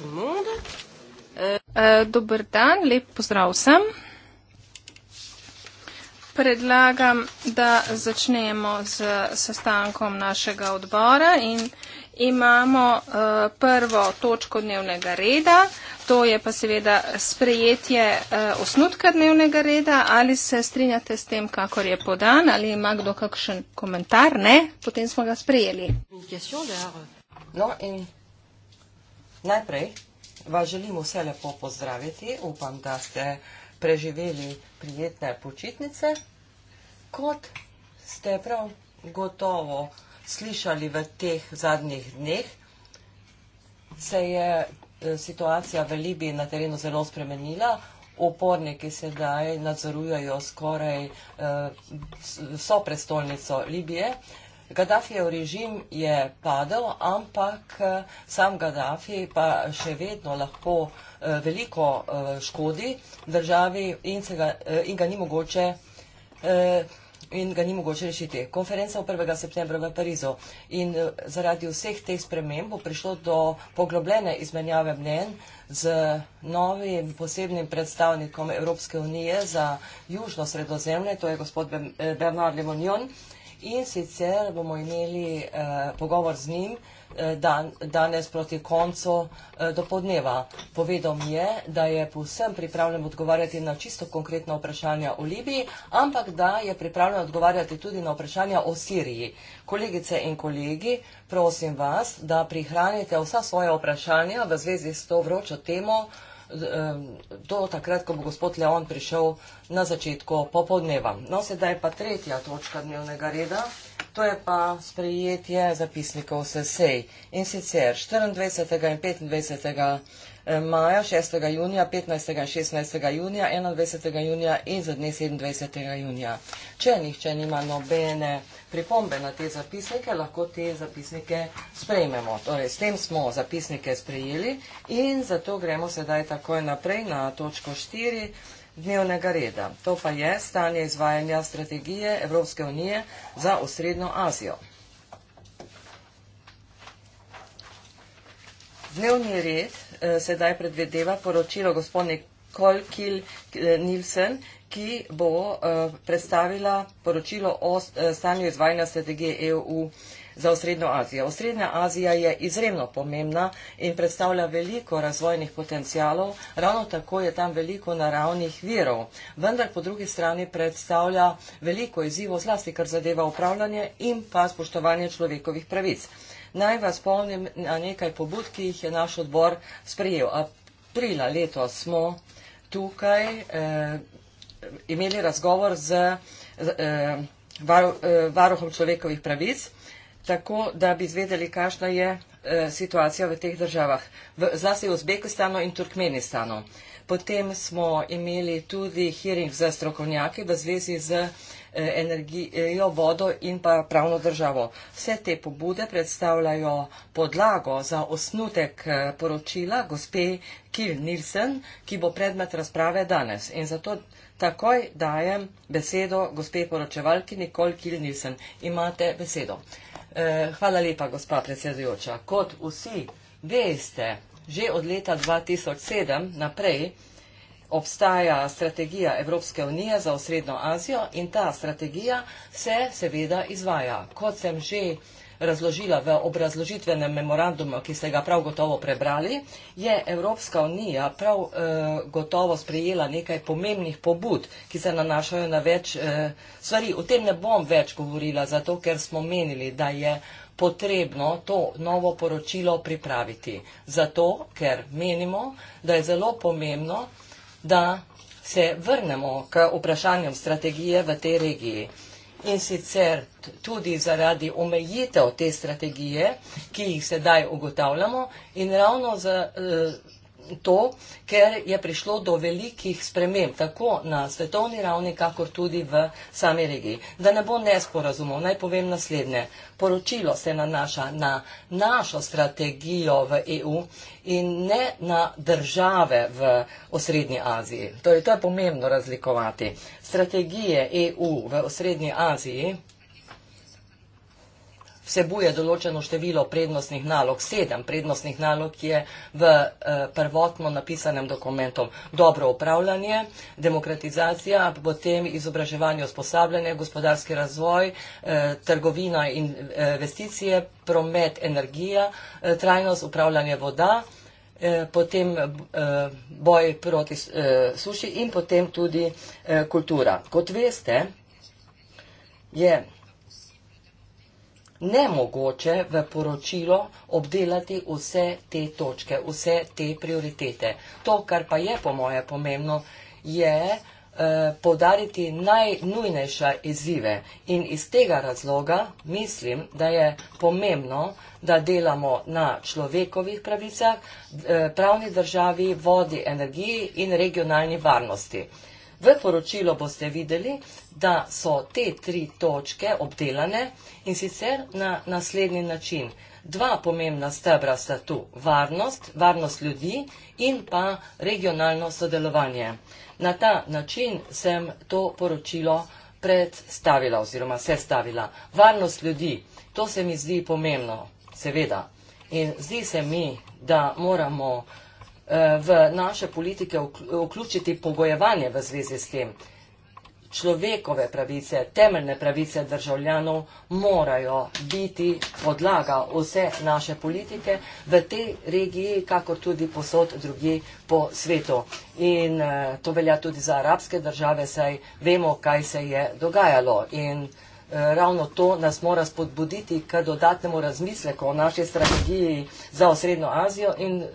tout le monde. Dober dan, lep pozdrav vsem. Predlagam, da začnemo z sestankom našega odbora in imamo e, prvo točko dnevnega reda, to je pa seveda sprejetje e, osnutka dnevnega reda. Ali se strinjate s tem, kakor je podan, ali ima kdo kakšen komentar? Ne, potem smo ga sprejeli. No, Najprej vas želim vse lepo pozdraviti. Upam, da ste preživeli prijetne počitnice. Kot ste prav gotovo slišali v teh zadnjih dneh, se je eh, situacija v Libiji na terenu zelo spremenila. Uporniki sedaj nadzorujajo skoraj eh, so prestolnico Libije. Gaddafijev režim je padel, ampak eh, sam Gaddafi pa še vedno lahko eh, veliko eh, škodi državi in, ga, in, ga ni mogoče, in ga ni mogoče rešiti. Konferenca v 1. septembra v Parizu in zaradi vseh teh sprememb bo prišlo do poglobljene izmenjave mnen z novim posebnim predstavnikom Evropske unije za južno sredozemlje, to je gospod Bernard Lemonjon. Le In sicer bomo imeli eh, pogovor z njim eh, dan, danes proti koncu eh, dopodneva. Povedal mi je, da je povsem pripravljen odgovarjati na čisto konkretna vprašanja o Libiji, ampak da je pripravljen odgovarjati tudi na vprašanja o Siriji. Kolegice in kolegi, prosim vas, da prihranite vsa svoja vprašanja v zvezi s to vročo temo do takrat, ko bo gospod Leon prišel na začetku popodneva. No, sedaj pa tretja točka dnevnega reda, to je pa sprejetje zapisnikov SSEJ. In sicer 24. in 25. Eh, maja, 6. junija, 15. in 16. junija, 21. junija in za dne 27. junija. Če nihče nima nobene pripombe na te zapisnike, lahko te zapisnike sprejmemo. Torej, s tem smo zapisnike sprejeli in zato gremo sedaj takoj naprej na točko 4 dnevnega reda. To pa je stanje izvajanja strategije Evropske unije za osrednjo Azijo. Dnevni red Eh, sedaj predvedeva poročilo gospodine Kolkil eh, Nilsen, ki bo eh, predstavila poročilo o stanju izvajanja strategije EU za osrednjo Azijo. Osrednja Azija je izredno pomembna in predstavlja veliko razvojnih potencijalov, ravno tako je tam veliko naravnih virov, vendar po drugi strani predstavlja veliko izzivo zlasti, kar zadeva upravljanje in pa spoštovanje človekovih pravic. Naj vas spomnim na nekaj pobud, ki jih je naš odbor sprejel. Aprila leto smo tukaj eh, imeli razgovor z, z eh, var, eh, varuhom človekovih pravic, tako da bi izvedeli, kakšna je eh, situacija v teh državah, v, zlasti v Uzbekistanu in Turkmenistanu. Potem smo imeli tudi hearing z strokovnjaki v zvezi z eh, Eh, energijo, vodo in pa pravno državo. Vse te pobude predstavljajo podlago za osnutek eh, poročila gospe Kil Nilsen, ki bo predmet razprave danes. In zato takoj dajem besedo gospe poročevalki Nikol Kil Nilsen. Imate besedo. Eh, hvala lepa, gospa predsedujoča. Kot vsi veste, že od leta 2007 naprej obstaja strategija Evropske unije za osrednjo Azijo in ta strategija se seveda izvaja. Kot sem že razložila v obrazložitvenem memorandumu, ki ste ga prav gotovo prebrali, je Evropska unija prav e, gotovo sprejela nekaj pomembnih pobud, ki se nanašajo na več e, stvari. O tem ne bom več govorila, zato ker smo menili, da je potrebno to novo poročilo pripraviti. Zato, ker menimo, da je zelo pomembno, da se vrnemo k vprašanjem strategije v tej regiji. In sicer tudi zaradi omejitev te strategije, ki jih sedaj ugotavljamo in ravno za. Eh, to, ker je prišlo do velikih sprememb, tako na svetovni ravni, kakor tudi v sami regiji. Da ne bo nesporazumov, naj povem naslednje. Poročilo se nanaša na našo strategijo v EU in ne na države v osrednji Aziji. Torej, to je pomembno razlikovati. Strategije EU v osrednji Aziji vsebuje določeno število prednostnih nalog, sedem prednostnih nalog je v eh, prvotno napisanem dokumentu. Dobro upravljanje, demokratizacija, potem izobraževanje, usposabljanje, gospodarski razvoj, eh, trgovina in eh, investicije, promet, energija, trajnost, upravljanje voda potem boj proti suši in potem tudi kultura. Kot veste, je nemogoče v poročilo obdelati vse te točke, vse te prioritete. To, kar pa je po moje pomembno, je eh, podariti najnujnejša izzive. In iz tega razloga mislim, da je pomembno, da delamo na človekovih pravicah, eh, pravni državi, vodi, energiji in regionalni varnosti. Eh, V poročilu boste videli, da so te tri točke obdelane in sicer na naslednji način. Dva pomembna stebra sta tu varnost, varnost ljudi in pa regionalno sodelovanje. Na ta način sem to poročilo predstavila oziroma sestavila. Varnost ljudi, to se mi zdi pomembno, seveda. In zdi se mi, da moramo v naše politike vključiti pogojevanje v zvezi s tem. Človekove pravice, temeljne pravice državljanov morajo biti podlaga vse naše politike v tej regiji, kakor tudi posod drugi po svetu. In eh, to velja tudi za arabske države, saj vemo, kaj se je dogajalo. In Eh, ravno to nas mora spodbuditi k dodatnemu razmisleku o naši strategiji za osrednjo Azijo in eh,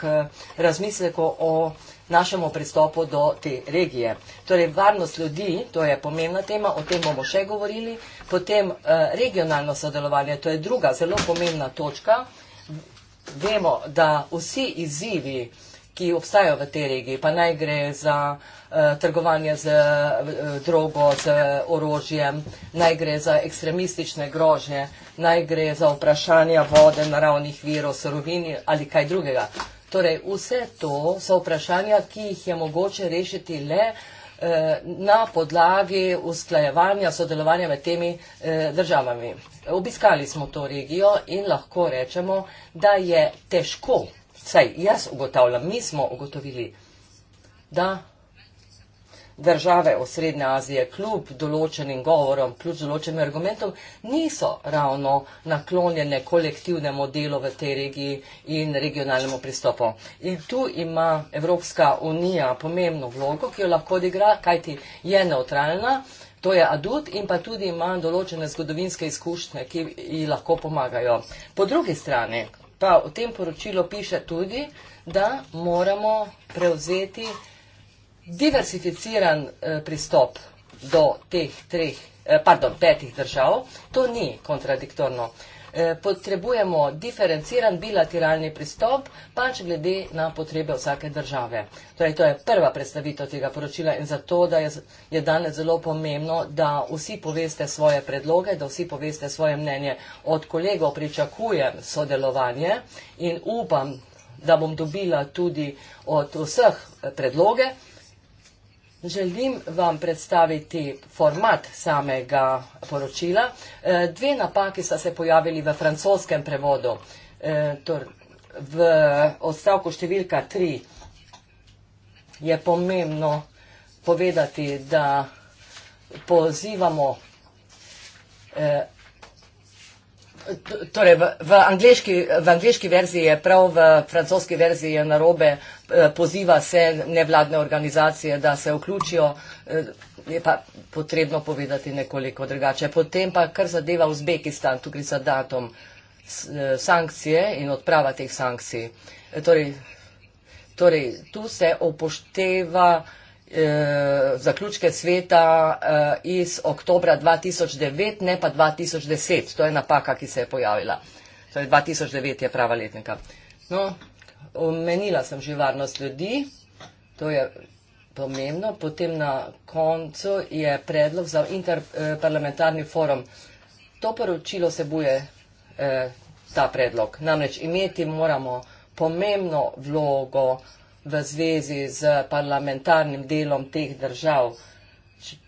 k razmisleku o našemu pristopu do te regije. Torej, varnost ljudi, to je pomembna tema, o tem bomo še govorili. Potem eh, regionalno sodelovanje, to je druga zelo pomembna točka. Vemo, da vsi izzivi, ki obstajajo v tej regiji, pa naj gre za uh, trgovanje z uh, drogo, z orožjem, naj gre za ekstremistične grožnje, naj gre za vprašanja vode, naravnih virov, sorovin ali kaj drugega. Torej, vse to so vprašanja, ki jih je mogoče rešiti le eh, na podlagi usklajevanja, sodelovanja med temi državami. Obiskali smo to regijo in lahko rečemo, da je težko vsaj jaz ugotavljam, mi smo ugotovili, da države osrednje Azije kljub določenim govorom, kljub določenim argumentom niso ravno naklonjene kolektivnemu delu v tej regiji in regionalnemu pristopu. In tu ima Evropska unija pomembno vlogo, ki jo lahko odigra, kajti je neutralna, to je adut in pa tudi ima določene zgodovinske izkušnje, ki ji lahko pomagajo. Po drugi strani, pa v tem poročilu piše tudi, da moramo prevzeti diversificiran eh, pristop do teh treh, eh, pardon, petih držav. To ni kontradiktorno eh, potrebujemo diferenciran bilateralni pristop, pač glede na potrebe vsake države. Torej, to je prva predstavitev tega poročila in zato, da je, je danes zelo pomembno, da vsi poveste svoje predloge, da vsi poveste svoje mnenje. Od kolegov pričakujem sodelovanje in upam, da bom dobila tudi od vseh eh, predloge. Želim vam predstaviti format samega poročila. E, dve napaki sta se pojavili v francoskem prevodu. E, v odstavku številka 3 je pomembno povedati, da pozivamo e, Torej, v, v, angliški, v angliški verziji je prav, v francoski verziji je narobe, eh, poziva se nevladne organizacije, da se vključijo, eh, je pa potrebno povedati nekoliko drugače. Potem pa, kar zadeva Uzbekistan, tukaj za datum eh, sankcije in odprava teh sankcij. Torej, torej tu se upošteva. Eh, zaključke sveta eh, iz oktobra 2009, ne pa 2010. To je napaka, ki se je pojavila. Torej 2009 je prava letnika. No, omenila sem že varnost ljudi, to je pomembno. Potem na koncu je predlog za interparlamentarni forum. To poročilo se buje eh, ta predlog. Namreč imeti moramo pomembno vlogo v zvezi z parlamentarnim delom teh držav.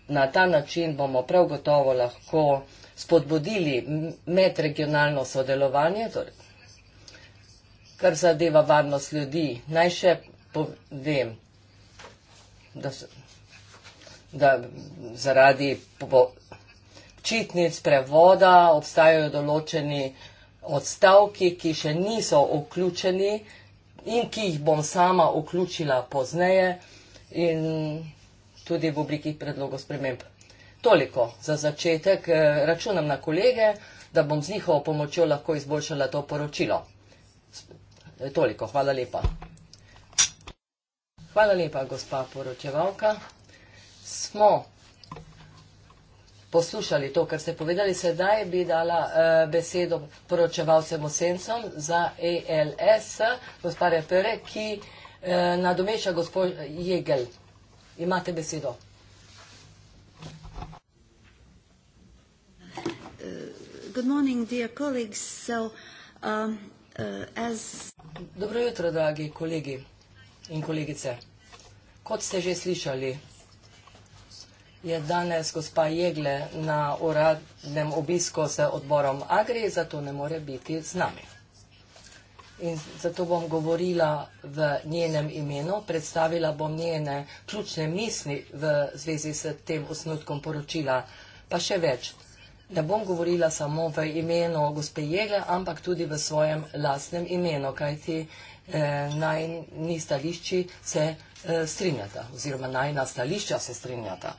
Na ta način bomo prav gotovo lahko spodbudili medregionalno sodelovanje, torej, kar zadeva varnost ljudi. Naj še povem, da, da zaradi čitnic prevoda obstajajo določeni odstavki, ki še niso vključeni in ki jih bom sama vključila pozneje in tudi v obliki predlogov sprememb. Toliko za začetek. Eh, računam na kolege, da bom z njihovo pomočjo lahko izboljšala to poročilo. Eh, toliko. Hvala lepa. Hvala lepa, gospa poročevalka. Smo poslušali to, kar ste povedali, sedaj bi dala uh, besedo poročevalcem osencom za ALS, e gospare Pere, ki uh, eh, nadomeša gospod Jegel. Imate besedo. Eh, good morning, dear colleagues. So, um, uh, as... Dobro jutro, dragi kolegi in kolegice. Kot ste že slišali, je danes gospa Jegle na uradnem obisku z odborom Agri, zato ne more biti z nami. In zato bom govorila v njenem imenu, predstavila bom njene ključne misli v zvezi s tem osnutkom poročila, pa še več. Ne bom govorila samo v imenu gospe Jegle, ampak tudi v svojem lastnem imenu, kajti eh, najni stališči se eh, strinjata oziroma najna stališča se strinjata.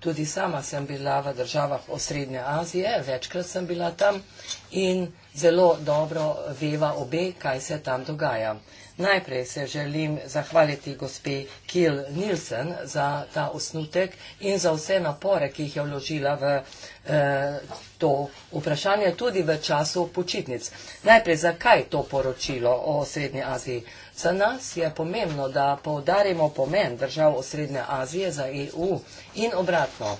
Tudi sama sem bila v državah Osrednje Azije, večkrat sem bila tam in zelo dobro veva obe, kaj se tam dogaja. Najprej se želim zahvaliti gospe Kil Nilsen za ta osnutek in za vse napore, ki jih je vložila v eh, to vprašanje, tudi v času počitnic. Najprej, zakaj to poročilo o Srednji Aziji? Za nas je pomembno, da povdarimo pomen držav Osrednje Azije za EU in obratno.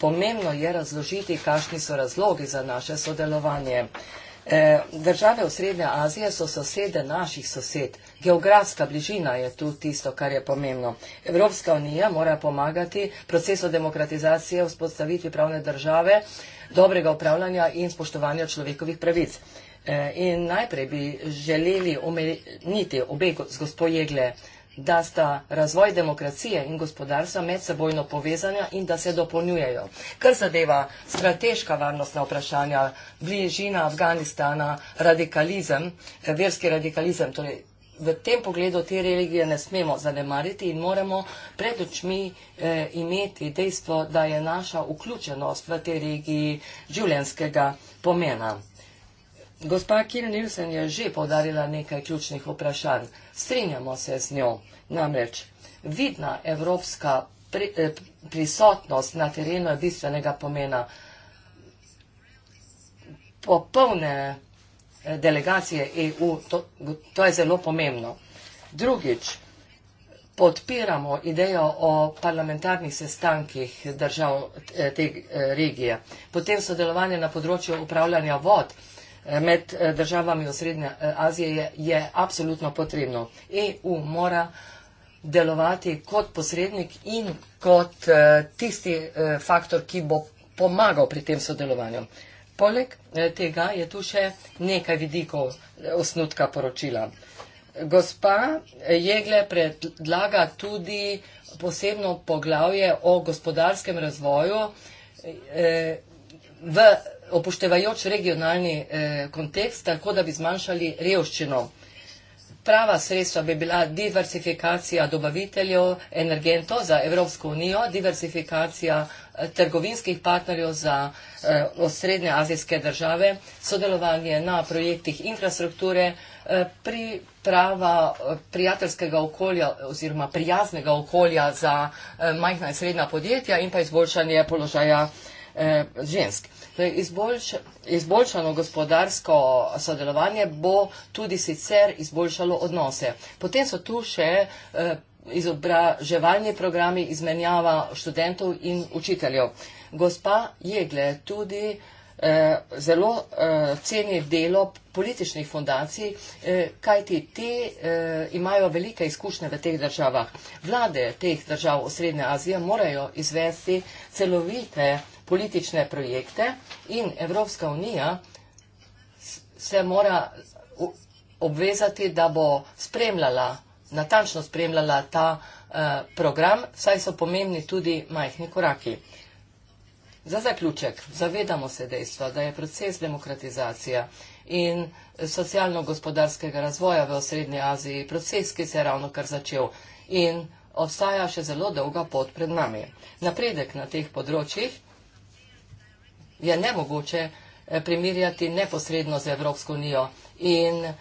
Pomembno je razložiti, kakšni so razlogi za naše sodelovanje. E, države Osrednje Azije so sosede naših sosed. Geografska bližina je tu tisto, kar je pomembno. Evropska unija mora pomagati procesu demokratizacije, vzpostaviti pravne države, dobrega upravljanja in spoštovanja človekovih pravic. Eh, in najprej bi želeli omeniti obe z gospod Jegle, da sta razvoj demokracije in gospodarstva med sebojno povezanja in da se dopolnjujejo. Kar zadeva strateška varnostna vprašanja, bližina Afganistana, radikalizem, eh, verski radikalizem, torej v tem pogledu te religije ne smemo zanemariti in moramo pred očmi eh, imeti dejstvo, da je naša vključenost v te regiji življenskega pomena. Gospa Kir Nilsen je že povdarila nekaj ključnih vprašanj. Strinjamo se z njo. Namreč, vidna evropska pri, eh, prisotnost na terenu je bistvenega pomena. Popolne eh, delegacije EU, to, to je zelo pomembno. Drugič, podpiramo idejo o parlamentarnih sestankih držav eh, te regije. Potem sodelovanje na področju upravljanja vod med eh, državami v Srednje eh, Azije je, je absolutno potrebno. EU mora delovati kot posrednik in kot eh, tisti faktor, ki bo pomagal pri tem sodelovanju. Poleg tega je tu še nekaj vidikov osnutka poročila. Gospa Jegle predlaga tudi posebno poglavje o gospodarskem razvoju v upoštevajoč regionalni eh, kontekst, tako da bi zmanjšali revščino. Prava sredstva bi bila diversifikacija dobaviteljev energentov za Evropsko unijo, diversifikacija eh, trgovinskih partnerjev za eh, osrednje azijske države, sodelovanje na projektih infrastrukture, eh, priprava eh, prijateljskega okolja oziroma prijaznega okolja za eh, majhna in srednja podjetja in pa izboljšanje položaja eh, žensk. Zdaj, izboljša, izboljšano gospodarsko sodelovanje bo tudi sicer izboljšalo odnose. Potem so tu še eh, izobraževalni programi izmenjava študentov in učiteljev. Gospa Jegle tudi eh, zelo eh, ceni delo političnih fundacij, eh, kajti te eh, imajo velike izkušnje v teh državah. Vlade teh držav v Srednje Azije morajo izvesti celovite politične projekte in Evropska unija se mora obvezati, da bo spremljala, natančno spremljala ta eh, program, saj so pomembni tudi majhni koraki. Za zaključek, zavedamo se dejstva, da je proces demokratizacije in socialno-gospodarskega razvoja v Srednji Aziji proces, ki se je ravno kar začel in obstaja še zelo dolga pot pred nami. Napredek na teh področjih je nemogoče eh, primirjati neposredno z Evropsko unijo. In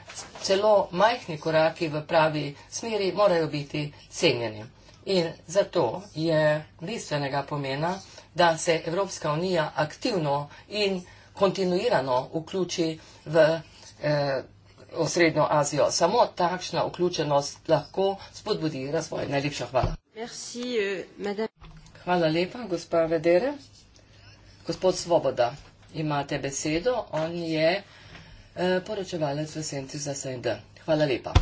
celo majhni koraki v pravi smeri morajo biti cenjeni. In zato je bistvenega pomena, da se Evropska unija aktivno in kontinuirano vključi v eh, osrednjo Azijo. Samo takšna vključenost lahko spodbudi razvoj. Najlepša hvala. Merci, uh, hvala lepa, gospa Vedere. Gospod Svoboda, imate besedo, on je eh, poročevalec v senci za SND. Hvala lepa.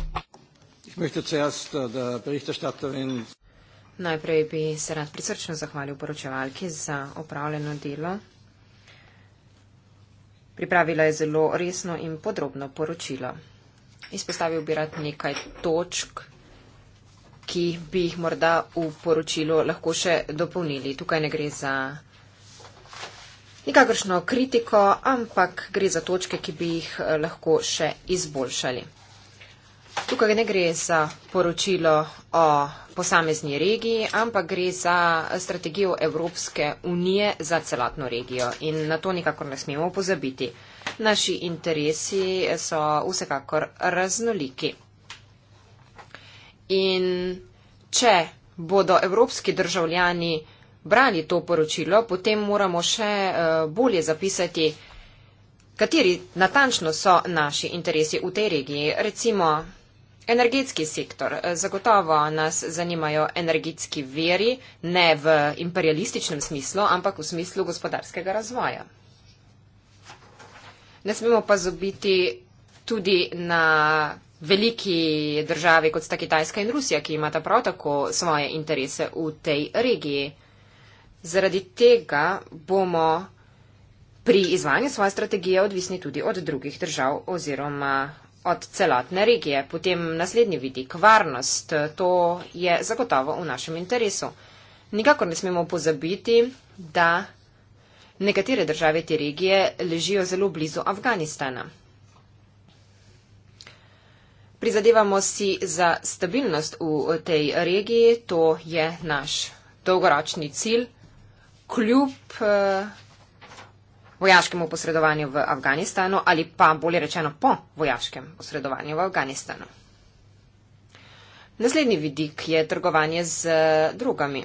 Äh, Najprej bi se rad prisrčno zahvalil poročevalki za opravljeno delo. Pripravila je zelo resno in podrobno poročilo. Izpostavil bi rad nekaj točk, ki bi jih morda v poročilu lahko še dopolnili. Tukaj ne gre za nikakršno kritiko, ampak gre za točke, ki bi jih eh, lahko še izboljšali. Tukaj ne gre za poročilo o posamezni regiji, ampak gre za strategijo Evropske unije za celotno regijo in na to nikakor ne smemo pozabiti. Naši interesi eh, so vsekakor raznoliki. In če bodo evropski državljani brali to poročilo, potem moramo še eh, bolje zapisati, kateri natančno so naši interesi v tej regiji. Recimo energetski sektor. Eh, zagotovo nas zanimajo energetski veri, ne v imperialističnem smislu, ampak v smislu gospodarskega razvoja. Ne smemo pa zobiti tudi na veliki državi, kot sta Kitajska in Rusija, ki imata prav tako svoje interese v tej regiji. Zaradi tega bomo pri izvajanju svoje strategije odvisni tudi od drugih držav oziroma od celotne regije. Potem naslednji vidik, varnost, to je zagotovo v našem interesu. Nikakor ne smemo pozabiti, da nekatere države te regije ležijo zelo blizu Afganistana. Prizadevamo si za stabilnost v tej regiji, to je naš dolgoročni cilj kljub eh, vojaškemu posredovanju v Afganistanu ali pa bolje rečeno po vojaškem posredovanju v Afganistanu. Naslednji vidik je trgovanje z eh, drugami.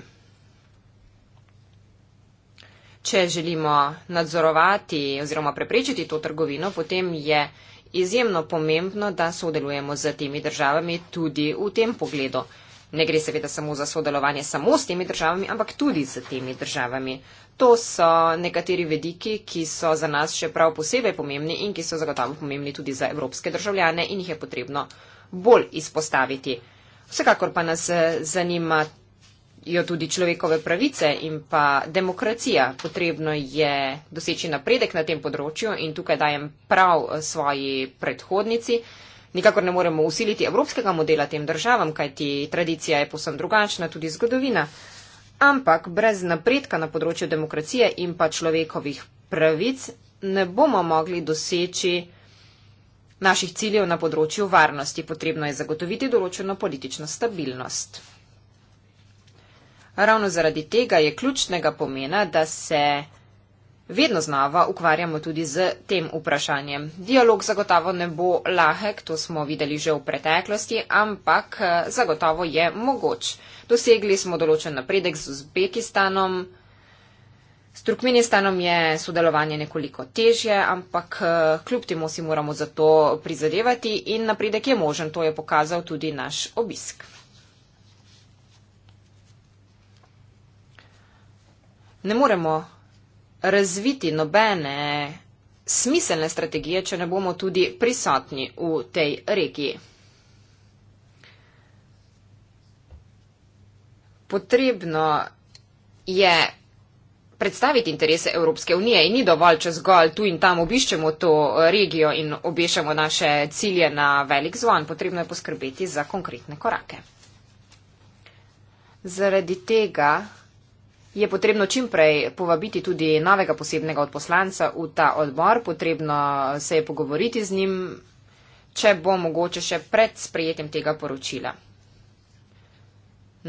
Če želimo nadzorovati oziroma preprečiti to trgovino, potem je izjemno pomembno, da sodelujemo z temi državami tudi v tem pogledu. Ne gre seveda samo za sodelovanje samo s temi državami, ampak tudi s temi državami. To so nekateri vediki, ki so za nas še prav posebej pomembni in ki so zagotovo pomembni tudi za evropske državljane in jih je potrebno bolj izpostaviti. Vsekakor pa nas eh, zanima jo tudi človekove pravice in pa demokracija. Potrebno je doseči napredek na tem področju in tukaj dajem prav eh, svoji predhodnici nikakor ne moremo usiliti evropskega modela tem državam, kajti tradicija je posem drugačna, tudi zgodovina. Ampak brez napredka na področju demokracije in pa človekovih pravic ne bomo mogli doseči naših ciljev na področju varnosti. Potrebno je zagotoviti določeno politično stabilnost. Ravno zaradi tega je ključnega pomena, da se vedno znova ukvarjamo tudi z tem vprašanjem. Dialog zagotovo ne bo lahek, to smo videli že v preteklosti, ampak eh, zagotovo je mogoč. Dosegli smo določen napredek z Uzbekistanom. S Turkmenistanom je sodelovanje nekoliko težje, ampak eh, kljub temu si moramo za to prizadevati in napredek je možen, to je pokazal tudi naš obisk. Ne moremo razviti nobene smiselne strategije, če ne bomo tudi prisotni v tej regiji. Potrebno je predstaviti interese Evropske unije in ni dovolj, če zgolj tu in tam obiščemo to regijo in obešamo naše cilje na velik zvon. Potrebno je poskrbeti za konkretne korake. Zaradi tega je potrebno čimprej povabiti tudi novega posebnega odposlanca v ta odbor, potrebno se je pogovoriti z njim, če bo mogoče še pred sprejetjem tega poročila.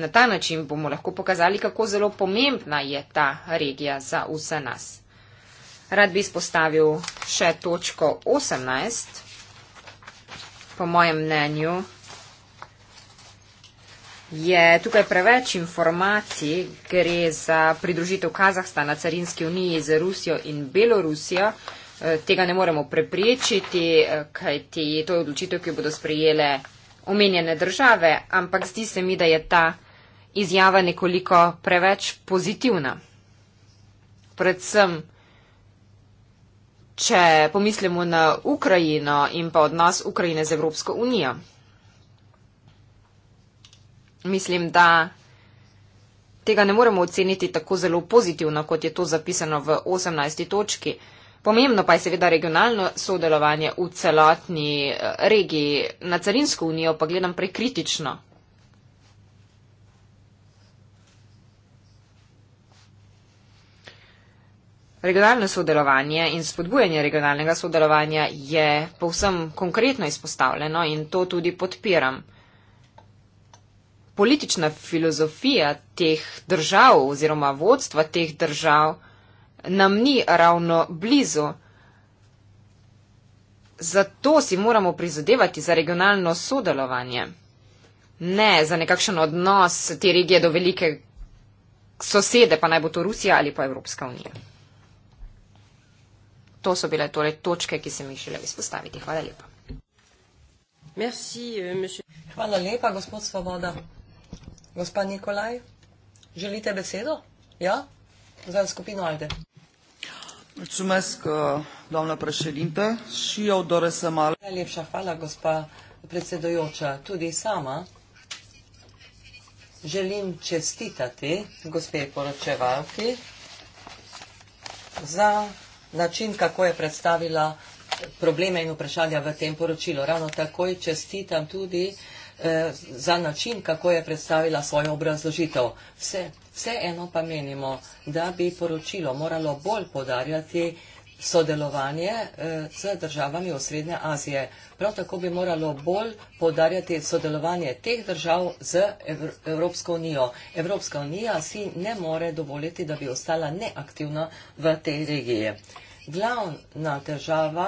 Na ta način bomo lahko pokazali, kako zelo pomembna je ta regija za vse nas. Rad bi izpostavil še točko 18. Po mojem mnenju Je tukaj preveč informacij, gre za pridružitev Kazahstana carinski uniji z Rusijo in Belorusijo. Eh, tega ne moremo preprečiti, eh, kajti to je odločitev, ki jo bodo sprejele omenjene države, ampak zdi se mi, da je ta izjava nekoliko preveč pozitivna. Predvsem, če pomislimo na Ukrajino in pa odnos Ukrajine z Evropsko unijo mislim, da tega ne moremo oceniti tako zelo pozitivno, kot je to zapisano v 18. točki. Pomembno pa je seveda regionalno sodelovanje v celotni eh, regiji. Na carinsko unijo pa gledam prekritično. Regionalno sodelovanje in spodbujanje regionalnega sodelovanja je povsem konkretno izpostavljeno in to tudi podpiram politična filozofija teh držav oziroma vodstva teh držav nam ni ravno blizu. Zato si moramo prizadevati za regionalno sodelovanje, ne za nekakšen odnos te regije do velike sosede, pa naj bo to Rusija ali pa Evropska unija. To so bile torej točke, ki sem jih želel izpostaviti. Hvala lepa. Merci, euh, Hvala lepa, gospod Svoboda. Gospa Nikolaj, želite besedo? Ja, za skupino Alde. Čumesko, glavna prašelinta, šijal do resemal. Najlepša hvala, gospa predsedojoča. Tudi sama želim čestitati gospe poročevalki za način, kako je predstavila probleme in vprašanja v tem poročilu. Ravno takoj čestitam tudi uh, Eh, za način, kako je predstavila svojo obrazložitev. Vse, vse eno pa menimo, da bi poročilo moralo bolj podarjati sodelovanje eh, z državami v Srednje Azije. Prav tako bi moralo bolj podarjati sodelovanje teh držav z Evropsko unijo. Evropska unija si ne more dovoliti, da bi ostala neaktivna v tej regiji glavna težava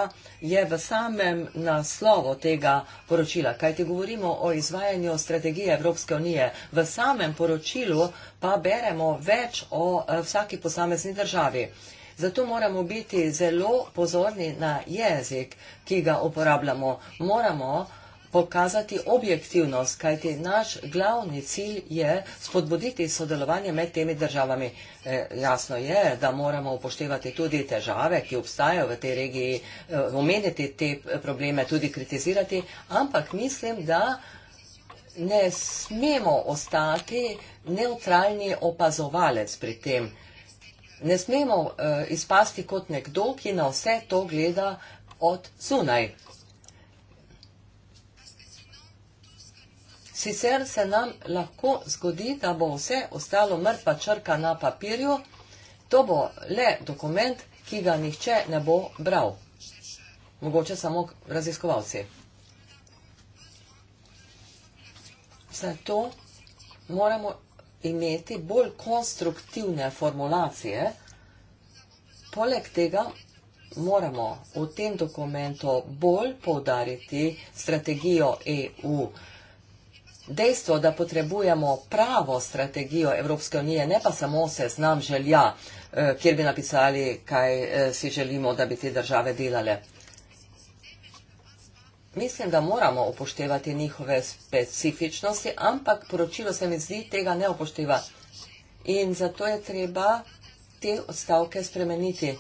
je v samem naslovu tega poročila, kajti govorimo o izvajanju strategije Evropske unije. V samem poročilu pa beremo več o eh, vsaki posamezni državi. Zato moramo biti zelo pozorni na jezik, ki ga uporabljamo. Moramo pokazati objektivnost, kajti naš glavni cilj je spodbuditi sodelovanje med temi državami. E, jasno je, da moramo upoštevati tudi težave, ki obstajajo v tej regiji, e, omeniti te probleme, tudi kritizirati, ampak mislim, da ne smemo ostati neutralni opazovalec pri tem. Ne smemo e, izpasti kot nekdo, ki na vse to gleda od zunaj. Sicer se nam lahko zgodi, da bo vse ostalo mrtva črka na papirju, to bo le dokument, ki ga nihče ne bo bral. Mogoče samo raziskovalci. Zato moramo imeti bolj konstruktivne formulacije. Poleg tega moramo v tem dokumentu bolj povdariti strategijo EU Dejstvo, da potrebujemo pravo strategijo Evropske unije, ne pa samo seznam želja, eh, kjer bi napisali, kaj eh, si želimo, da bi te države delale. Mislim, da moramo upoštevati njihove specifičnosti, ampak poročilo se mi zdi, tega ne upošteva. In zato je treba te odstavke spremeniti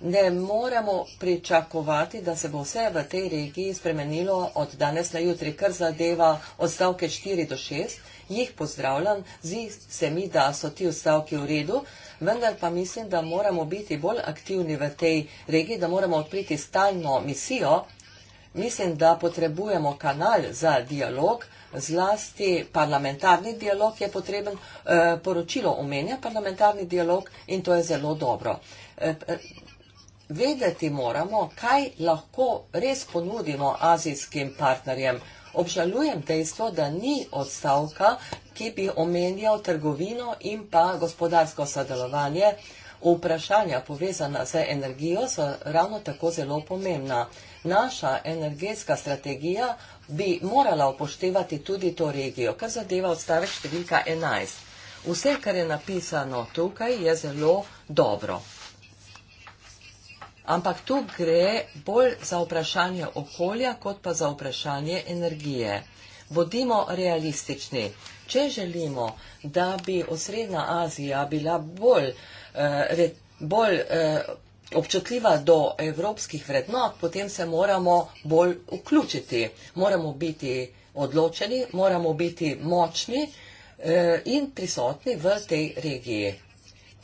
ne moremo pričakovati, da se bo vse v tej regiji spremenilo od danes na jutri, kar zadeva odstavke 4 do 6. Jih pozdravljam, zdi se mi, da so ti odstavki v redu, vendar pa mislim, da moramo biti bolj aktivni v tej regiji, da moramo odpriti stalno misijo. Mislim, da potrebujemo kanal za dialog, zlasti parlamentarni dialog je potreben, eh, poročilo omenja parlamentarni dialog in to je zelo dobro. Eh, eh, vedeti moramo, kaj lahko res ponudimo azijskim partnerjem. Obžalujem dejstvo, da ni odstavka, ki bi omenjal trgovino in pa gospodarsko sodelovanje. Vprašanja povezana z energijo so ravno tako zelo pomembna. Naša energetska strategija bi morala upoštevati tudi to regijo, kar zadeva odstavek številka 11. Vse, kar je napisano tukaj, je zelo dobro. Ampak tu gre bolj za vprašanje okolja, kot pa za vprašanje energije. Bodimo realistični. Če želimo, da bi osrednja Azija bila bolj, eh, bolj eh, občutljiva do evropskih vrednot, potem se moramo bolj vključiti. Moramo biti odločeni, moramo biti močni eh, in prisotni v tej regiji.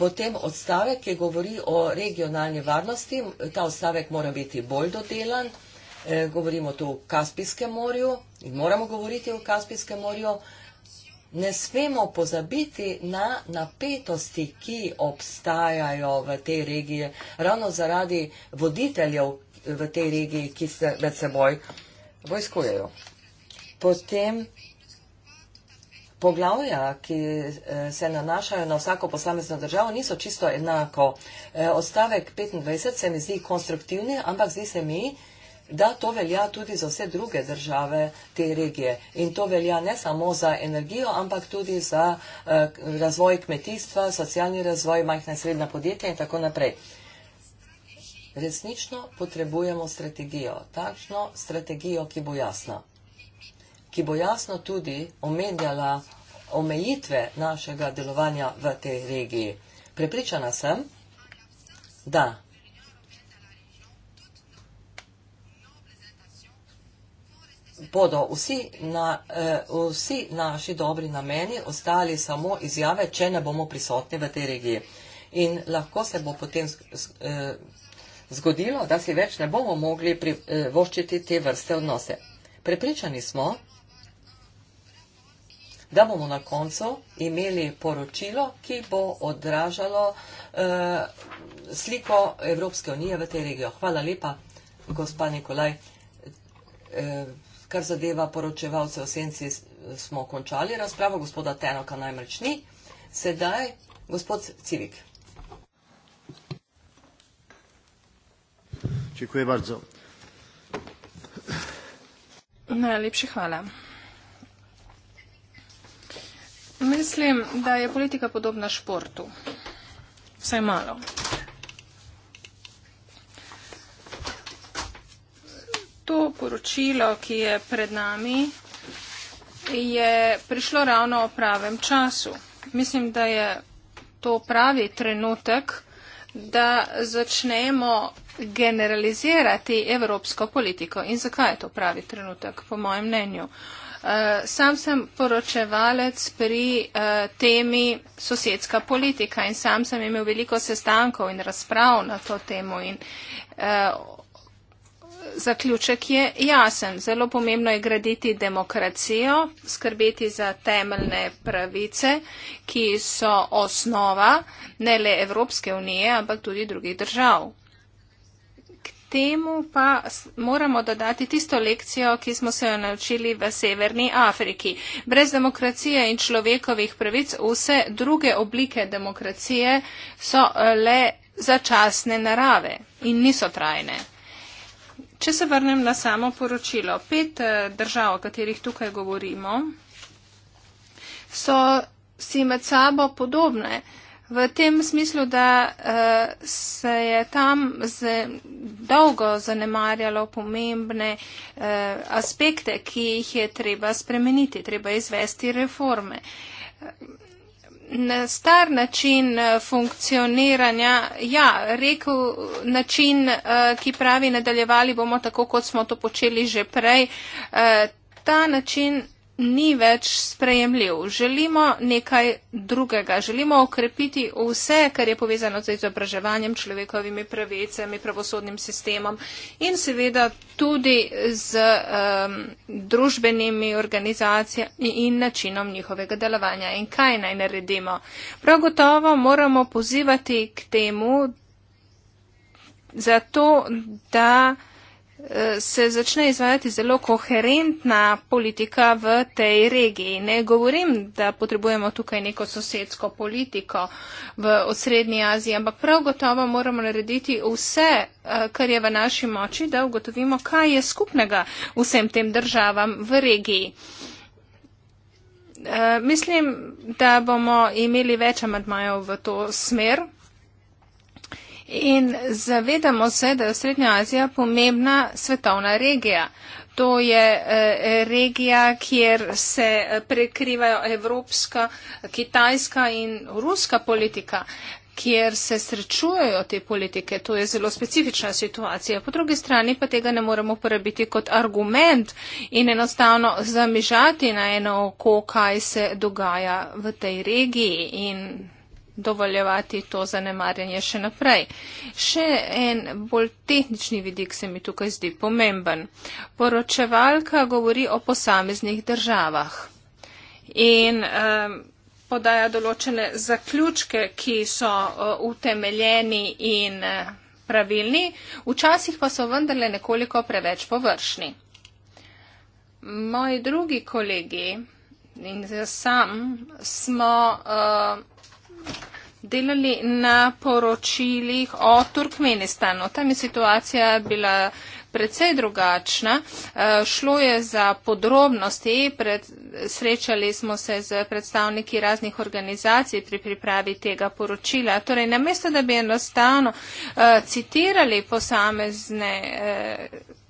Potem odstavek, ki govori o regionalni varnosti, ta odstavek mora biti bolj dodelan, e, govorimo tu o Kaspijskem morju in moramo govoriti o Kaspijskem morju. Ne smemo pozabiti na napetosti, ki obstajajo v tej regiji, ravno zaradi voditeljev v tej regiji, ki se med seboj vojskujejo. Potem poglavja, ki eh, se nanašajo na vsako posamezno državo, niso čisto enako. Eh, odstavek 25 se mi zdi konstruktivni, ampak zdi se mi, da to velja tudi za vse druge države te regije. In to velja ne samo za energijo, ampak tudi za eh, razvoj kmetijstva, socialni razvoj, majhna in srednja podjetja in tako naprej. Resnično potrebujemo strategijo, takšno strategijo, ki bo jasna ki bo jasno tudi omenjala omejitve našega delovanja v tej regiji. Prepričana sem, da bodo vsi, na, eh, vsi naši dobri nameni ostali samo izjave, če ne bomo prisotni v tej regiji. In lahko se bo potem eh, zgodilo, da si več ne bomo mogli privoščiti eh, te vrste odnose. Prepričani smo, da bomo na koncu imeli poročilo, ki bo odražalo eh, sliko Evropske unije v tej regiji. Hvala lepa, gospa Nikolaj. Eh, kar zadeva poročevalce o senci, smo končali razpravo, gospoda Tenoka najmreč ni. Sedaj gospod Civik. Dziękuję bardzo. Najlepszy chwala. Mislim, da je politika podobna športu. Vsaj malo. To poročilo, ki je pred nami, je prišlo ravno o pravem času. Mislim, da je to pravi trenutek, da začnemo generalizirati evropsko politiko. In zakaj je to pravi trenutek, po mojem mnenju? Uh, Eh, sam sem poročevalec pri uh, temi sosedska politika in sam sem imel veliko sestankov in razprav na to temo in uh, zaključek je jasen. Zelo pomembno je graditi demokracijo, skrbeti za temeljne pravice, ki so osnova ne le Evropske unije, ampak tudi drugih držav temu pa moramo dodati tisto lekcijo, ki smo se jo naučili v Severni Afriki. Brez demokracije in človekovih pravic vse druge oblike demokracije so eh, le začasne narave in niso trajne. Če se vrnem na samo poročilo, pet eh, držav, o katerih tukaj govorimo, so si med sabo podobne v tem smislu, da uh, se je tam z, dolgo zanemarjalo pomembne uh, aspekte, ki jih je treba spremeniti, treba izvesti reforme. Na star način eh, funkcioniranja, ja, rekel način, ki pravi, nadaljevali bomo tako, kot smo to počeli že prej, ta način ni več sprejemljiv. Želimo nekaj drugega, želimo okrepiti vse, kar je povezano z izobraževanjem, človekovimi pravicami, pravosodnim sistemom in seveda tudi z um, družbenimi organizacijami in načinom njihovega delovanja. In kaj naj naredimo? Prav gotovo moramo pozivati k temu, zato da se začne izvajati zelo koherentna politika v tej regiji. Ne govorim, da potrebujemo tukaj neko sosedsko politiko v osrednji Aziji, ampak prav gotovo moramo narediti vse, eh, kar je v naši moči, da ugotovimo, kaj je skupnega vsem tem državam v regiji. Eh, mislim, da bomo imeli več amadmajev v to smer. In zavedamo se, da je Srednja Azija pomembna svetovna regija. To je eh, regija, kjer se eh, prekrivajo evropska, kitajska in ruska politika kjer se srečujejo te politike. To je zelo specifična situacija. Po drugi strani pa tega ne moremo uporabiti kot argument in enostavno zamižati na eno oko, kaj se dogaja v tej regiji in dovoljevati to zanemarjanje še naprej. Še en bolj tehnični vidik se mi tukaj zdi pomemben. Poročevalka govori o posameznih državah in um, podaja določene zaključke, ki so uh, utemeljeni in uh, pravilni, včasih pa so vendarle nekoliko preveč površni. Moji drugi kolegi in jaz sam smo uh, delali na poročilih o Turkmenistanu. Tam je situacija bila precej drugačna. E, šlo je za podrobnosti. Pred, srečali smo se z predstavniki raznih organizacij pri pripravi tega poročila. Torej, namesto da bi enostavno e, citirali posamezne. E,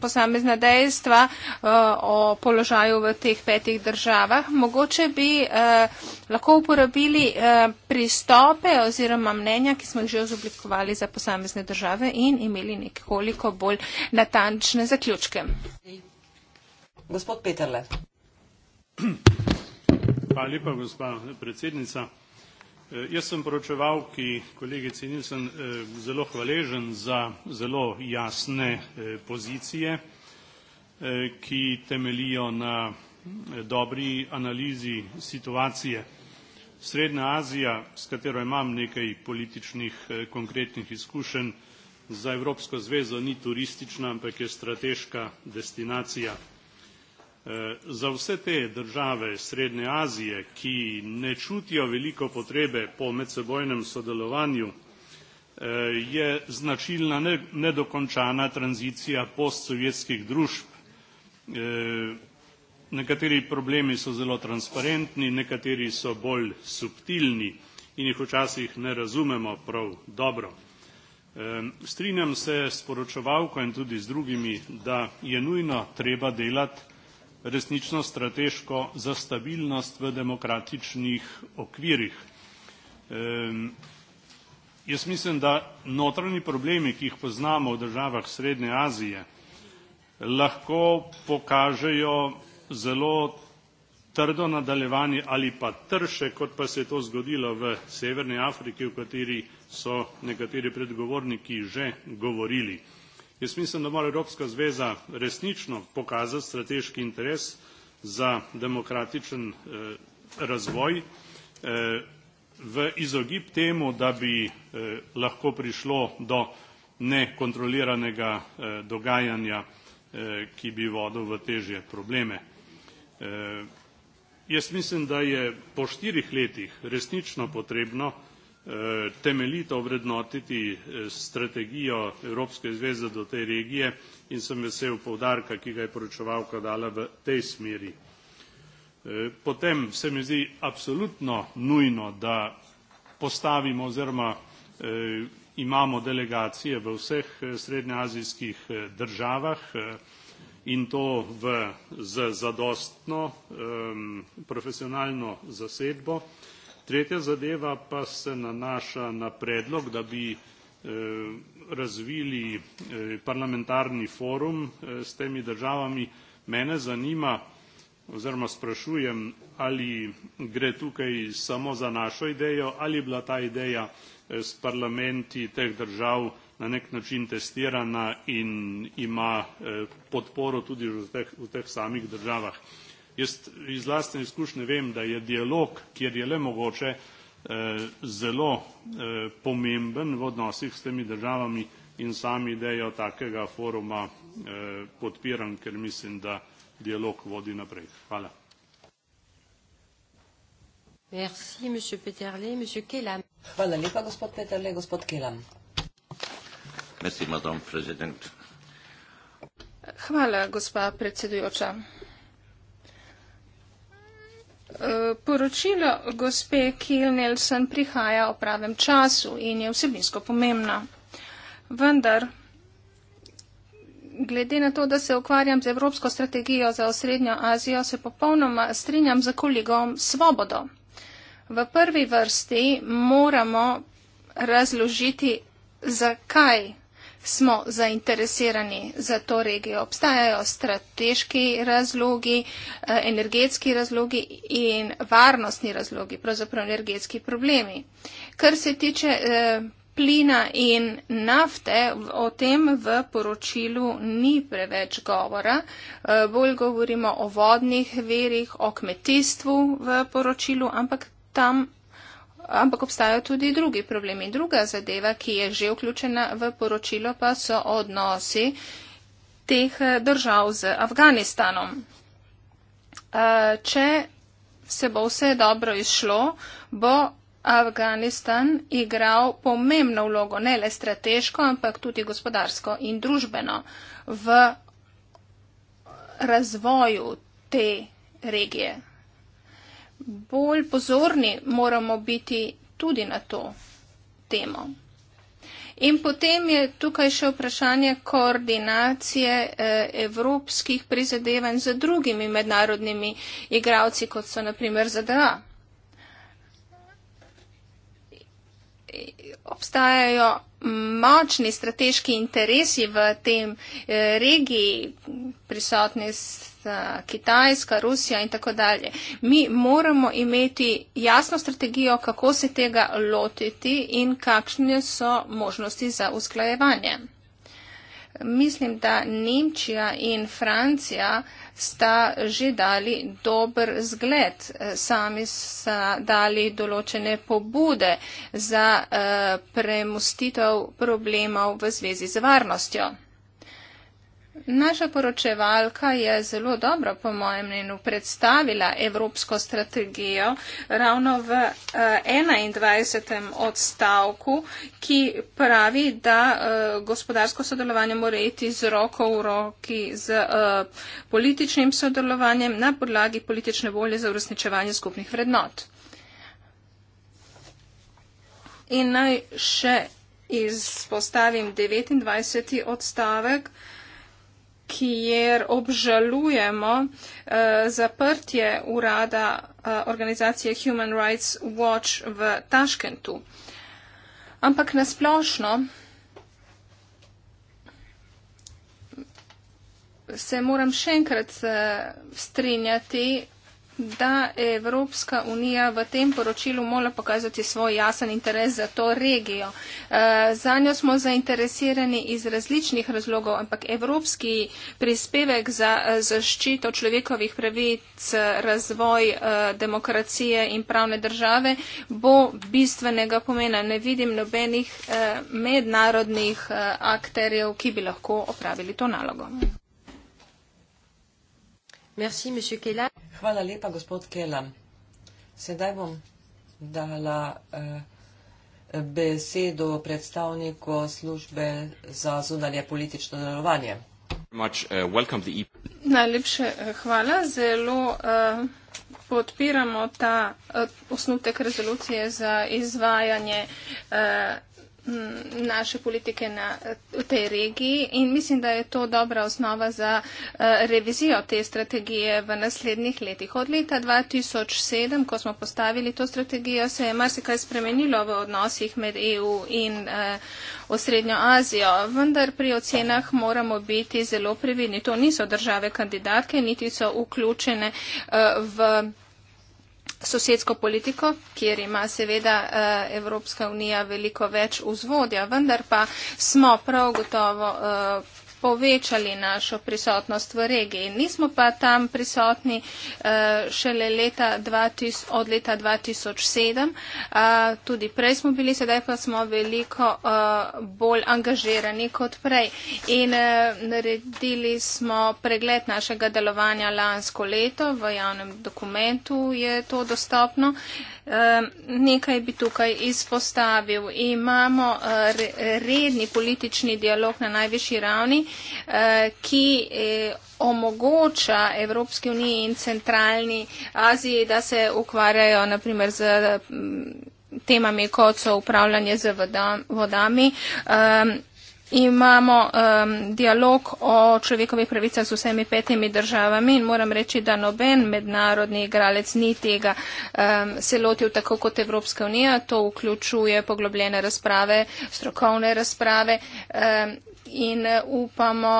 posamezna dejstva eh, o položaju v teh petih državah. Mogoče bi eh, lahko uporabili eh, pristope oziroma mnenja, ki smo jih že ozoblikovali za posamezne države in imeli nekoliko bolj natančne zaključke. Gospod Peterle. Hvala lepa, gospa predsednica. Eh, jaz sem poročevalki, kolegici Nilsen, eh, zelo hvaležen za zelo jasne eh, pozicije, ki temelijo na dobri analizi situacije. Srednja Azija, s katero imam nekaj političnih konkretnih izkušenj, za Evropsko zvezo ni turistična, ampak je strateška destinacija. Eh, za vse te države Srednje Azije, ki ne čutijo veliko potrebe po medsebojnem sodelovanju, eh, je značilna nedokončana tranzicija postsovjetskih družb. Eh, nekateri problemi so zelo transparentni, nekateri so bolj subtilni in jih včasih ne razumemo prav dobro. Strinjam se s poročevalko in tudi z drugimi, da je nujno treba delati resnično strateško za stabilnost v demokratičnih okvirih. Um, jaz mislim, da notranji problemi, ki jih poznamo v državah Srednje Azije, lahko pokažejo zelo trdo nadaljevanje ali pa trše, kot pa se je to zgodilo v Severni Afriki, o kateri so nekateri predgovorniki že govorili. Jaz mislim, da mora Evropska zveza resnično pokazati strateški interes za demokratičen eh, razvoj eh, v izogib temu, da bi eh, lahko prišlo do nekontroliranega dogajanja, ki bi vodil v težje probleme. Jaz mislim, da je po štirih letih resnično potrebno Eh, temeljito vrednotiti eh, strategijo Evropske zveze do te regije in sem vesel povdarka, ki ga je poročevalka dala v tej smeri. Eh, potem se mi zdi apsolutno nujno, da postavimo oziroma imamo delegacije v vseh srednjeazijskih državah in to v zadostno ehm, profesionalno zasedbo. Tretja zadeva pa se nanaša na predlog, da bi eh, razvili eh, parlamentarni forum eh, s temi državami. Mene zanima oziroma sprašujem, ali gre tukaj samo za našo idejo, ali je bila ta ideja s parlamenti teh držav na nek način testirana in ima podporo tudi v teh, v teh samih državah. Jaz iz lastne izkušnje vem, da je dialog, kjer je le mogoče eh, zelo eh, pomemben v odnosih s temi državami in sam idejo takega foruma eh, podpiram, ker mislim, da dialog vodi naprej. Hvala. Merci, Peterle. Hvala lepa, gospod Peterle. Gospod Kelam. Merci, Hvala, gospa predsedujoča. Eh, poročilo gospe Kil Nelson prihaja v pravem času in je vsebinsko pomembno. Vendar, glede na to, da se ukvarjam z evropsko strategijo za osrednjo Azijo, se popolnoma strinjam za kolegom svobodo. V prvi vrsti moramo razložiti, zakaj smo zainteresirani za to regijo. Obstajajo strateški razlogi, eh, energetski razlogi in varnostni razlogi, pravzaprav energetski problemi. Kar se tiče eh, plina in nafte, o tem v poročilu ni preveč govora. Eh, bolj govorimo o vodnih verih, o kmetijstvu v poročilu, ampak tam Ampak obstajajo tudi drugi problemi. Druga zadeva, ki je že vključena v poročilo, pa so odnosi teh držav z Afganistanom. Če se bo vse dobro izšlo, bo Afganistan igral pomembno vlogo, ne le strateško, ampak tudi gospodarsko in družbeno v razvoju te regije bolj pozorni moramo biti tudi na to temo. In potem je tukaj še vprašanje koordinacije eh, evropskih prizadevanj z drugimi mednarodnimi igravci, kot so naprimer ZDA. Obstajajo močni strateški interesi v tem eh, regiji prisotni s Eh, Kitajska, Rusija in tako dalje. Mi moramo imeti jasno strategijo, kako se tega lotiti in kakšne so možnosti za usklajevanje. Mislim, da Nemčija in Francija sta že dali dober zgled. Sami sta dali določene pobude za eh, premustitev problemov v zvezi z varnostjo. Naša poročevalka je zelo dobro, po mojem mnenju, predstavila evropsko strategijo ravno v uh, eh, 21. odstavku, ki pravi, da uh, gospodarsko sodelovanje mora iti z roko v roki z uh, političnim sodelovanjem na podlagi politične volje za uresničevanje skupnih vrednot. In naj še izpostavim 29. odstavek. Uh, kjer obžalujemo uh, zaprtje urada uh, organizacije Human Rights Watch v Taškentu. Ampak nasplošno se moram še enkrat uh, strinjati da Evropska unija v tem poročilu mora pokazati svoj jasen interes za to regijo. Eh, za njo smo zainteresirani iz različnih razlogov, ampak evropski prispevek za eh, zaščito človekovih pravic, razvoj eh, demokracije in pravne države bo bistvenega pomena. Ne vidim nobenih mednarodnih akterjev, ki bi lahko opravili to nalogo. Merci, monsieur Kela. Hvala lepa, gospod Kela. Sedaj bom dala uh, besedo predstavniku službe za zunanje politično delovanje. Uh, Najlepše uh, hvala. Zelo uh, podpiramo ta uh, osnutek rezolucije za izvajanje. Uh, Mm, naše politike na, v tej regiji in mislim, da je to dobra osnova za uh, revizijo te strategije v naslednjih letih. Od leta 2007, ko smo postavili to strategijo, se je marsikaj spremenilo v odnosih med EU in uh, eh, v Srednjo Azijo, vendar pri ocenah moramo biti zelo previdni. To niso države kandidatke, niti so vključene uh, v sosedsko politiko, kjer ima seveda eh, Evropska unija veliko več vzvodja, vendar pa smo prav gotovo eh, povečali našo prisotnost v regiji. Nismo pa tam prisotni eh, šele leta 2000, od leta 2007. Tudi prej smo bili, sedaj pa smo veliko eh, bolj angažirani kot prej. In eh, naredili smo pregled našega delovanja lansko leto, v javnem dokumentu je to dostopno. Nekaj bi tukaj izpostavil. Imamo eh, redni politični dialog na najvišji ravni, eh, ki eh, omogoča Evropski uniji in centralni Aziji, da se ukvarjajo naprimer z temami, kot so upravljanje z vodami. Imamo um, dialog o človekovih pravicah z vsemi petimi državami in moram reči, da noben mednarodni igralec ni tega um, se lotil tako kot Evropska unija. To vključuje poglobljene razprave, strokovne razprave um, in upamo,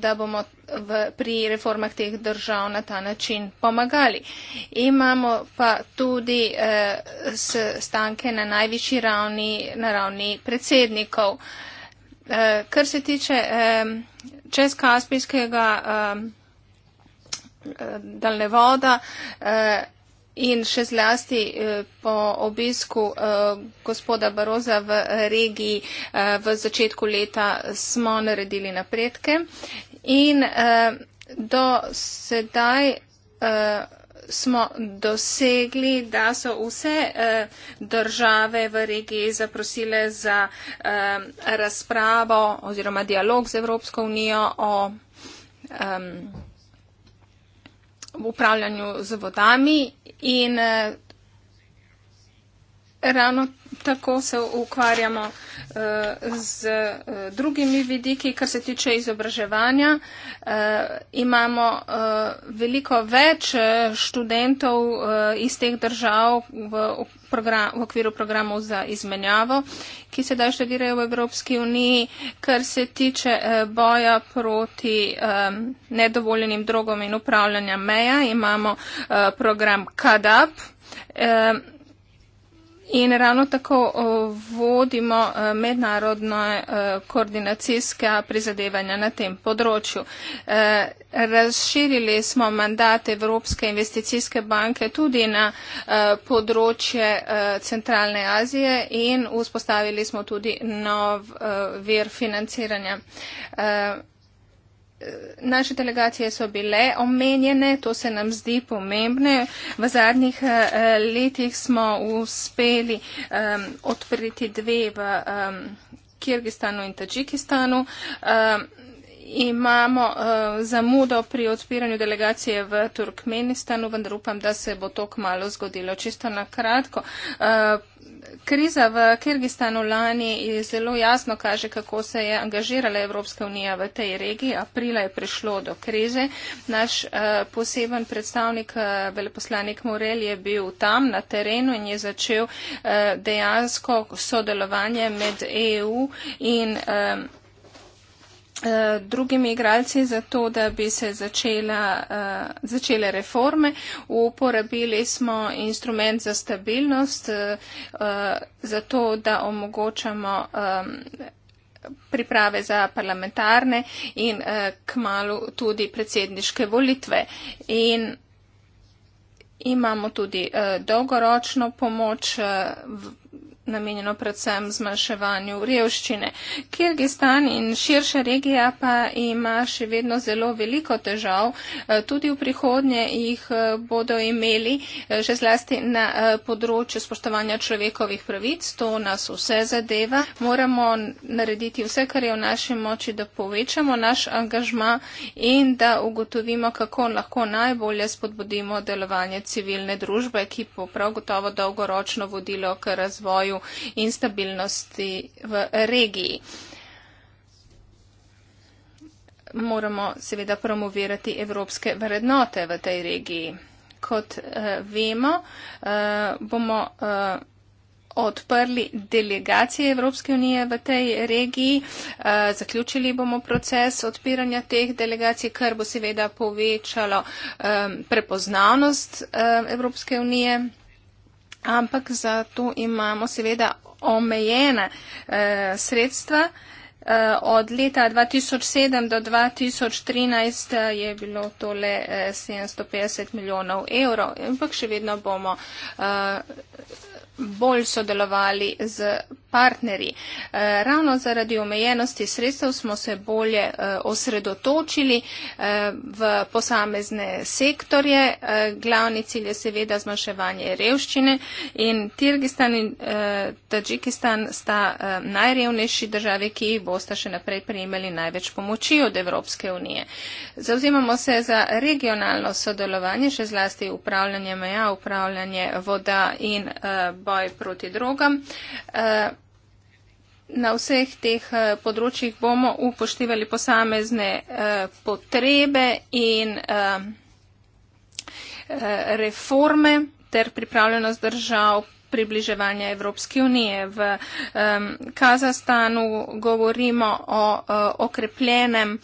da bomo v, pri reformah teh držav na ta način pomagali. Imamo pa tudi uh, eh, stanke na najvišji ravni, na ravni predsednikov eh, kar se tiče eh, čez Kaspijskega eh, dalnevoda eh, in še zlasti eh, po obisku eh, gospoda Baroza v regiji eh, v začetku leta smo naredili napredke in eh, do sedaj. Eh, smo dosegli, da so vse eh, države v regiji zaprosile za eh, razpravo oziroma dialog z Evropsko unijo o eh, upravljanju z vodami in eh, ravno tako se ukvarjamo uh, z uh, drugimi vidiki, kar se tiče izobraževanja. Uh, imamo uh, veliko več študentov uh, iz teh držav v, v, program, v okviru programov za izmenjavo, ki sedaj študirajo v Evropski uniji, kar se tiče uh, boja proti um, nedovoljenim drogom in upravljanja meja. Imamo uh, program KADAP. Uh, In ravno tako vodimo e, mednarodne e, koordinacijske prizadevanja na tem področju. E, razširili smo mandat Evropske investicijske banke tudi na področje Centralne Azije in vzpostavili smo tudi nov vir financiranja naše delegacije so bile omenjene, to se nam zdi pomembno. V zadnjih eh, letih smo uspeli um, odpriti dve v um, Kirgistanu in Tačikistanu. Um, Imamo uh, zamudo pri odpiranju delegacije v Turkmenistanu, vendar upam, da se bo to kmalo zgodilo. Čisto na kratko, uh, kriza v Kyrgyzstanu lani zelo jasno kaže, kako se je angažirala Evropska unija v tej regiji. Aprila je prišlo do krize. Naš uh, poseben predstavnik, uh, veleposlanik Morel, je bil tam na terenu in je začel uh, dejansko sodelovanje med EU in. Um, Eh, drugimi igralci za to, da bi se začela, uh, začele reforme. Uporabili smo instrument za stabilnost, uh, uh, za to, da omogočamo. Um, priprave za parlamentarne in eh, kmalo tudi predsedniške volitve. In imamo tudi eh, dolgoročno pomoč eh, namenjeno predvsem zmanjševanju revščine. Kirgistan in širša regija pa ima še vedno zelo veliko težav. Eh, tudi v prihodnje jih eh, bodo imeli, eh, še zlasti na področju spoštovanja človekovih pravic. To nas vse zadeva. Moramo narediti vse, kar je v naši moči, da povečamo naš angažma in da ugotovimo, kako lahko najbolje spodbudimo delovanje civilne družbe, ki bo prav gotovo dolgoročno vodilo k razvoju miru in stabilnosti v regiji. Moramo seveda promovirati evropske vrednote v tej regiji. Kot uh, vemo, uh, bomo uh, odprli delegacije Evropske unije v tej regiji, uh, zaključili bomo proces odpiranja teh delegacij, kar bo seveda povečalo um, prepoznavnost uh, Evropske unije ampak za to imamo seveda omejena eh, sredstva. Eh, od leta 2007 do 2013 eh, je bilo tole eh, 750 milijonov evrov, ampak še vedno bomo eh, bolj sodelovali z partnerji. Eh, ravno zaradi omejenosti sredstev smo se bolje eh, osredotočili eh, v posamezne sektorje. Glavni cilj je seveda zmanjševanje revščine in Tirgistan in Tadžikistan sta najrevnejši države, ki jih boste še naprej prejemali največ pomoči od Evropske unije. Zauzimamo se za regionalno sodelovanje, še zlasti upravljanje meja, upravljanje voda in boj proti drogam na vseh teh eh, področjih bomo upoštevali posamezne eh, potrebe in eh, reforme ter pripravljenost držav približevanja Evropske unije. V Kazastanu govorimo o okrepljenem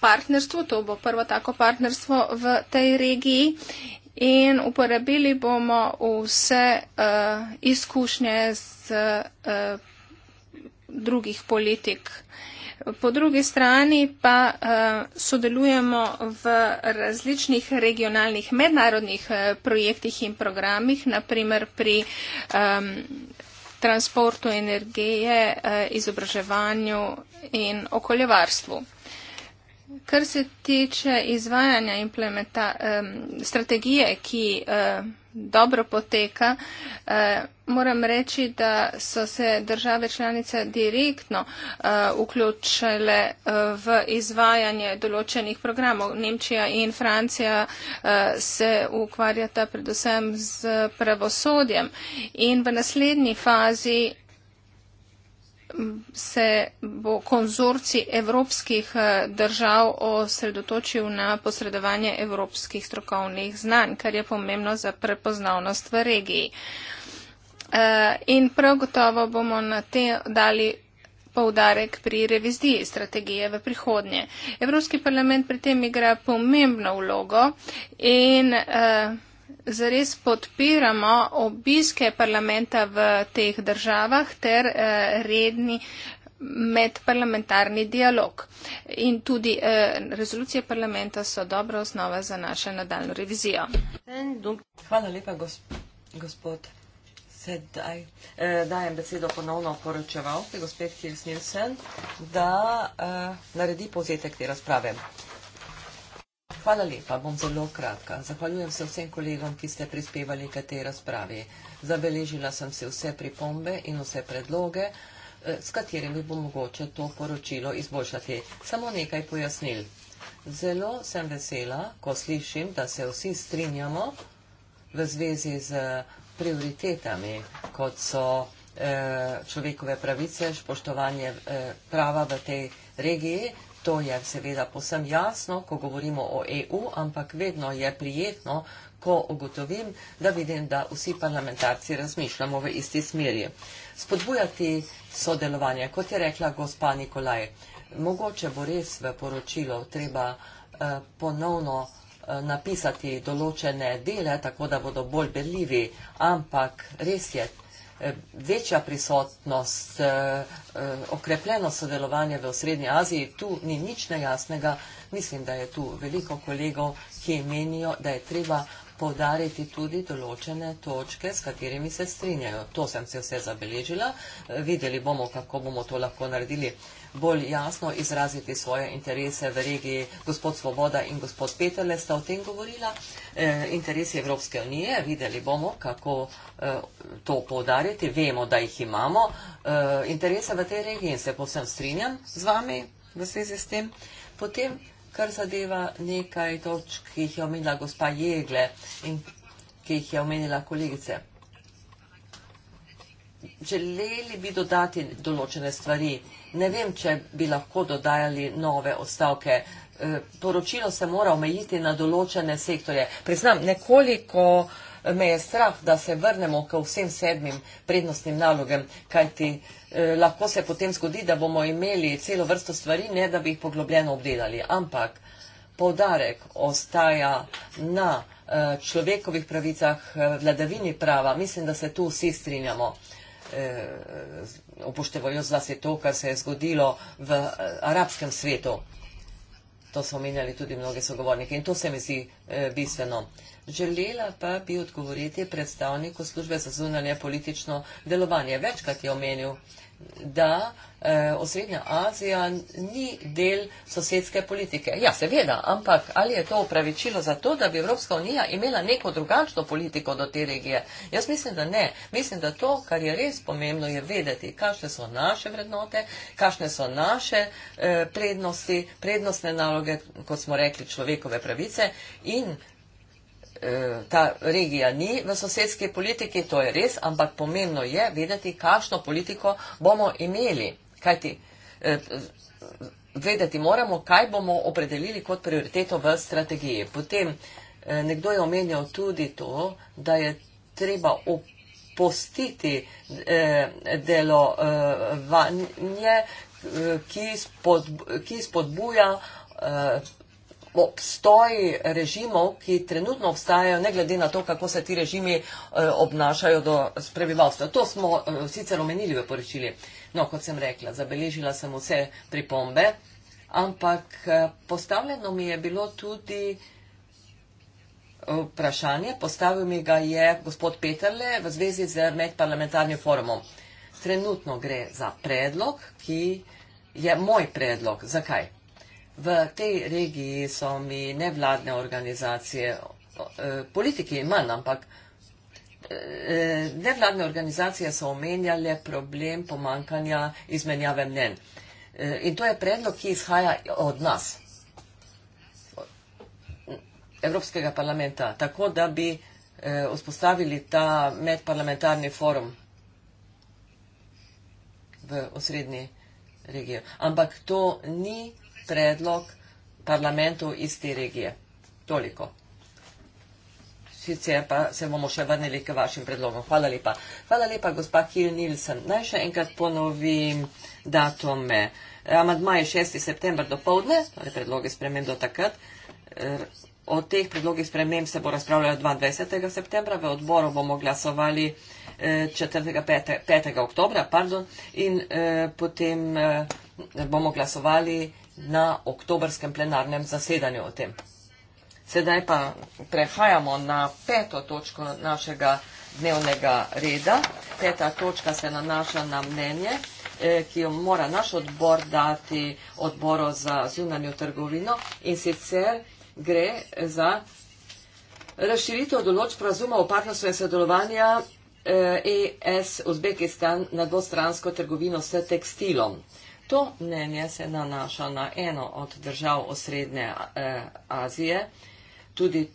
partnerstvu, to bo prvo tako partnerstvo v tej regiji in uporabili bomo vse uh, izkušnje z uh, drugih politik. Po drugi strani pa uh, sodelujemo v različnih regionalnih mednarodnih uh, projektih in programih, naprimer pri um, transportu energije, uh, izobraževanju in okoljevarstvu. Kar se tiče izvajanja implementa, um, strategije, ki uh, dobro poteka, uh, moram reči, da so se države članice direktno uh, vključile uh, v izvajanje določenih programov. Nemčija in Francija uh, se ukvarjata predvsem z pravosodjem in v naslednji fazi se bo konzorci evropskih eh, držav osredotočil na posredovanje evropskih strokovnih znanj, kar je pomembno za prepoznavnost v regiji. Eh, in prav gotovo bomo na te dali povdarek pri reviziji strategije v prihodnje. Evropski parlament pri tem igra pomembno vlogo in eh, zares podpiramo obiske parlamenta v teh državah ter eh, redni medparlamentarni dialog. In tudi eh, rezolucije parlamenta so dobra osnova za našo nadaljno revizijo. Hvala lepa, gospod. Sedaj eh, dajem besedo ponovno poročevalki, gospod Kirsnilsen, da eh, naredi povzetek te razprave. Hvala lepa, bom zelo kratka. Zahvaljujem se vsem kolegom, ki ste prispevali k tej razpravi. Zabeležila sem se vse pripombe in vse predloge, eh, s katerimi bo mogoče to poročilo izboljšati. Samo nekaj pojasnil. Zelo sem vesela, ko slišim, da se vsi strinjamo v zvezi z prioritetami, kot so eh, človekove pravice, spoštovanje eh, prava v tej regiji. To je seveda posem jasno, ko govorimo o EU, ampak vedno je prijetno, ko ugotovim, da vidim, da vsi parlamentarci razmišljamo v isti smeri. Spodbujati sodelovanje, kot je rekla gospa Nikolaj, mogoče bo res v poročilo treba eh, ponovno eh, napisati določene dele, tako da bodo bolj berljivi, ampak res je Eh, večja prisotnost, eh, eh, okrepljeno sodelovanje v Srednji Aziji, tu ni nič nejasnega. Mislim, da je tu veliko kolegov, ki menijo, da je treba poudariti tudi določene točke, s katerimi se strinjajo. To sem si vse zabeležila. Videli bomo, kako bomo to lahko naredili. Bolj jasno izraziti svoje interese v regiji gospod Svoboda in gospod Petele sta o tem govorila. E, interesi Evropske unije, videli bomo, kako e, to poudariti. Vemo, da jih imamo. E, interese v tej regiji in se posem strinjam z vami v zvezi s tem. Potem kar zadeva nekaj točk, ki jih je omenila gospa Jegle in ki jih je omenila kolegice. Želeli bi dodati določene stvari. Ne vem, če bi lahko dodajali nove ostavke. E, poročilo se mora omejiti na določene sektorje. Priznam, nekoliko me je strah, da se vrnemo k vsem sedmim prednostnim nalogem, kajti Eh, lahko se potem zgodi, da bomo imeli celo vrsto stvari, ne da bi jih poglobljeno obdelali. Ampak povdarek ostaja na eh, človekovih pravicah, eh, vladavini prava. Mislim, da se tu vsi strinjamo. Upoštevajo zlasti to, kar se je zgodilo v arabskem svetu. To so omenjali tudi mnogi sogovorniki in to se mi zdi bistveno. Želela pa bi odgovoriti predstavniku službe za zunanje politično delovanje. Večkrat je omenil, da eh, osrednja Azija ni del sosedske politike. Ja, seveda, ampak ali je to upravičilo za to, da bi Evropska unija imela neko drugačno politiko do te regije? Jaz mislim, da ne. Mislim, da to, kar je res pomembno, je vedeti, kakšne so naše vrednote, kakšne so naše eh, prednosti, prednostne naloge, kot smo rekli, človekove pravice in Eh, ta regija ni v sosedski politiki, to je res, ampak pomembno je vedeti, kakšno politiko bomo imeli. Kajti, eh, vedeti moramo, kaj bomo opredelili kot prioriteto v strategiji. Potem eh, nekdo je omenjal tudi to, da je treba opustiti delovanje, ki spodbuja obstoj režimov, ki trenutno obstajajo, ne glede na to, kako se ti režimi eh, obnašajo do prebivalstva. To smo eh, sicer omenili v poročili. No, kot sem rekla, zabeležila sem vse pripombe, ampak eh, postavljeno mi je bilo tudi vprašanje, postavil mi ga je gospod Peterle v zvezi z medparlamentarnim forumom. Trenutno gre za predlog, ki je moj predlog. Zakaj? V tej regiji so mi nevladne organizacije, e, politiki manj, ampak e, e, nevladne organizacije so omenjale problem pomankanja izmenjave mnen. In to je predlog, ki izhaja od nas, Evropskega parlamenta, tako da bi vzpostavili ta medparlamentarni forum v osrednji regiji. Ampak to ni problem predlog parlamentu iz te regije. Toliko. Sicer pa se bomo še vrnili k vašim predlogom. Hvala lepa. Hvala lepa, gospa Kil Nilsen. Naj še enkrat ponovim datume. Amadma je 6. september do povdne, torej predloge spremem do takrat. Eh, o teh predlogih spremem se bo razpravljalo 22. septembra, v odboru bomo glasovali 4. 5. 5. oktobra, pardon, in eh, potem eh, bomo glasovali na oktobrskem plenarnem zasedanju o tem. Sedaj pa prehajamo na peto točko našega dnevnega reda. Peta točka se nanaša na mnenje, eh, ki jo mora naš odbor dati odboru za zunanjo trgovino in sicer gre za razširitev določb razuma o partnerstvu in sodelovanja ES eh, e Uzbekistan na dvostransko trgovino s tekstilom. To mnenje se nanaša na eno od držav osrednje eh, Azije. Tudi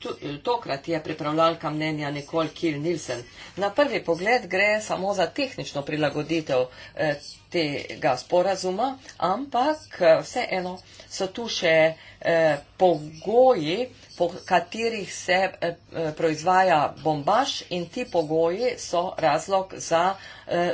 tokrat je pripravljalka mnenja Nikol Kil Nilsen. Na prvi pogled gre samo za tehnično prilagoditev eh, tega sporazuma, ampak eh, vseeno so tu še eh, pogoji, po katerih se proizvaja bombaž in ti pogoji so razlog za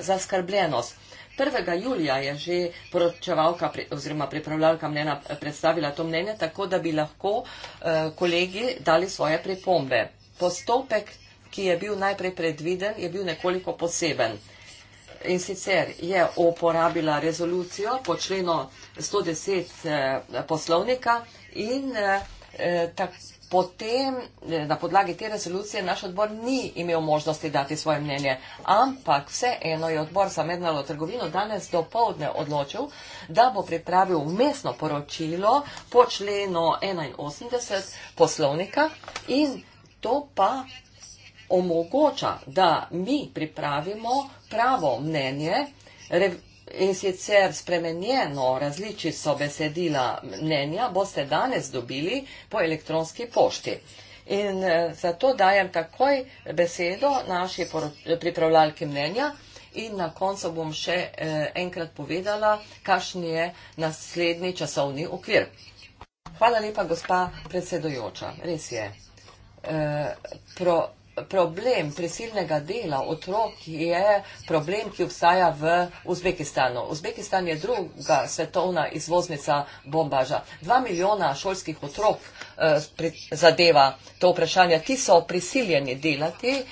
zaskrbljenost. 1. julija je že poročevalka oziroma pripravljalka mnenja predstavila to mnenje, tako da bi lahko eh, kolegi dali svoje pripombe. Postopek, ki je bil najprej predviden, je bil nekoliko poseben. In sicer je uporabila rezolucijo po členu 110 eh, poslovnika in eh, tako potem eh, na podlagi te rezolucije naš odbor ni imel možnosti dati svoje mnenje, ampak vseeno je odbor za mednarodno trgovino danes do povdne odločil, da bo pripravil umestno poročilo po členu 81 poslovnika in to pa omogoča, da mi pripravimo pravo mnenje In sicer spremenjeno različico besedila mnenja boste danes dobili po elektronski pošti. In eh, zato dajem takoj besedo naši pripravljalki mnenja in na koncu bom še eh, enkrat povedala, kakšen je naslednji časovni okvir. Hvala lepa, gospa predsedojoča. Res je. Eh, pro, problem prisilnega dela otrok je problem, ki obstaja v Uzbekistanu. Uzbekistan je druga svetovna izvoznica bombaža. Dva milijona šolskih otrok eh, zadeva to vprašanje. Ti so prisiljeni delati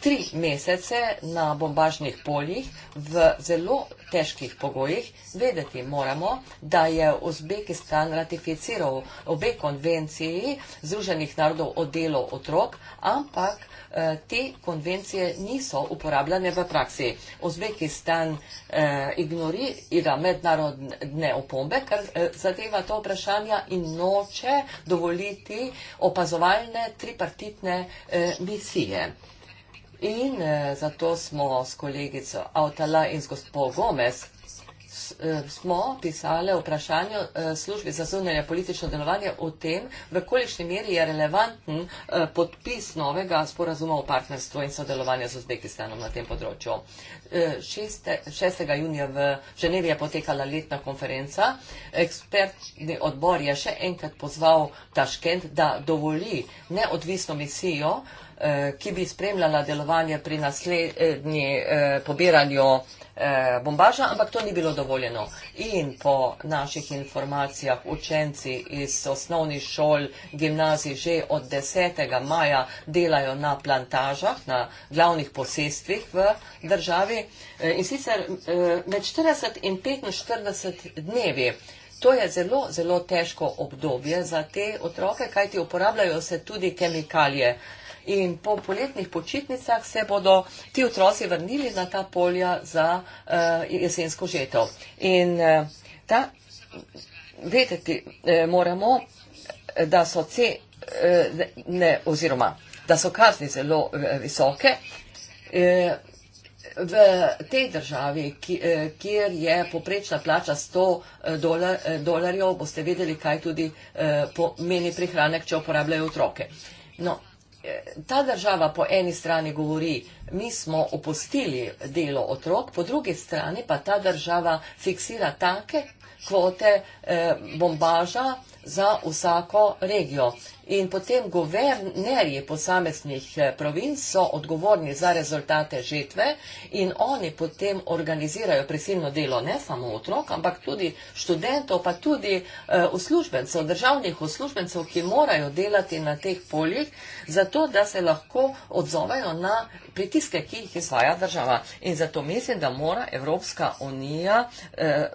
tri mesece na bombažnih poljih v zelo težkih pogojih. Vedeti moramo, da je Uzbekistan ratificiral obe konvenciji Združenih narodov o delu otrok, ampak Eh, te konvencije niso uporabljane v praksi. Uzbekistan eh, ignorira mednarodne opombe, kar eh, zadeva to vprašanje in noče dovoliti opazovalne tripartitne misije. In zato smo s kolegico Avtala in z gospod Gomez smo pisali vprašanje eh, službi za zunanje politično delovanje o tem, v kolikšni meri je relevanten eh, podpis novega sporazuma o partnerstvu in sodelovanju z Uzbekistanom na tem področju. 6. Eh, 6. junija v Ženevi je potekala letna konferenca. Ekspertni odbor je še enkrat pozval Taškent, da dovoli neodvisno misijo, ki bi spremljala delovanje pri naslednji pobiranju Eh, bombaža, ampak to ni bilo dovoljeno. In po naših informacijah učenci iz osnovnih šol, gimnazij že od 10. maja delajo na plantažah, na glavnih posestvih v državi eh, in sicer eh, med 40 in 45 dnevi. To je zelo, zelo težko obdobje za te otroke, kajti uporabljajo se tudi kemikalije in po poletnih počitnicah se bodo ti otroci vrnili na ta polja za uh, jesensko žetev. In uh, ta, vedeti uh, moramo, da so ce, uh, ne, oziroma, da so kazni zelo uh, visoke. Uh, V tej državi, kjer je poprečna plača 100 dolar, dolarjev, boste videli, kaj tudi pomeni prihranek, če uporabljajo otroke. No, ta država po eni strani govori, mi smo opustili delo otrok, po drugi strani pa ta država fiksira take kvote eh, bombaža, za vsako regijo. In potem guvernerji posameznih eh, provinc so odgovorni za rezultate žetve in oni potem organizirajo prisilno delo ne samo otrok, ampak tudi študentov, pa tudi eh, uslužbencev, državnih uslužbencev, ki morajo delati na teh poljih, zato da se lahko odzovejo na pritiske, ki jih izvaja država. In zato mislim, da mora Evropska unija. Eh,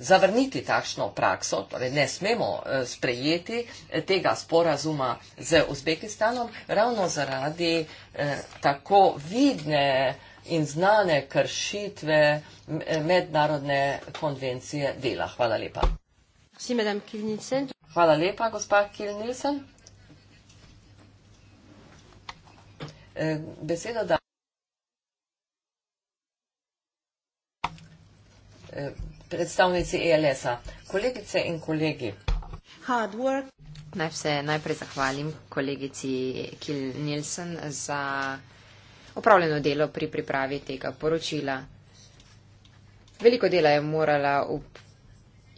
zavrniti takšno prakso, torej ne smemo eh, sprejeti eh, tega sporazuma z Uzbekistanom, ravno zaradi eh, tako vidne in znane kršitve mednarodne konvencije dela. Hvala lepa. Hvala lepa, gospa Kilnilsen. Beseda da predstavnici ELS-a. Kolegice in kolegi. Hard work. Naj se najprej zahvalim kolegici Kil Nilsen za opravljeno delo pri pripravi tega poročila. Veliko dela je morala,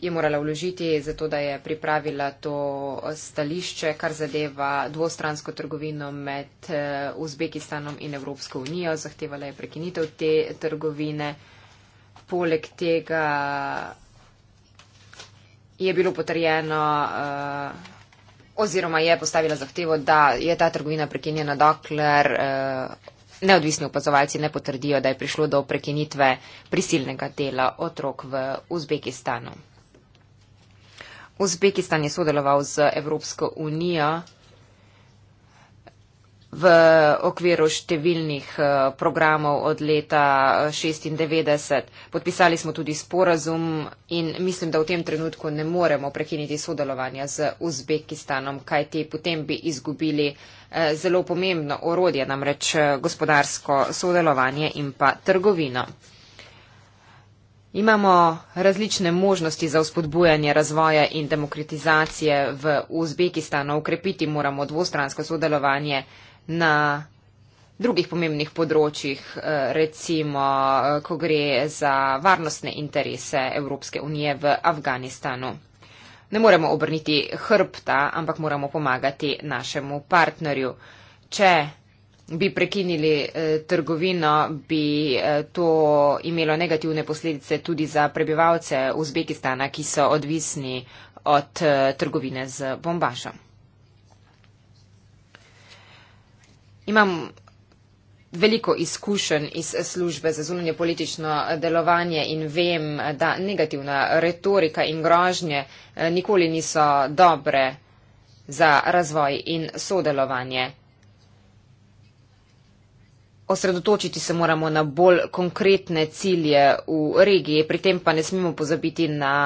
je morala vložiti, zato da je pripravila to stališče, kar zadeva dvostransko trgovino med eh, Uzbekistanom in Evropsko unijo. Zahtevala je prekinitev te trgovine poleg tega je bilo potrjeno uh, oziroma je postavila zahtevo, da je ta trgovina prekinjena, dokler uh, neodvisni opazovalci ne potrdijo, da je prišlo do prekinitve prisilnega dela otrok v Uzbekistanu. Uzbekistan je sodeloval z Evropsko unijo v okviru številnih eh, programov od leta 1996. Eh, Podpisali smo tudi sporazum in mislim, da v tem trenutku ne moremo prekiniti sodelovanja z Uzbekistanom, kajti potem bi izgubili eh, zelo pomembno orodje, namreč gospodarsko sodelovanje in pa trgovino. Imamo različne možnosti za vzpodbujanje razvoja in demokratizacije v Uzbekistanu. Ukrepiti moramo dvostransko sodelovanje na drugih pomembnih področjih, eh, recimo, eh, ko gre za varnostne interese Evropske unije v Afganistanu. Ne moremo obrniti hrbta, ampak moramo pomagati našemu partnerju. Če bi prekinili eh, trgovino, bi to imelo negativne posledice tudi za prebivalce Uzbekistana, ki so odvisni od trgovine z bombažom. imam veliko izkušenj iz službe za zunanje politično delovanje in vem, da negativna retorika in grožnje eh, nikoli niso dobre za razvoj in sodelovanje. Osredotočiti se moramo na bolj konkretne cilje v regiji, pri tem pa ne smemo pozabiti na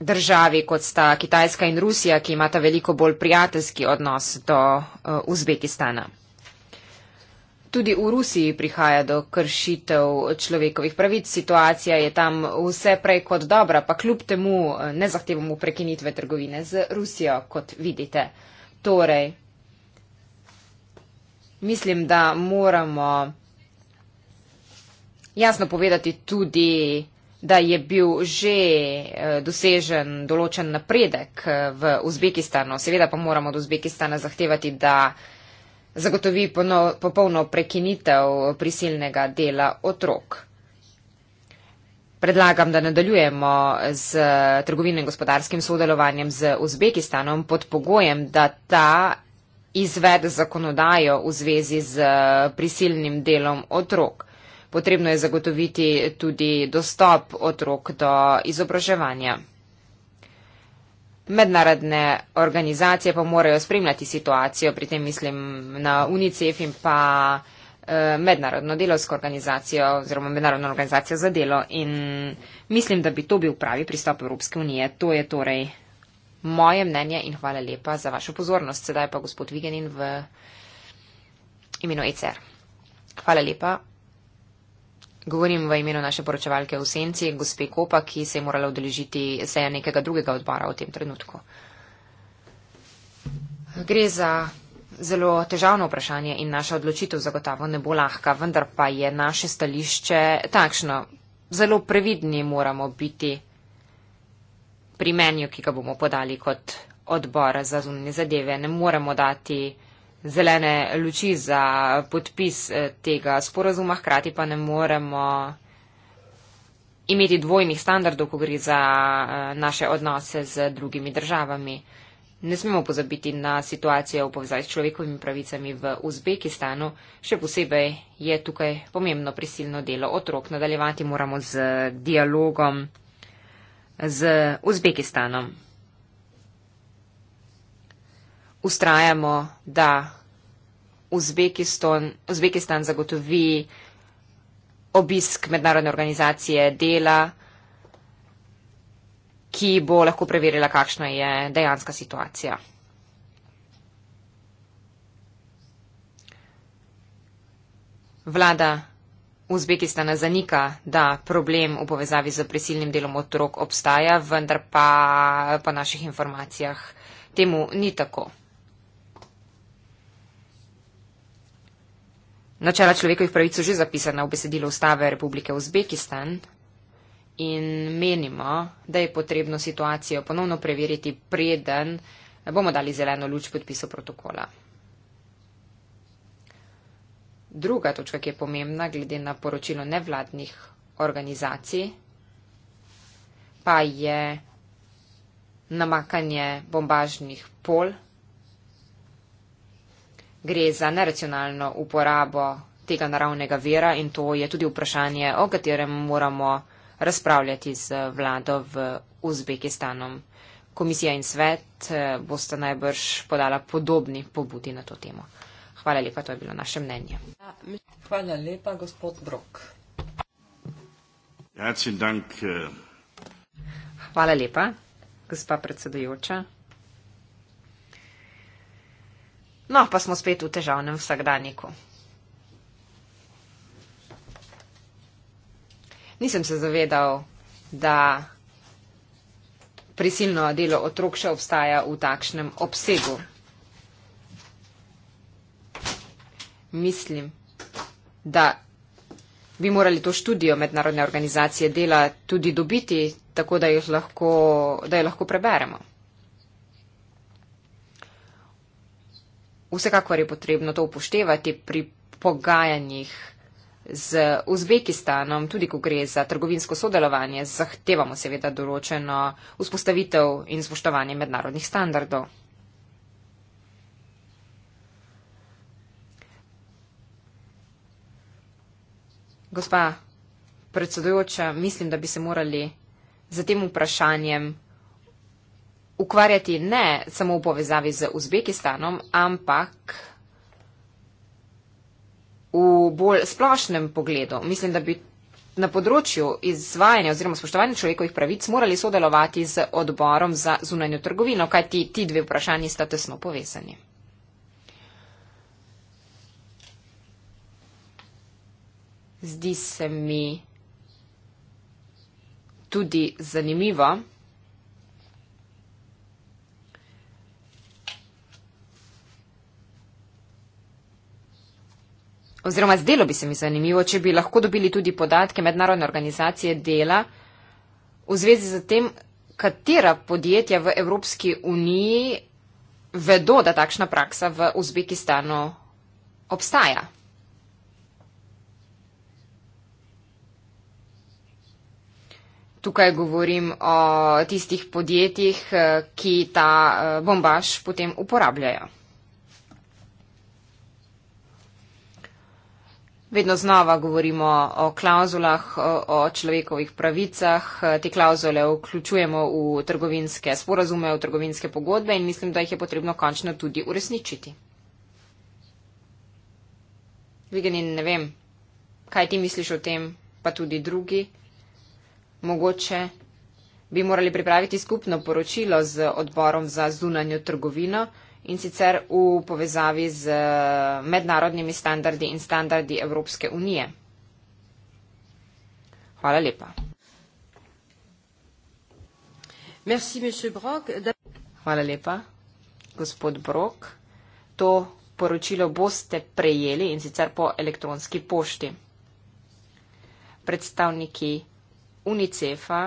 državi, kot sta Kitajska in Rusija, ki imata veliko bolj prijateljski odnos do eh, Uzbekistana. Tudi v Rusiji prihaja do kršitev človekovih pravic. Situacija je tam vse prej kot dobra, pa kljub temu eh, ne zahtevamo prekinitve trgovine z Rusijo, kot vidite. Torej, mislim, da moramo jasno povedati tudi da je bil že eh, dosežen določen napredek eh, v Uzbekistanu. Seveda pa moramo od Uzbekistana zahtevati, da zagotovi popolno prekinitev prisilnega dela otrok. Predlagam, da nadaljujemo z eh, trgovinem in gospodarskim sodelovanjem z Uzbekistanom pod pogojem, da ta izved zakonodajo v zvezi z prisilnim delom otrok. Potrebno je zagotoviti tudi dostop otrok do izobraževanja. Mednarodne organizacije pa morajo spremljati situacijo, pri tem mislim na UNICEF in pa eh, mednarodno delovsko organizacijo oziroma mednarodno organizacijo za delo in mislim, da bi to bil pravi pristop Evropske unije. To je torej moje mnenje in hvala lepa za vašo pozornost. Sedaj pa gospod Vigenin v imenu ECR. Hvala lepa. Govorim v imenu naše poročevalke v senci, gospe Kopa, ki se je morala odeležiti seja nekega drugega odbora v tem trenutku. Gre za zelo težavno vprašanje in naša odločitev zagotovo ne bo lahka, vendar pa je naše stališče takšno. Zelo previdni moramo biti pri menju, ki ga bomo podali kot odbor za zunanje zadeve. Ne moremo dati zelene luči za podpis eh, tega sporazuma, hkrati pa ne moremo imeti dvojnih standardov, ko gre za eh, naše odnose z drugimi državami. Ne smemo pozabiti na situacijo v povezavi s človekovimi pravicami v Uzbekistanu, še posebej je tukaj pomembno prisilno delo otrok. Nadaljevati moramo z dialogom z Uzbekistanom ustrajamo, da Uzbekistan, Uzbekistan zagotovi obisk mednarodne organizacije dela, ki bo lahko preverila, kakšna je dejanska situacija. Vlada Uzbekistana zanika, da problem v povezavi z prisilnim delom otrok obstaja, vendar pa po naših informacijah temu ni tako. Načela človekovih pravic so že zapisana v besedilo ustave Republike Uzbekistan in menimo, da je potrebno situacijo ponovno preveriti, preden bomo dali zeleno luč podpisu protokola. Druga točka, ki je pomembna glede na poročilo nevladnih organizacij, pa je namakanje bombažnih polj gre za neracionalno uporabo tega naravnega vira in to je tudi vprašanje, o katerem moramo razpravljati z vlado v Uzbekistanu. Komisija in svet eh, boste najbrž podala podobni pobudi na to temo. Hvala lepa, to je bilo naše mnenje. Hvala lepa, gospod Brok. Eh. Hvala lepa, gospa predsedujoča. No, pa smo spet v težavnem vsakdaniku. Nisem se zavedal, da prisilno delo otrok še obstaja v takšnem obsegu. Mislim, da bi morali to študijo mednarodne organizacije dela tudi dobiti, tako da, lahko, da jo lahko preberemo. vsekakor je potrebno to upoštevati pri pogajanjih z Uzbekistanom, tudi ko gre za trgovinsko sodelovanje, zahtevamo seveda določeno vzpostavitev in spoštovanje mednarodnih standardov. Gospa predsedujoča, mislim, da bi se morali za tem vprašanjem ukvarjati ne samo v povezavi z Uzbekistanom, ampak v bolj splošnem pogledu. Mislim, da bi na področju izvajanja oziroma spoštovanja človekovih pravic morali sodelovati z odborom za zunanjo trgovino, kajti ti dve vprašanji sta tesno povezani. Zdi se mi tudi zanimivo, oziroma zdelo bi se mi zanimivo, če bi lahko dobili tudi podatke mednarodne organizacije dela v zvezi z tem, katera podjetja v Evropski uniji vedo, da takšna praksa v Uzbekistanu obstaja. Tukaj govorim o tistih podjetjih, ki ta eh, bombaž potem uporabljajo. Vedno znova govorimo o klauzulah, o človekovih pravicah. Te klauzule vključujemo v trgovinske sporazume, v trgovinske pogodbe in mislim, da jih je potrebno končno tudi uresničiti. Viganin, ne vem, kaj ti misliš o tem, pa tudi drugi. Mogoče bi morali pripraviti skupno poročilo z odborom za zunanjo trgovino in sicer v povezavi z eh, mednarodnimi standardi in standardi Evropske unije. Hvala lepa. Hvala lepa, gospod Brok. To poročilo boste prejeli in sicer po elektronski pošti. Predstavniki UNICEF-a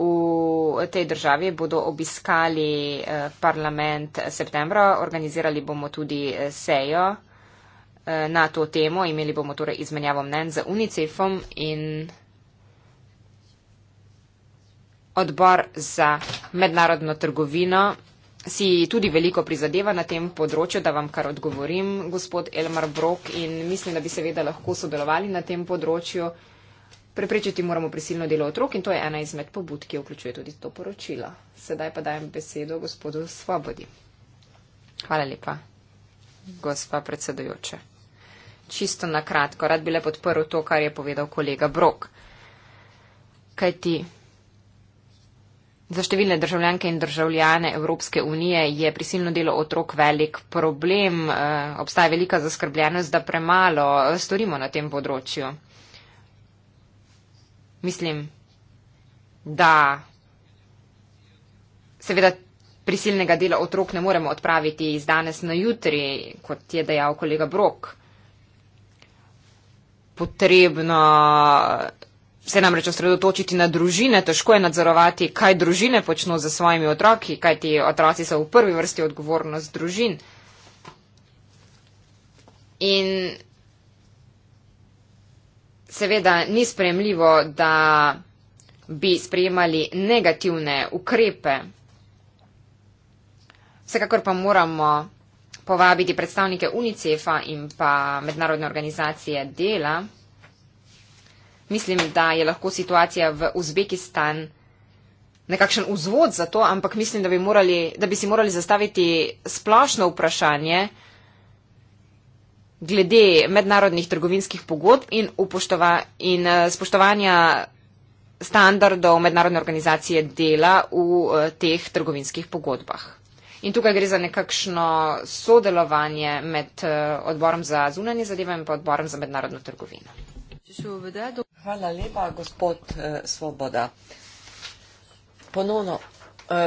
v tej državi, bodo obiskali eh, parlament septembra, organizirali bomo tudi eh, sejo eh, na to temo, imeli bomo torej izmenjavo mnen z UNICEF-om in odbor za mednarodno trgovino. Si tudi veliko prizadeva na tem področju, da vam kar odgovorim, gospod Elmar Brok, in mislim, da bi seveda lahko sodelovali na tem področju. Preprečiti moramo prisilno delo otrok in to je ena izmed pobud, ki vključuje tudi to poročilo. Sedaj pa dajem besedo gospodu Svobodi. Hvala lepa, gospa predsedojoče. Čisto na kratko, rad bi le podprl to, kar je povedal kolega Brok. Kaj ti? Za številne državljanke in državljane Evropske unije je prisilno delo otrok velik problem. Eh, obstaja velika zaskrbljenost, da premalo eh, storimo na tem področju. Mislim, da seveda prisilnega dela otrok ne moremo odpraviti iz danes na jutri, kot je dejal kolega Brok. Potrebno se namreč osredotočiti na družine, težko je nadzorovati, kaj družine počno za svojimi otroki, kaj ti otroci so v prvi vrsti odgovornost družin. In seveda ni sprejemljivo, da bi sprejemali negativne ukrepe. Vsekakor pa moramo povabiti predstavnike UNICEF-a in pa mednarodne organizacije dela. Mislim, da je lahko situacija v Uzbekistan nekakšen vzvod za to, ampak mislim, da bi, morali, da bi si morali zastaviti splošno vprašanje, glede mednarodnih trgovinskih pogodb in, upoštova, in eh, spoštovanja standardov mednarodne organizacije dela v eh, teh trgovinskih pogodbah. In tukaj gre za nekakšno sodelovanje med eh, odborom za zunanje zadeve in pa odborom za mednarodno trgovino. Hvala lepa, gospod Svoboda. Ponovno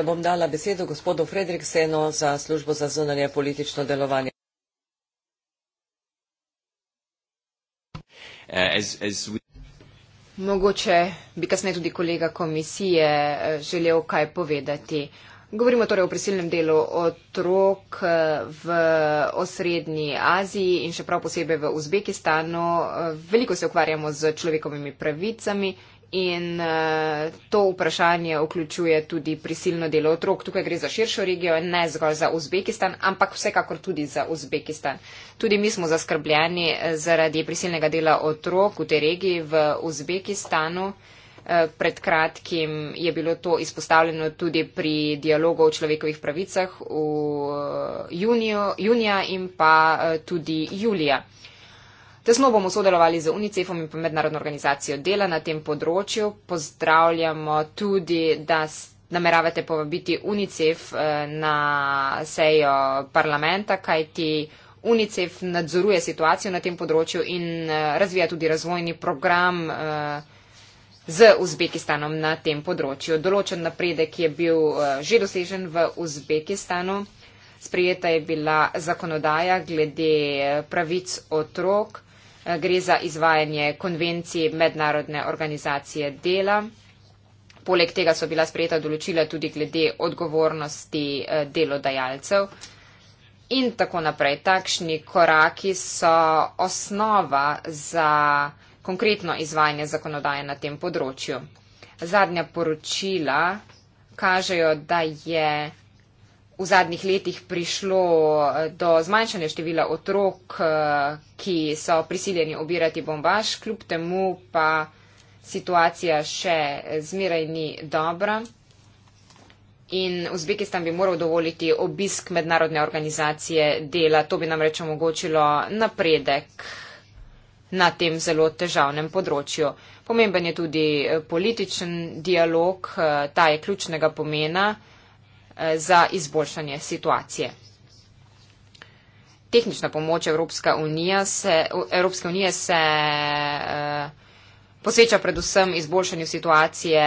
bom dala besedo gospodu Fredrikseno za službo za zunanje politično delovanje. Eh, Mogoče bi kasneje tudi kolega komisije eh, želel kaj povedati. Govorimo torej o prisilnem delu otrok eh, v osrednji Aziji in še prav posebej v Uzbekistanu. Veliko se ukvarjamo z človekovimi pravicami. In uh, to vprašanje vključuje tudi prisilno delo otrok. Tukaj gre za širšo regijo in ne zgolj za Uzbekistan, ampak vsekakor tudi za Uzbekistan. Tudi mi smo zaskrbljeni eh, zaradi prisilnega dela otrok v tej regiji v Uzbekistanu. Eh, pred kratkim je bilo to izpostavljeno tudi pri dialogu o človekovih pravicah v junijo, junija in pa tudi julija. Tesno bomo sodelovali z UNICEF-om in mednarodno organizacijo dela na tem področju. Pozdravljamo tudi, da nameravate povabiti UNICEF eh, na sejo parlamenta, kajti UNICEF nadzoruje situacijo na tem področju in eh, razvija tudi razvojni program eh, z Uzbekistanom na tem področju. Določen napredek je bil že dosežen v Uzbekistanu. Sprijeta je bila zakonodaja glede pravic otrok gre za izvajanje konvencije mednarodne organizacije dela. Poleg tega so bila sprejeta določila tudi glede odgovornosti eh, delodajalcev in tako naprej. Takšni koraki so osnova za konkretno izvajanje zakonodaje na tem področju. Zadnja poročila kažejo, da je v zadnjih letih prišlo eh, do zmanjšanja števila otrok, eh, ki so prisiljeni obirati bombaž, kljub temu pa situacija še zmeraj ni dobra. In Uzbekistan bi moral dovoliti obisk mednarodne organizacije dela. To bi namreč omogočilo napredek na tem zelo težavnem področju. Pomemben je tudi eh, političen dialog, ta je ključnega pomena. Eh, za izboljšanje situacije. Tehnična pomoč Evropska unija se, Evropske unije se eh, posveča predvsem izboljšanju situacije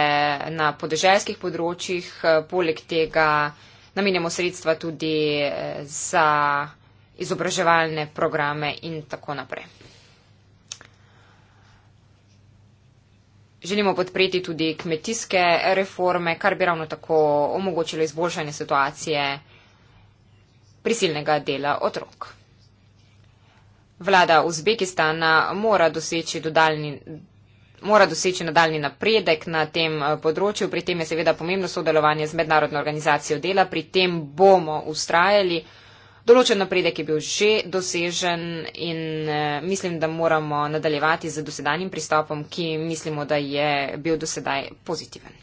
na podeželskih področjih, eh, poleg tega namenjamo sredstva tudi za izobraževalne programe in tako naprej. Želimo podpreti tudi kmetijske reforme, kar bi ravno tako omogočilo izboljšanje situacije prisilnega dela otrok. Vlada Uzbekistana mora doseči, dodalni, mora doseči nadaljni napredek na tem eh, področju, pri tem je seveda pomembno sodelovanje z mednarodno organizacijo dela, pri tem bomo ustrajali določen napredek je bil že dosežen in eh, mislim, da moramo nadaljevati z dosedanjim pristopom, ki mislimo, da je bil dosedaj pozitiven.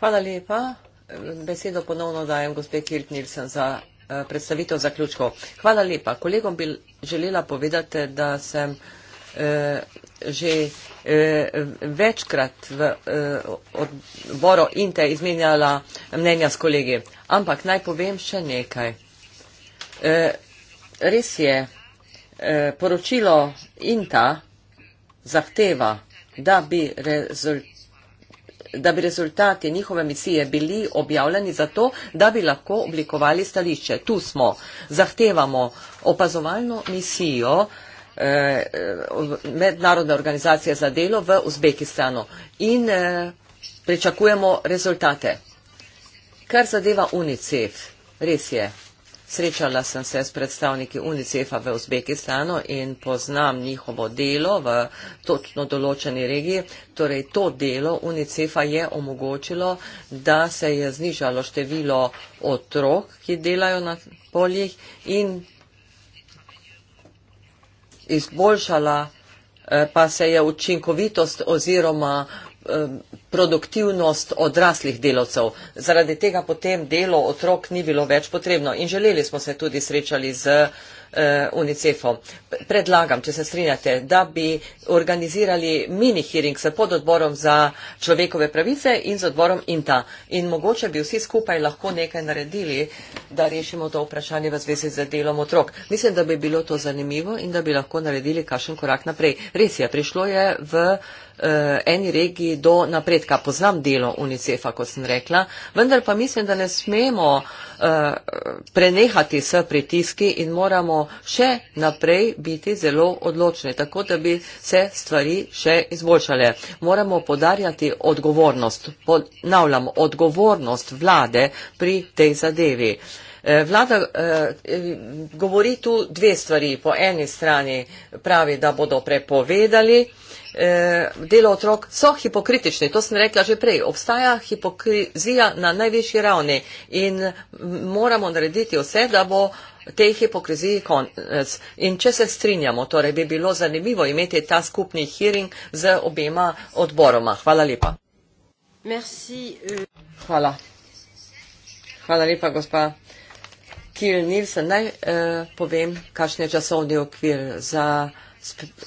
Hvala lepa. Besedo ponovno dajem gospe Kirk Nilsen za eh, predstavitev zaključkov. Hvala lepa. Kolegom bi želela povedati, da sem eh, že eh, večkrat v eh, odboru Inte izmenjala mnenja s kolegi. Ampak naj povem še nekaj. E, res je, e, poročilo INTA zahteva, da bi, da bi rezultati njihove misije bili objavljeni zato, da bi lahko oblikovali stališče. Tu smo, zahtevamo opazovalno misijo e, mednarodne organizacije za delo v Uzbekistanu in pričakujemo rezultate. Kar zadeva UNICEF, res je, Srečala sem se s predstavniki UNICEF-a v Uzbekistanu in poznam njihovo delo v točno določeni regiji. Torej, to delo UNICEF-a je omogočilo, da se je znižalo število otrok, ki delajo na poljih in izboljšala eh, pa se je učinkovitost oziroma uh, produktivnost odraslih delavcev. Zaradi tega potem delo otrok ni bilo več potrebno in želeli smo se tudi srečali z eh, UNICEF-om. Predlagam, če se strinjate, da bi organizirali mini hearing s pododborom za človekove pravice in z odborom INTA in mogoče bi vsi skupaj lahko nekaj naredili, da rešimo to vprašanje v zvezi z delom otrok. Mislim, da bi bilo to zanimivo in da bi lahko naredili kakšen korak naprej. Res je, prišlo je v Eh, eni regiji do napredka. Poznam delo UNICEF-a, kot sem rekla, vendar pa mislim, da ne smemo eh, prenehati s pritiski in moramo še naprej biti zelo odločni, tako da bi se stvari še izboljšale. Moramo podarjati odgovornost, ponavljam, odgovornost vlade pri tej zadevi. Eh, vlada govori tu dve stvari. Po eni strani pravi, da bodo prepovedali eh, delo otrok so hipokritični. To sem rekla že prej. Obstaja hipokrizija na najvišji ravni in moramo narediti vse, da bo te hipokriziji konec. In če se strinjamo, torej bi bilo zanimivo imeti ta skupni hearing z obema odboroma. Hvala lepa. Merci, uh... Hvala. Hvala lepa, gospa. Kiril Nilsen, naj eh, povem, kakšen je časovni okvir za.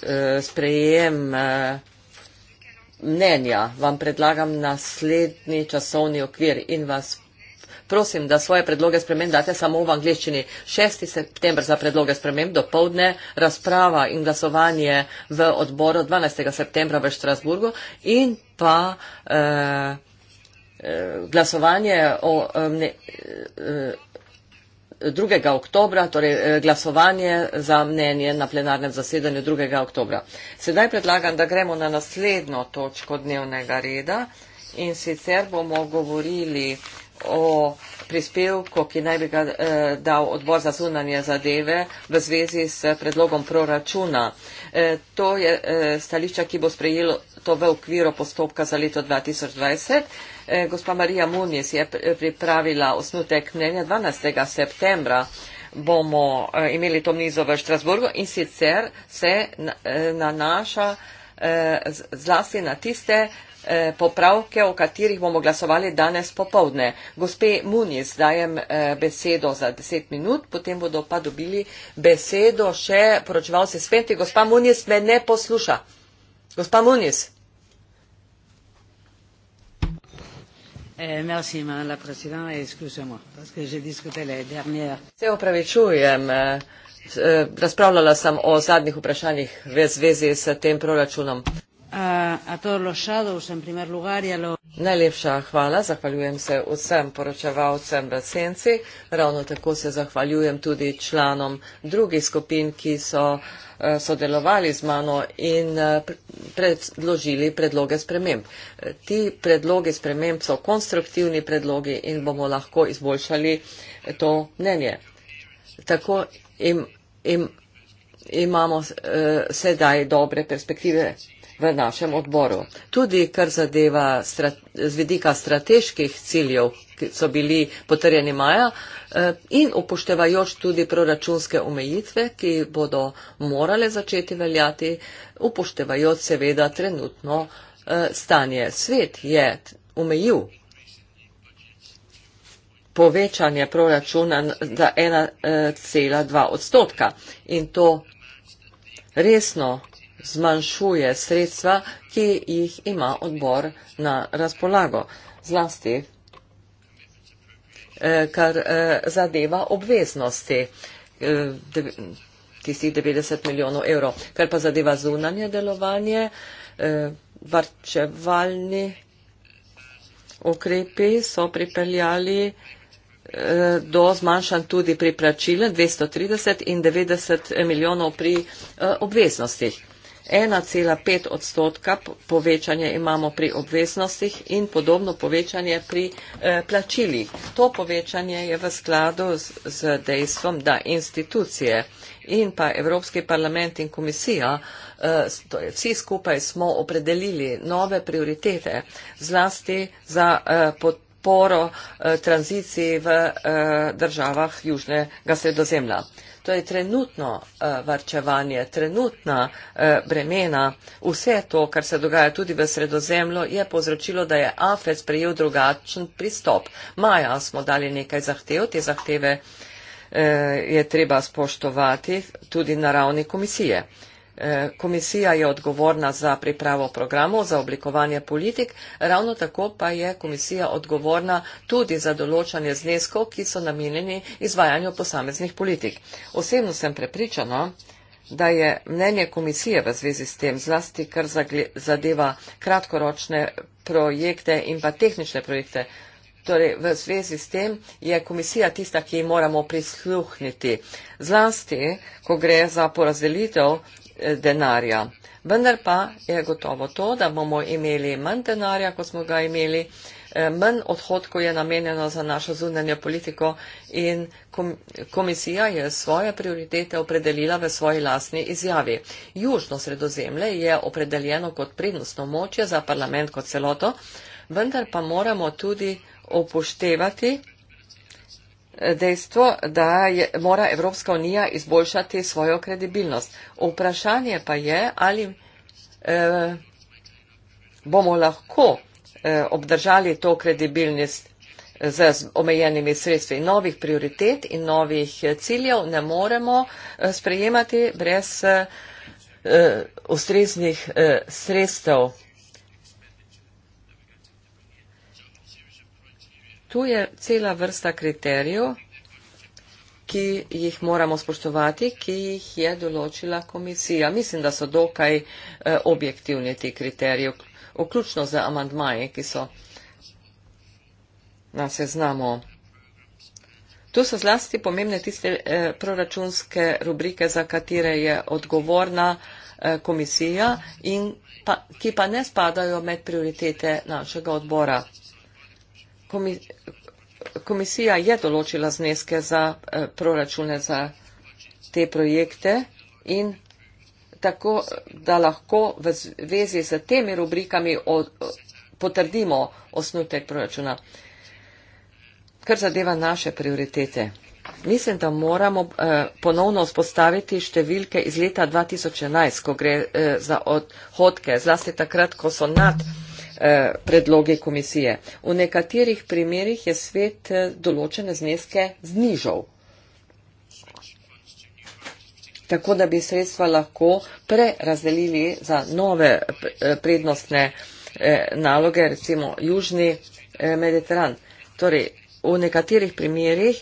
Eh, sprejem eh, mnenja. Vam predlagam naslednji časovni okvir in vas prosim, da svoje predloge spremem date samo v angliščini. 6. september za predloge spremem do povdne razprava in glasovanje v odboru 12. septembra v Štrasburgu in pa eh, eh glasovanje o eh, eh, 2. oktobra, torej eh, glasovanje za mnenje na plenarnem zasedanju 2. oktobra. Sedaj predlagam, da gremo na naslednjo točko dnevnega reda in sicer bomo govorili o prispevku, ki naj bi ga eh, dal odbor za zunanje zadeve v zvezi s predlogom proračuna. Eh, E, to je e, stališča, ki bo sprejelo to v okviru postopka za leto 2020. E, gospa Marija Munis je pripravila osnutek mnenja 12. septembra bomo imeli to mizo v Štrasburgu in sicer se nanaša zlasti na tiste Eh, popravke, o katerih bomo glasovali danes popovdne. Gospe Muniz, dajem eh, besedo za deset minut, potem bodo pa dobili besedo še poročevalci spenti. Gospa Muniz me ne posluša. Gospa Muniz. Eh, Se opravičujem. Razpravljala sem o zadnjih vprašanjih v zvezi s tem proračunom. Najlepša hvala, zahvaljujem se vsem poročevalcem v Senci, ravno tako se zahvaljujem tudi članom drugih skupin, ki so sodelovali z mano in predložili predloge sprememb. Ti predloge sprememb so konstruktivni predlogi in bomo lahko izboljšali to mnenje. Tako im, im, imamo sedaj dobre perspektive v našem odboru. Tudi kar zadeva strat, z vidika strateških ciljev, ki so bili potrjeni maja eh, in upoštevajoč tudi proračunske omejitve, ki bodo morale začeti veljati, upoštevajoč seveda trenutno eh, stanje. Svet je omejil povečanje proračuna za 1,2 eh, odstotka in to resno zmanjšuje sredstva, ki jih ima odbor na razpolago, zlasti eh, kar eh, zadeva obveznosti eh, tistih 90 milijonov evrov, kar pa zadeva zunanje delovanje, varčevalni ukrepi so pripeljali do zmanjšan tudi pri plačile 230 in 90 milijonov pri obveznostih. 1,5 odstotka povečanje imamo pri obveznostih in podobno povečanje pri eh, plačilih. To povečanje je v skladu z, z dejstvom, da institucije in pa Evropski parlament in komisija, eh, to je vsi skupaj, smo opredelili nove prioritete zlasti za eh, pot poro eh, tranziciji v eh, državah južnega sredozemlja. Eh, to je trenutno eh, varčevanje, trenutna eh, bremena. Vse to, kar se dogaja tudi v sredozemlju, je povzročilo, da je AFED sprejel drugačen pristop. Maja smo dali nekaj zahtev, te zahteve eh, je treba spoštovati tudi na ravni komisije. Eh, komisija je odgovorna za pripravo programov, za oblikovanje politik, ravno tako pa je komisija odgovorna tudi za določanje zneskov, ki so namenjeni izvajanju posameznih politik. Osebno sem prepričana, da je mnenje komisije v zvezi s tem zlasti, kar zadeva kratkoročne projekte in pa tehnične projekte. Torej, v zvezi s tem je komisija tista, ki jo moramo prisluhniti. Zlasti, ko gre za porazdelitev denarja. Vendar pa je gotovo to, da bomo imeli manj denarja, kot smo ga imeli, eh, manj odhodkov je namenjeno za našo zunanjo politiko in komisija je svoje prioritete opredelila v svoji lasni izjavi. Južno sredozemlje je opredeljeno kot prednostno moče za parlament kot celoto, vendar pa moramo tudi upoštevati dejstvo, da je, mora Evropska unija izboljšati svojo kredibilnost. Vprašanje pa je, ali eh, bomo lahko eh, obdržali to kredibilnost eh, z omejenimi sredstvi novih prioritet in novih eh, ciljev, ne moremo eh, sprejemati brez eh, ustreznih eh, sredstev. tu je cela vrsta kriterijev, ki jih moramo spoštovati, ki jih je določila komisija. Mislim, da so dokaj eh, objektivni ti kriteriji, vključno za amandmaje, ki so na seznamu. Tu so zlasti pomembne tiste eh, proračunske rubrike, za katere je odgovorna eh, komisija in pa, ki pa ne spadajo med prioritete našega odbora komisija je določila zneske za eh, proračune za te projekte in tako, da lahko v zvezi s temi rubrikami potrdimo osnutek proračuna. Kar zadeva naše prioritete. Mislim, da moramo eh, ponovno vzpostaviti številke iz leta 2011, ko gre eh, za odhodke, zlasti takrat, ko so nad Eh, predloge komisije. V nekaterih primerjih je svet eh, določene zneske znižal, tako da bi sredstva lahko prerazdelili za nove eh, prednostne naloge, recimo Južni Mediteran. Torej, v nekaterih primerjih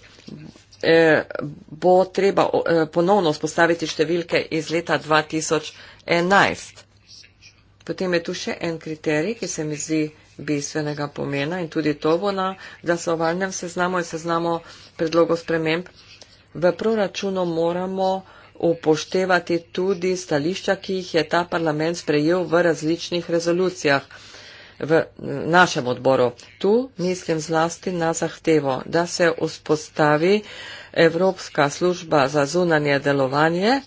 bo treba ponovno spostaviti številke iz leta 2011. Potem je tu še en kriterij, ki se mi zdi bistvenega pomena in tudi to bo na glasovalnem seznamu in seznamu predlogov sprememb. V proračunu moramo upoštevati tudi stališča, ki jih je ta parlament sprejel v različnih rezolucijah v našem odboru. Tu mislim zlasti na zahtevo, da se vzpostavi Evropska služba za zunanje delovanje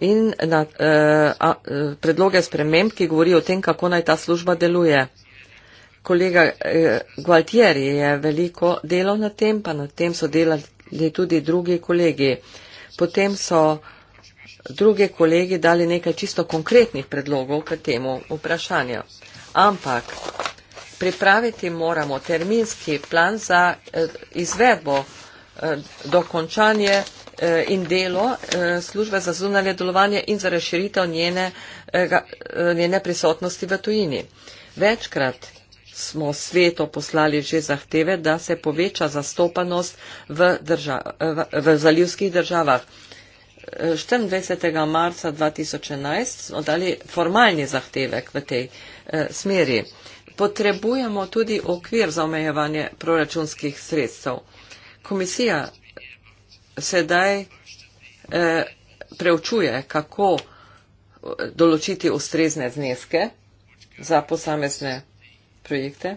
in na, uh, a, eh, predloge sprememb, ki govorijo o tem, kako naj ta služba deluje. Kolega uh, Gualtieri je veliko delal na tem, pa na tem so delali tudi drugi kolegi. Potem so drugi kolegi dali nekaj čisto konkretnih predlogov k temu vprašanju. Ampak pripraviti moramo terminski plan za uh, izvedbo uh, dokončanje Eh, in delo eh, službe za zunanje delovanje in za razširitev njene, eh, njene prisotnosti v tujini. Večkrat smo sveto poslali že zahteve, da se poveča zastopanost v, držav, v, v zaljivskih državah. 24. marca 2011 smo dali formalni zahtevek v tej eh, smeri. Potrebujemo tudi okvir za omejevanje proračunskih sredstev. Komisija sedaj eh, preučuje, kako eh, določiti ustrezne zneske za posamezne projekte.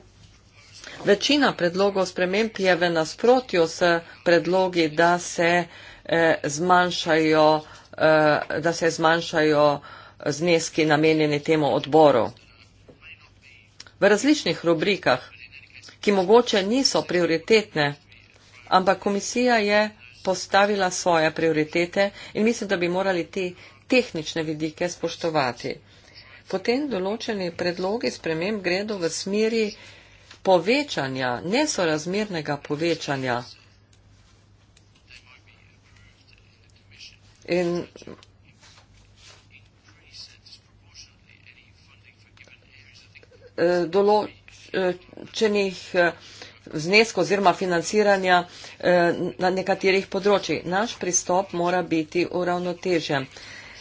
Večina predlogov sprememb je v nasprotju s predlogi, da se, eh, zmanjšajo, eh, da se zmanjšajo zneski namenjeni temu odboru. V različnih rubrikah, ki mogoče niso prioritetne, ampak komisija je postavila svoje prioritete in mislim, da bi morali te tehnične vidike spoštovati. Potem določeni predlogi sprememb gredo v smeri povečanja, nesorazmernega povečanja. In eh, določenih eh, znesko oziroma financiranja eh, na nekaterih področjih. Naš pristop mora biti uravnotežen.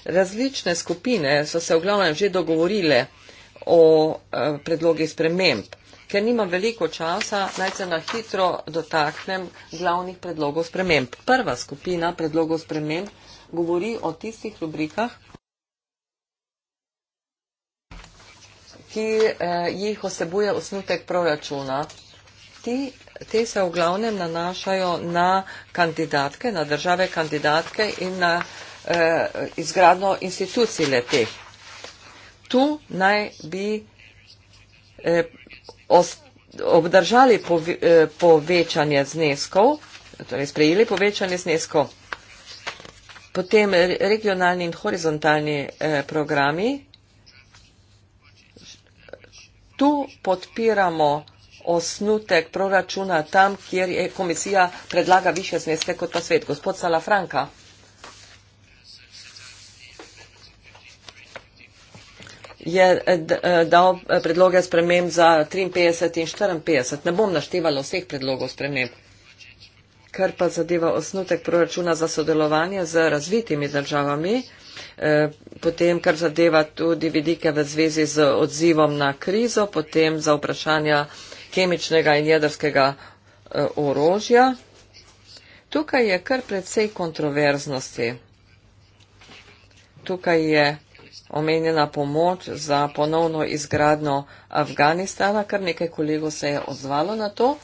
Različne skupine so se v glavnem že dogovorile o eh, predlogi sprememb. Ker nimam veliko časa, naj se na hitro dotaknem glavnih predlogov sprememb. Prva skupina predlogov sprememb govori o tistih rubrikah, ki eh, jih osebuje osnutek proračuna te, te se v glavnem nanašajo na kandidatke, na države kandidatke in na eh, izgradno institucij leteh. Tu naj bi eh, os, obdržali pove, eh, povečanje zneskov, torej sprejeli povečanje zneskov, potem regionalni in horizontalni eh, programi. Tu podpiramo osnutek proračuna tam, kjer je komisija predlaga više zneske kot pa svet. Gospod Salafranka. je eh, eh, dal eh, predloge sprememb za 53 in 54. Ne bom naštevala vseh predlogov sprememb. Kar pa zadeva osnutek proračuna za sodelovanje z razvitimi državami, potem kar zadeva tudi vidike v zvezi z odzivom na krizo, potem za vprašanja kemičnega in jedrskega eh, orožja. Tukaj je kar predvsej kontroverznosti. Tukaj je omenjena pomoč za ponovno izgradno Afganistana, kar nekaj kolegov se je odzvalo na to,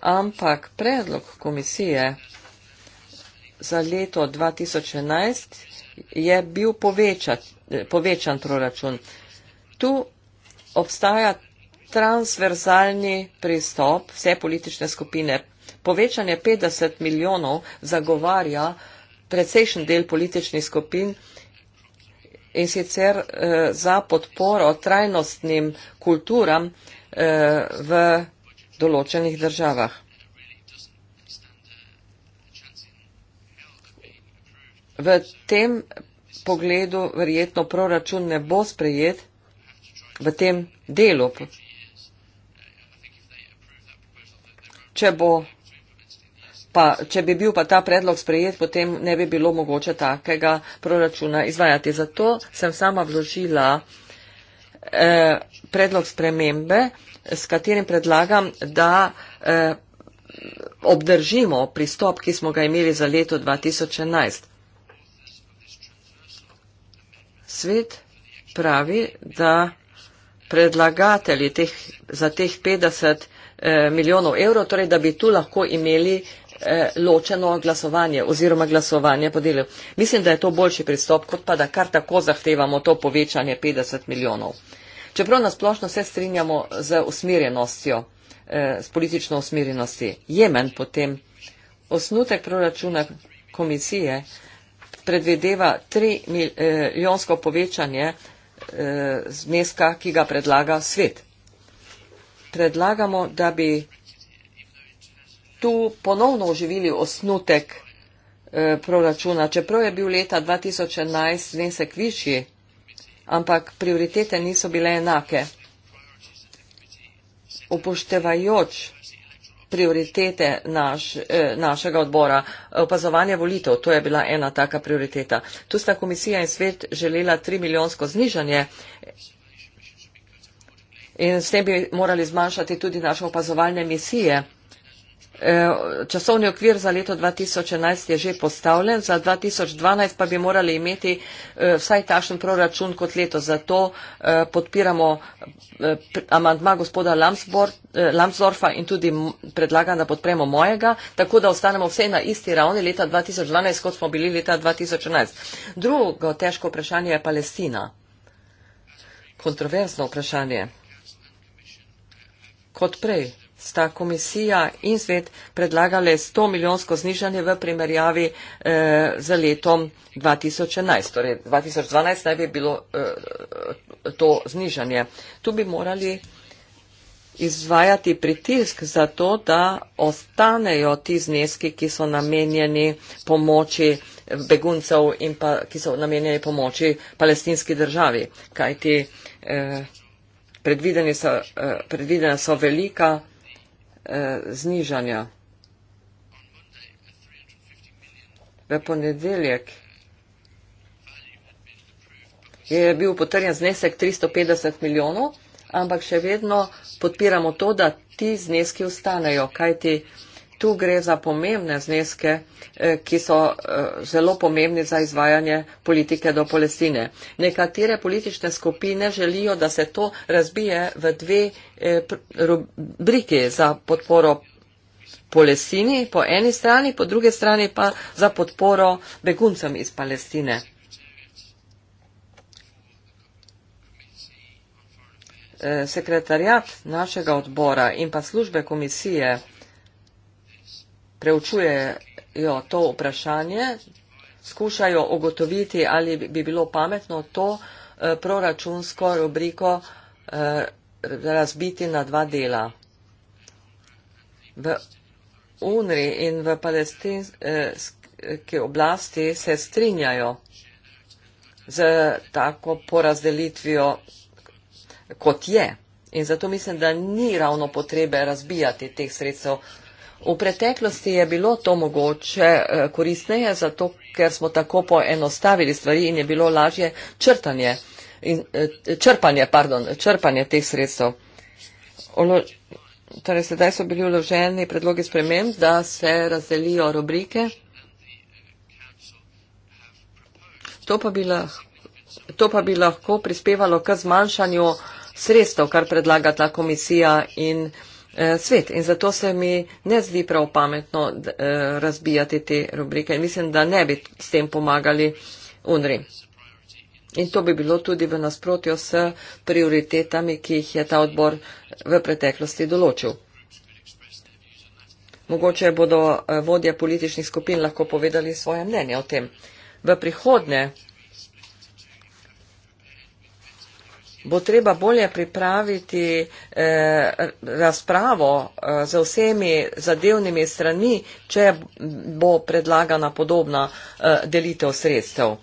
ampak predlog komisije za leto 2011 je bil povečan proračun. Tu obstaja transversalni pristop vse politične skupine. Povečanje 50 milijonov zagovarja precejšen del političnih skupin in sicer eh, za podporo trajnostnim kulturam eh, v določenih državah. V tem pogledu verjetno proračun ne bo sprejet v tem delu če bo. Pa, če bi bil pa ta predlog sprejet, potem ne bi bilo mogoče takega proračuna izvajati. Zato sem sama vložila eh, predlog spremembe, s katerim predlagam, da eh, obdržimo pristop, ki smo ga imeli za leto 2011. Svet pravi, da predlagatelji teh, za teh 50 Eh, milijonov evrov, torej da bi tu lahko imeli eh, ločeno glasovanje oziroma glasovanje po delu. Mislim, da je to boljši pristop, kot pa da kar tako zahtevamo to povečanje 50 milijonov. Čeprav nasplošno se strinjamo z usmirjenostjo, z eh, politično usmirjenosti, je menj potem osnutek proračuna komisije predvedeva 3 milijonsko povečanje zneska, ki ga predlaga svet predlagamo, da bi tu ponovno oživili osnutek eh, proračuna. Čeprav je bil leta 2011 znesek višji, ampak prioritete niso bile enake. Upoštevajoč prioritete naš, eh, našega odbora, opazovanje volitev, to je bila ena taka prioriteta. Tu sta komisija in svet želela tri milijonsko znižanje in s tem bi morali zmanjšati tudi naše opazovalne misije. E, časovni okvir za leto 2011 je že postavljen, za 2012 pa bi morali imeti e, vsaj takšen proračun kot leto. Zato e, podpiramo amandma gospoda Lamsdorfa in tudi predlagam, da podpremo mojega, tako da ostanemo vse na isti ravni leta 2012, kot smo bili leta 2011. Drugo težko vprašanje je Palestina. Kontroverzno vprašanje kot prej sta komisija in svet predlagale 100 milijonsko znižanje v primerjavi eh, z letom 2011. Torej 2012 naj bi bilo eh, to znižanje. Tu bi morali izvajati pritisk za to, da ostanejo ti zneski, ki so namenjeni pomoči eh, beguncev in pa, ki so namenjeni pomoči palestinski državi. Kajti, eh, predvidene so, eh, predvidene so velika eh, znižanja. V ponedeljek je bil potrjen znesek 350 milijonov, ampak še vedno podpiramo to, da ti zneski ostanejo, kajti tu gre za pomembne zneske, eh, ki so eh, zelo pomembni za izvajanje politike do Palestine. Nekatere politične skupine želijo, da se to razbije v dve eh, rubriki za podporo Palestini po eni strani, po druge strani pa za podporo beguncem iz Palestine. Sekretarjat našega odbora in pa službe komisije preučujejo to vprašanje, skušajo ugotoviti, ali bi bilo pametno to eh, proračunsko rubriko eh, razbiti na dva dela. V UNRI in v palestinski oblasti se strinjajo z tako porazdelitvijo, kot je. In zato mislim, da ni ravno potrebe razbijati teh sredstev V preteklosti je bilo to mogoče eh, koristneje, zato ker smo tako poenostavili stvari in je bilo lažje črtanje, in, eh, črpanje, pardon, črpanje teh sredstev. Olo, torej sedaj so bili vloženi predlogi sprememb, da se razdelijo rubrike. To pa bi lahko, to pa bi lahko prispevalo k zmanjšanju sredstev, kar predlaga ta komisija in. Eh, svet. In zato se mi ne zdi prav pametno eh, razbijati te rubrike. Mislim, da ne bi s tem pomagali UNRI. In to bi bilo tudi v nasprotju s prioritetami, ki jih je ta odbor v preteklosti določil. Mogoče bodo eh, vodje političnih skupin lahko povedali svoje mnenje o tem. V prihodnje bo treba bolje pripraviti eh, razpravo eh, za vsemi zadevnimi strani, če bo predlagana podobna eh, delitev sredstev.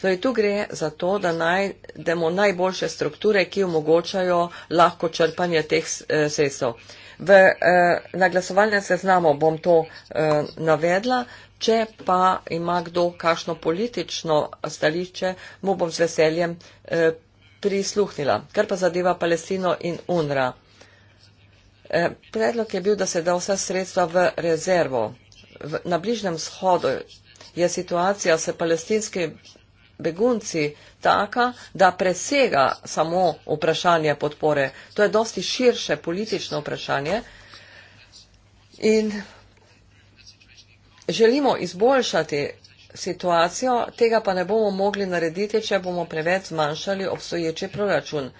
Zdaj, torej, tu gre za to, da najdemo najboljše strukture, ki omogočajo lahko črpanje teh eh, sredstev. V, eh, na glasovalnem seznamu bom to eh, navedla. Če pa ima kdo kakšno politično stališče, mu bom z veseljem eh, prisluhnila. Kar pa zadeva Palestino in UNRA. Eh, predlog je bil, da se da vse sredstva v rezervo. Na Bližnem shodu je situacija s palestinskimi begunci taka, da presega samo vprašanje podpore. To je dosti širše politično vprašanje in želimo izboljšati situacijo, tega pa ne bomo mogli narediti, če bomo preveč zmanjšali obstoječi proračun.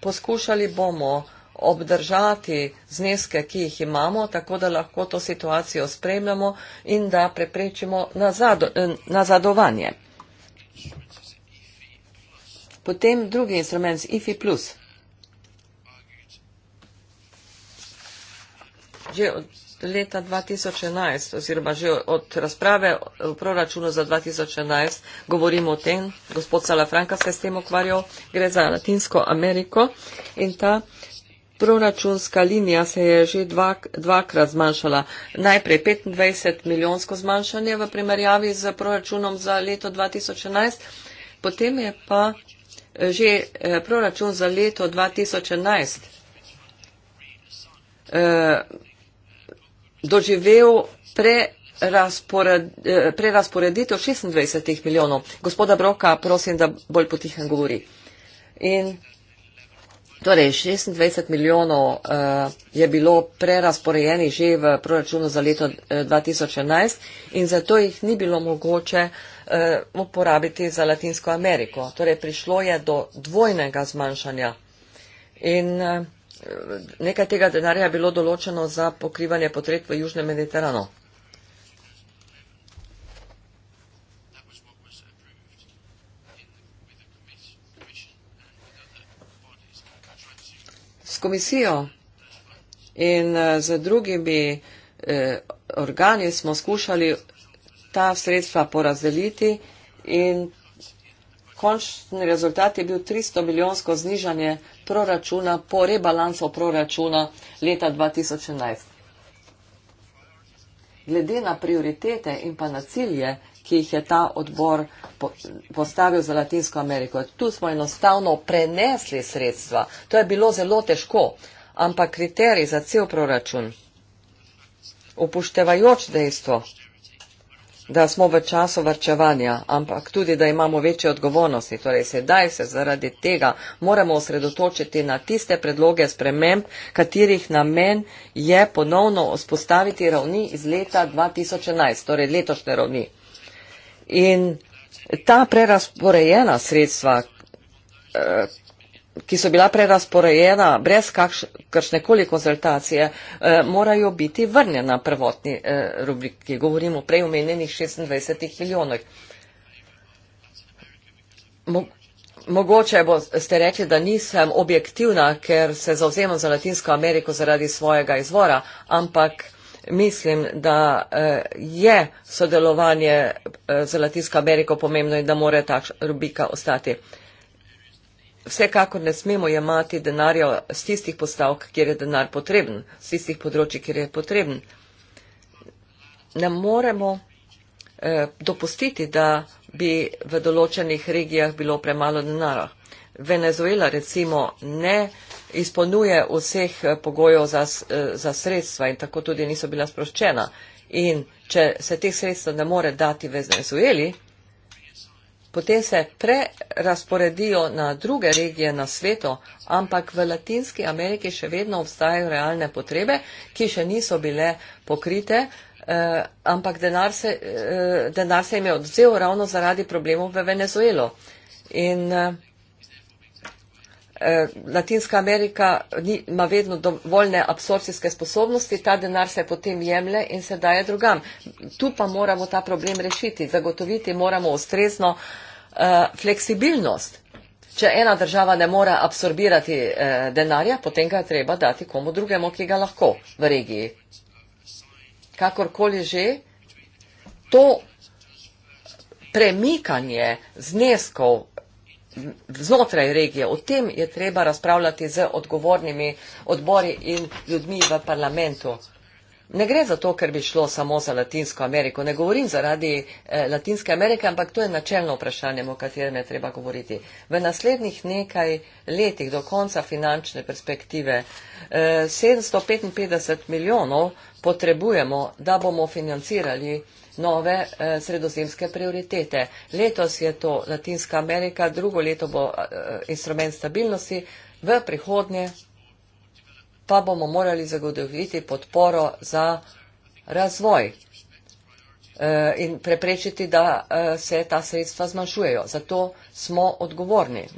Poskušali bomo obdržati zneske, ki jih imamo, tako da lahko to situacijo spremljamo in da preprečimo nazad, eh, nazadovanje. Potem drugi instrument, IFI. Že od leta 2011 oziroma že od razprave v proračunu za 2011 govorimo o tem, gospod Salafranka se s tem ukvarjal, gre za Latinsko Ameriko in ta proračunska linija se je že dva, dvakrat zmanjšala. Najprej 25 milijonsko zmanjšanje v primerjavi z proračunom za leto 2011, potem je pa eh, že eh, proračun za leto 2011 doživel pre eh, prerasporeditev 26 milijonov. Gospoda Broka, prosim, da bolj potihen govori. In torej 26 milijonov uh, je bilo prerasporejeni že v proračunu za leto 2011 eh, in zato jih ni bilo mogoče uh, uporabiti za Latinsko Ameriko. Torej prišlo je do dvojnega zmanjšanja. In uh, nekaj tega denarja je bilo določeno za pokrivanje potreb v Južnem Mediteranu. S komisijo in eh, z drugimi eh, organi smo skušali ta sredstva porazdeliti in končni rezultat je bil 300 milijonsko znižanje proračuna, po rebalansu proračuna leta 2011. Glede na prioritete in pa na cilje, ki jih je ta odbor postavil za Latinsko Ameriko, tu smo enostavno prenesli sredstva. To je bilo zelo težko, ampak kriterij za cel proračun, upoštevajoč dejstvo, da smo v času varčevanja, ampak tudi, da imamo večje odgovornosti. Torej, sedaj se zaradi tega moramo osredotočiti na tiste predloge sprememb, katerih namen je ponovno vzpostaviti ravni iz leta 2011, torej letošnje ravni. In ta prerasporejena sredstva, eh, ki so bila prerasporejena brez kakršne koli konzultacije, eh, morajo biti vrnjena prvotni eh, rubriki. Govorimo prej omenjenih 26 milijonov. Mogoče boste rekli, da nisem objektivna, ker se zauzemam za Latinsko Ameriko zaradi svojega izvora, ampak mislim, da eh, je sodelovanje z Latinsko Ameriko pomembno in da more takšna rubika ostati vsekakor ne smemo jemati denarja z tistih postavk, kjer je denar potreben, z tistih področji, kjer je potreben. Ne moremo eh, dopustiti, da bi v določenih regijah bilo premalo denara. Venezuela recimo ne izpolnjuje vseh eh, pogojev za, eh, za sredstva in tako tudi niso bila sproščena. In če se teh sredstev ne more dati v Venezueli, potem se prerasporedijo na druge regije na svetu, ampak v Latinski Ameriki še vedno obstajajo realne potrebe, ki še niso bile pokrite, eh, ampak denar se, eh, denar se jim je odzel ravno zaradi problemov v Venezuelo. In eh, Eh, Latinska Amerika ima vedno dovoljne absorpcijske sposobnosti, ta denar se potem jemlje in se daje drugam. Tu pa moramo ta problem rešiti, zagotoviti moramo ustrezno eh, fleksibilnost. Če ena država ne more absorbirati eh, denarja, potem ga je treba dati komu drugemu, ki ga lahko v regiji. Kakorkoli že, to premikanje zneskov znotraj regije. O tem je treba razpravljati z odgovornimi odbori in ljudmi v parlamentu. Ne gre za to, ker bi šlo samo za Latinsko Ameriko. Ne govorim zaradi eh, Latinske Amerike, ampak to je načelno vprašanje, o katerem je treba govoriti. V naslednjih nekaj letih do konca finančne perspektive eh, 755 milijonov potrebujemo, da bomo financirali eh, nove eh, sredozemske prioritete. Letos je to Latinska Amerika, drugo leto bo eh, instrument stabilnosti, v prihodnje pa bomo morali zagotoviti podporo za razvoj eh, in preprečiti, da eh, se ta sredstva zmanjšujejo. Zato smo odgovorni.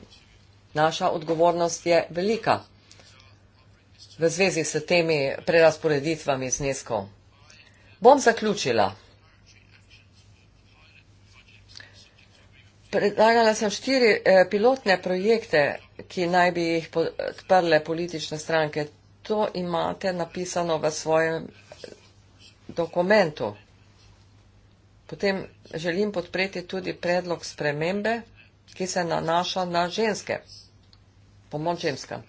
Naša odgovornost je velika v zvezi s temi prerasporeditvami zneskov. Bom zaključila. Predlagala sem štiri eh, pilotne projekte, ki naj bi jih podprle politične stranke. To imate napisano v svojem dokumentu. Potem želim podpreti tudi predlog spremembe, ki se nanaša na ženske, pomoč ženska.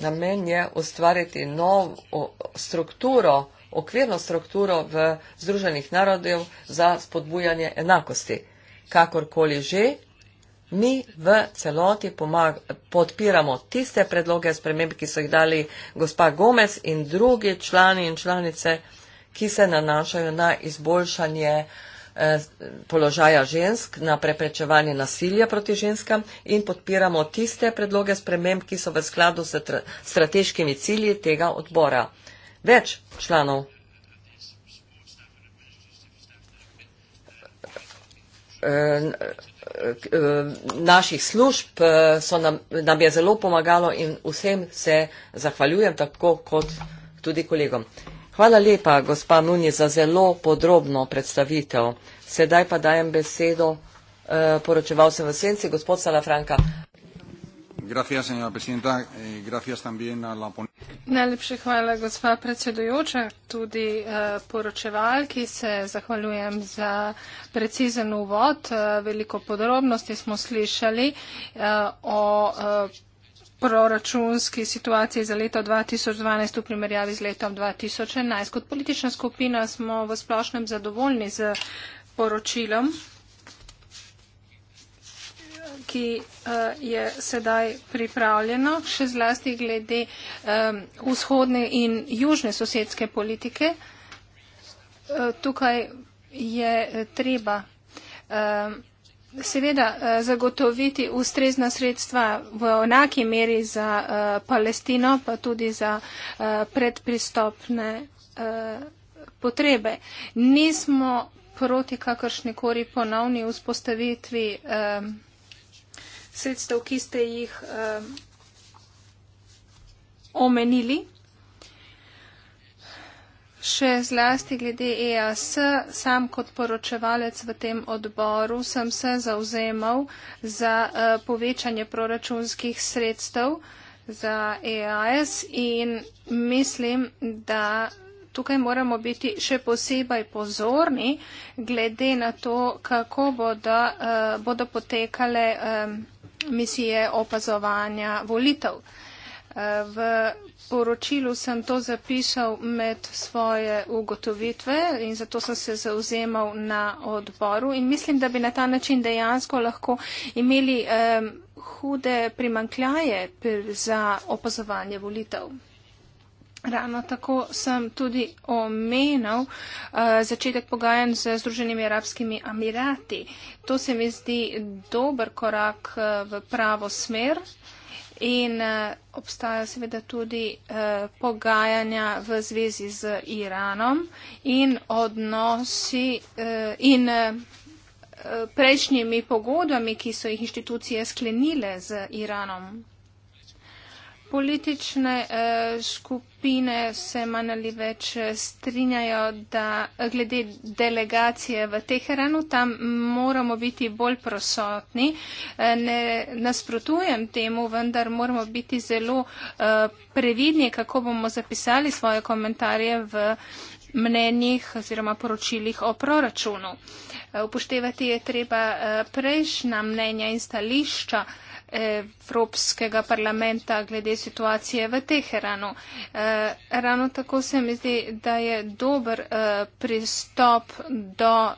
Namen je ustvariti novo strukturo okvirno strukturo v Združenih narodov za spodbujanje enakosti. Kakorkoli že, mi v celoti pomag, podpiramo tiste predloge sprememb, ki so jih dali gospa Gomez in drugi člani in članice, ki se nanašajo na izboljšanje eh, položaja žensk na preprečevanje nasilja proti ženskam in podpiramo tiste predloge sprememb, ki so v skladu s strateškimi cilji tega odbora več članov. E, e, naših služb e, so nam, nam je zelo pomagalo in vsem se zahvaljujem tako kot tudi kolegom. Hvala lepa, gospa Muni, za zelo podrobno predstavitev. Sedaj pa dajem besedo poročeval sem v senci, gospod Salafranka. Eh, Najlepši hvala, gospa predsedujoča. Tudi eh, poročevalki se zahvaljujem za precizen uvod. Eh, veliko podrobnosti smo slišali o proračunski situaciji za leto 2012 v primerjavi z letom 2011. Kot politična skupina smo v splošnem zadovoljni z poročilom ki eh, je sedaj pripravljeno, še zlasti glede vzhodne in južne sosedske politike. Eh, tukaj je eh, treba seveda zagotoviti ustrezna sredstva v enaki meri za Palestino, pa tudi za predpristopne potrebe. Nismo proti kakršnikori ponovni vzpostavitvi eh, sredstev, ki ste jih um, omenili. Še zlasti glede EAS, sam kot poročevalec v tem odboru sem se zauzemal za uh, povečanje proračunskih sredstev za EAS in mislim, da tukaj moramo biti še posebej pozorni glede na to, kako bodo, uh, bodo potekale. Um, misije opazovanja volitev. Eh, v poročilu sem to zapisal med svoje ugotovitve in zato sem se zauzemal na odboru in mislim, da bi na ta način dejansko lahko imeli um, hude primankljaje za opazovanje volitev. Ravno tako sem tudi omenil uh, začetek pogajanj z Združenimi arabskimi emirati. To se mi zdi dober korak uh, v pravo smer in uh, obstaja seveda tudi uh, pogajanja v zvezi z Iranom in odnosi uh, in. Uh, prejšnjimi pogodbami, ki so jih inštitucije sklenile z Iranom. Politične eh, skupine se manj ali več eh, strinjajo, da eh, glede delegacije v Teheranu, tam moramo biti bolj prosotni. Eh, ne nasprotujem temu, vendar moramo biti zelo eh, previdni, kako bomo zapisali svoje komentarje v mnenjih oziroma poročilih o proračunu. Eh, upoštevati je treba eh, prejšnja mnenja in stališča. Eh, Evropskega parlamenta glede situacije v Teheranu. E, ravno tako se mi zdi, da je dober e, pristop do e,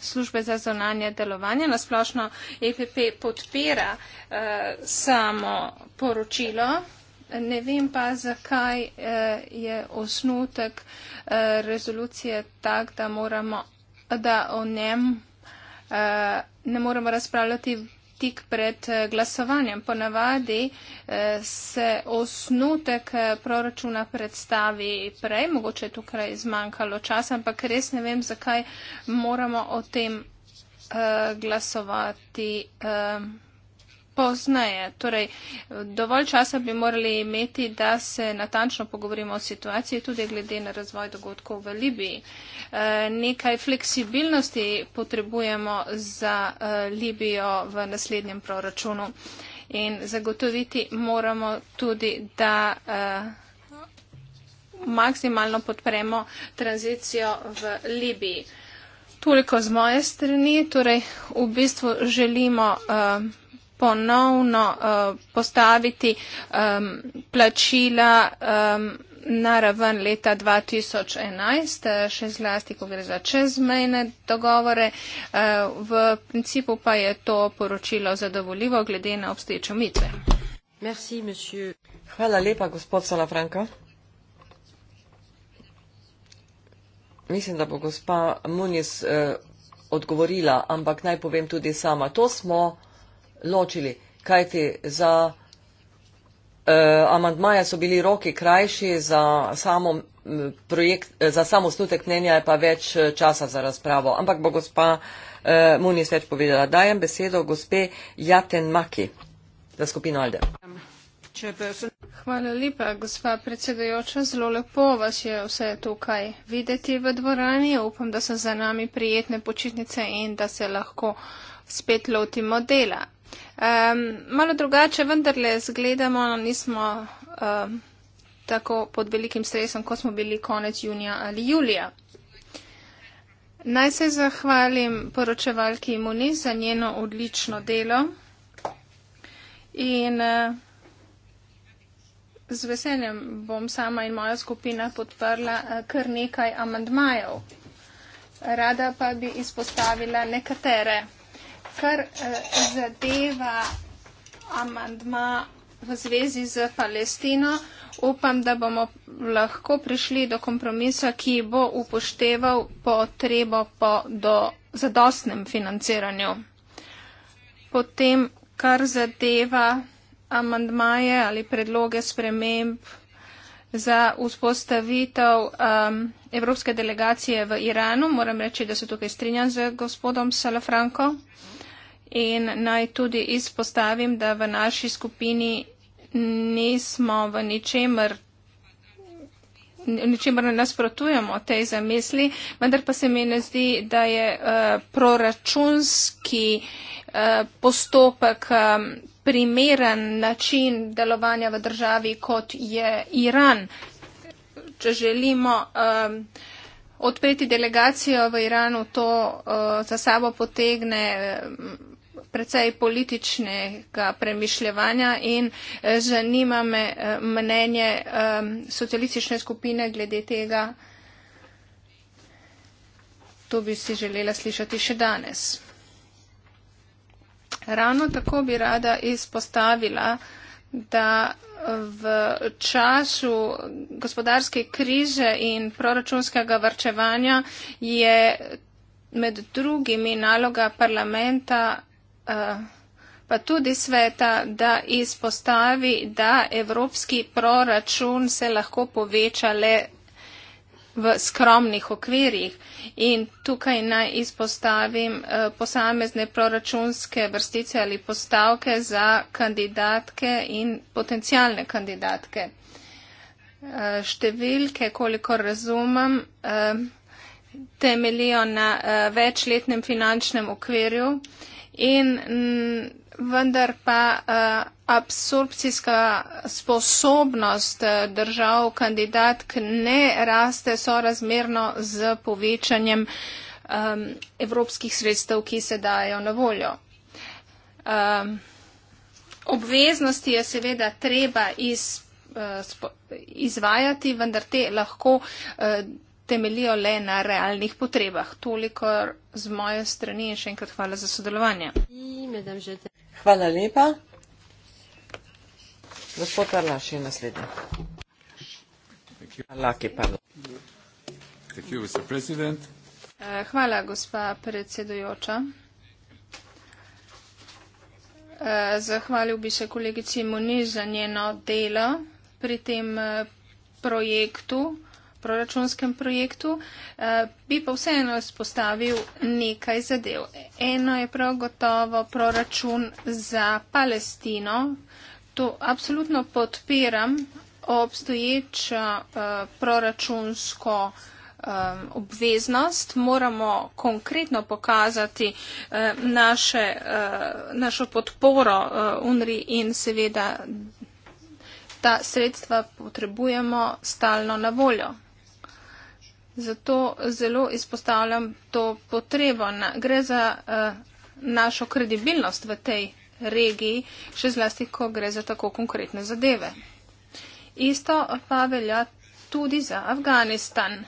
službe za zonanje delovanje. Nasplošno EPP podpira e, samo poročilo. Ne vem pa, zakaj e, je osnutek e, rezolucije tak, da, moramo, da o njem e, ne moremo razpravljati tik pred eh, glasovanjem. Ponavadi eh, se osnutek eh, proračuna predstavi prej, mogoče je tukaj izmanjkalo časa, ampak res ne vem, zakaj moramo o tem glasovati poznaje. Torej, dovolj časa bi morali imeti, da se natančno pogovorimo o situaciji, tudi glede na razvoj dogodkov v Libiji. E, nekaj fleksibilnosti potrebujemo za e, Libijo v naslednjem proračunu in zagotoviti moramo tudi, da. E, maksimalno podpremo tranzicijo v Libiji. Toliko z moje strani, torej v bistvu želimo uh, ponovno uh, postaviti um, plačila um, na raven leta 2011, eh, še zlasti, ko gre za čezmejne dogovore. Uh, v principu pa je to poročilo zadovoljivo glede na obstoječe omitve. Hvala lepa, gospod Salafranka. Mislim, da bo gospa Muniz eh, odgovorila, ampak naj povem tudi sama. To smo ločili, kajti za eh, amantmaja so bili roki krajši, za samo, mm, projekt, eh, za samo snutek mnenja je pa več eh, časa za razpravo. Ampak bo gospa eh, Munis več povedala. Dajem besedo gospe Jaten Maki za skupino Alde. Hvala lepa, gospa predsedajoča. Zelo lepo vas je vse tukaj videti v dvorani. Ja upam, da so za nami prijetne počitnice in da se lahko spet lotimo dela. Um, malo drugače vendarle zgledamo, no, nismo um, tako pod velikim stresom, kot smo bili konec junija ali julija. Naj se zahvalim poročevalki Muni za njeno odlično delo in uh, z veseljem bom sama in moja skupina podprla uh, kar nekaj amandmajev. Rada pa bi izpostavila nekatere kar eh, zadeva amandma v zvezi z Palestino, upam, da bomo lahko prišli do kompromisa, ki bo upošteval potrebo po do zadostnem financiranju. Potem, kar zadeva amandmaje ali predloge sprememb za vzpostavitev um, Evropske delegacije v Iranu, moram reči, da se tukaj strinjam z gospodom Salafranko. In naj tudi izpostavim, da v naši skupini nismo v ničemer. Ničemer ne nasprotujemo tej zamisli, vendar pa se mi ne zdi, da je uh, proračunski uh, postopek um, primeren način delovanja v državi, kot je Iran. Če želimo um, odpreti delegacijo v Iranu, to uh, za sabo potegne. Um, precej političnega premišljevanja in eh, zanima me eh, mnenje eh, socialistične skupine glede tega. To bi si želela slišati še danes. Ravno tako bi rada izpostavila, da v času gospodarske krize in proračunskega vrčevanja je med drugimi naloga parlamenta Eh, pa tudi sveta, da izpostavi, da evropski proračun se lahko poveča le v skromnih okvirjih. In tukaj naj izpostavim eh, posamezne proračunske vrstice ali postavke za kandidatke in potencijalne kandidatke. Eh, številke, koliko razumem, temelijo na večletnem finančnem okvirju in mm, vendar pa eh, absorpcijska sposobnost eh, držav kandidatk ne raste sorazmerno z povečanjem evropskih sredstev, ki se dajo na voljo. Obveznosti je seveda treba iz, eh, izvajati, vendar te lahko temelijo le na realnih potrebah. Toliko z moje strani in še enkrat hvala za sodelovanje. Hvala lepa. Gospod Arlaš je naslednji. Hvala, eh, gospa predsedujoča. Eh, zahvalil bi se kolegici Moniz za njeno delo pri tem eh, projektu proračunskem projektu, eh, bi pa vseeno izpostavil nekaj zadev. Eno je prav gotovo proračun za Palestino. To absolutno podpiram obstoječo eh, proračunsko eh, obveznost, moramo konkretno pokazati naše, našo podporo UNRI in seveda ta sredstva potrebujemo stalno na voljo. Zato zelo izpostavljam to potrebo. Na, gre za uh, našo kredibilnost v tej regiji, še zlasti, ko gre za tako konkretne zadeve. Isto pa velja tudi za Afganistan.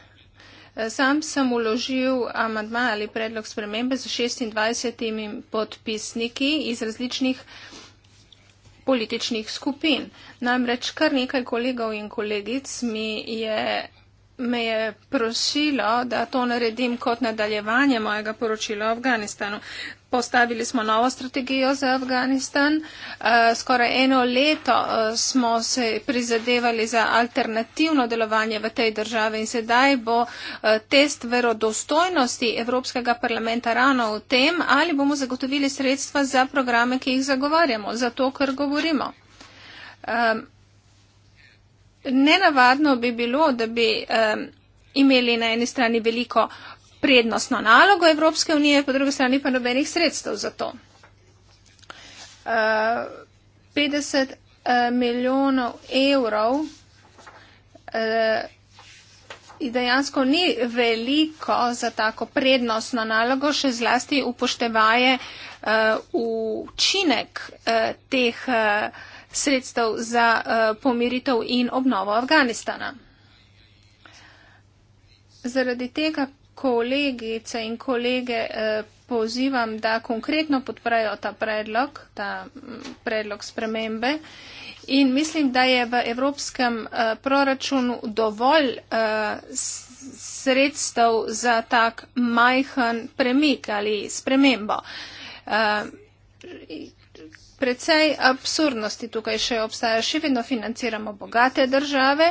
Eh, sam sem uložil amadma ali predlog spremembe za 26 podpisniki iz različnih političnih skupin. Namreč kar nekaj kolegov in kolegic mi je me je prosilo, da to naredim kot nadaljevanje mojega poročila o Afganistanu. Postavili smo novo strategijo za Afganistan. Eh, skoraj eno leto eh, smo se prizadevali za alternativno delovanje v tej državi in sedaj bo eh, test verodostojnosti Evropskega parlamenta ravno v tem, ali bomo zagotovili sredstva za programe, ki jih zagovarjamo, za to, kar govorimo nenavadno bi bilo, da bi um, imeli na eni strani veliko prednostno nalogo Evropske unije, po drugi strani pa nobenih sredstev za to. Uh, 50 uh, milijonov evrov uh, dejansko ni veliko za tako prednostno nalogo, še zlasti upoštevaje uh, učinek uh, teh. Uh, sredstev za eh, pomiritev in obnovo Afganistana. Zaradi tega kolegice in kolege eh, pozivam, da konkretno podprejo ta predlog, ta mm, predlog spremembe. In mislim, da je v evropskem eh, proračunu dovolj sredstev za tak majhen premik ali spremembo precej absurdnosti tukaj še obstaja. Še vedno financiramo bogate države,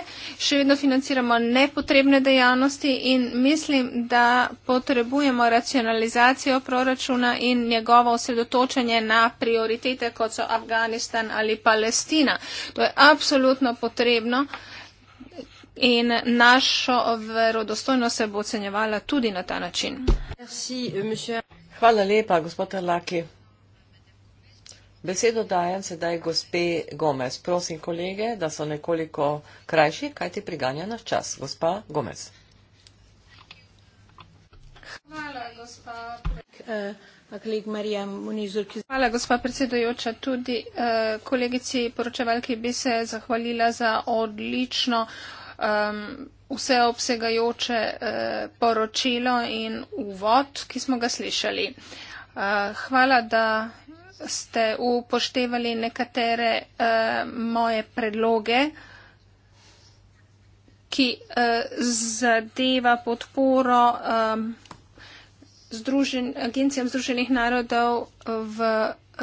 še vedno financiramo nepotrebne dejavnosti in mislim, da potrebujemo racionalizacijo proračuna in njegovo osredotočanje na prioritete, kot so Afganistan ali Palestina. To je absolutno potrebno in našo verodostojnost se bo ocenjevala tudi na ta način. Hvala lepa, gospod Alaki. Besedo dajem sedaj gospe Gomez. Prosim kolege, da so nekoliko krajši, kaj ti priganja naš čas. Gospa Gomez. Hvala, gospa predsedojoča. Tudi eh, kolegici poročevalki bi se zahvalila za odlično vseobsegajoče eh, poročilo in uvod, ki smo ga slišali. Eh, hvala, da ste upoštevali nekatere uh, moje predloge, ki uh, zadeva podporo um, združen, agencijam Združenih narodov, v,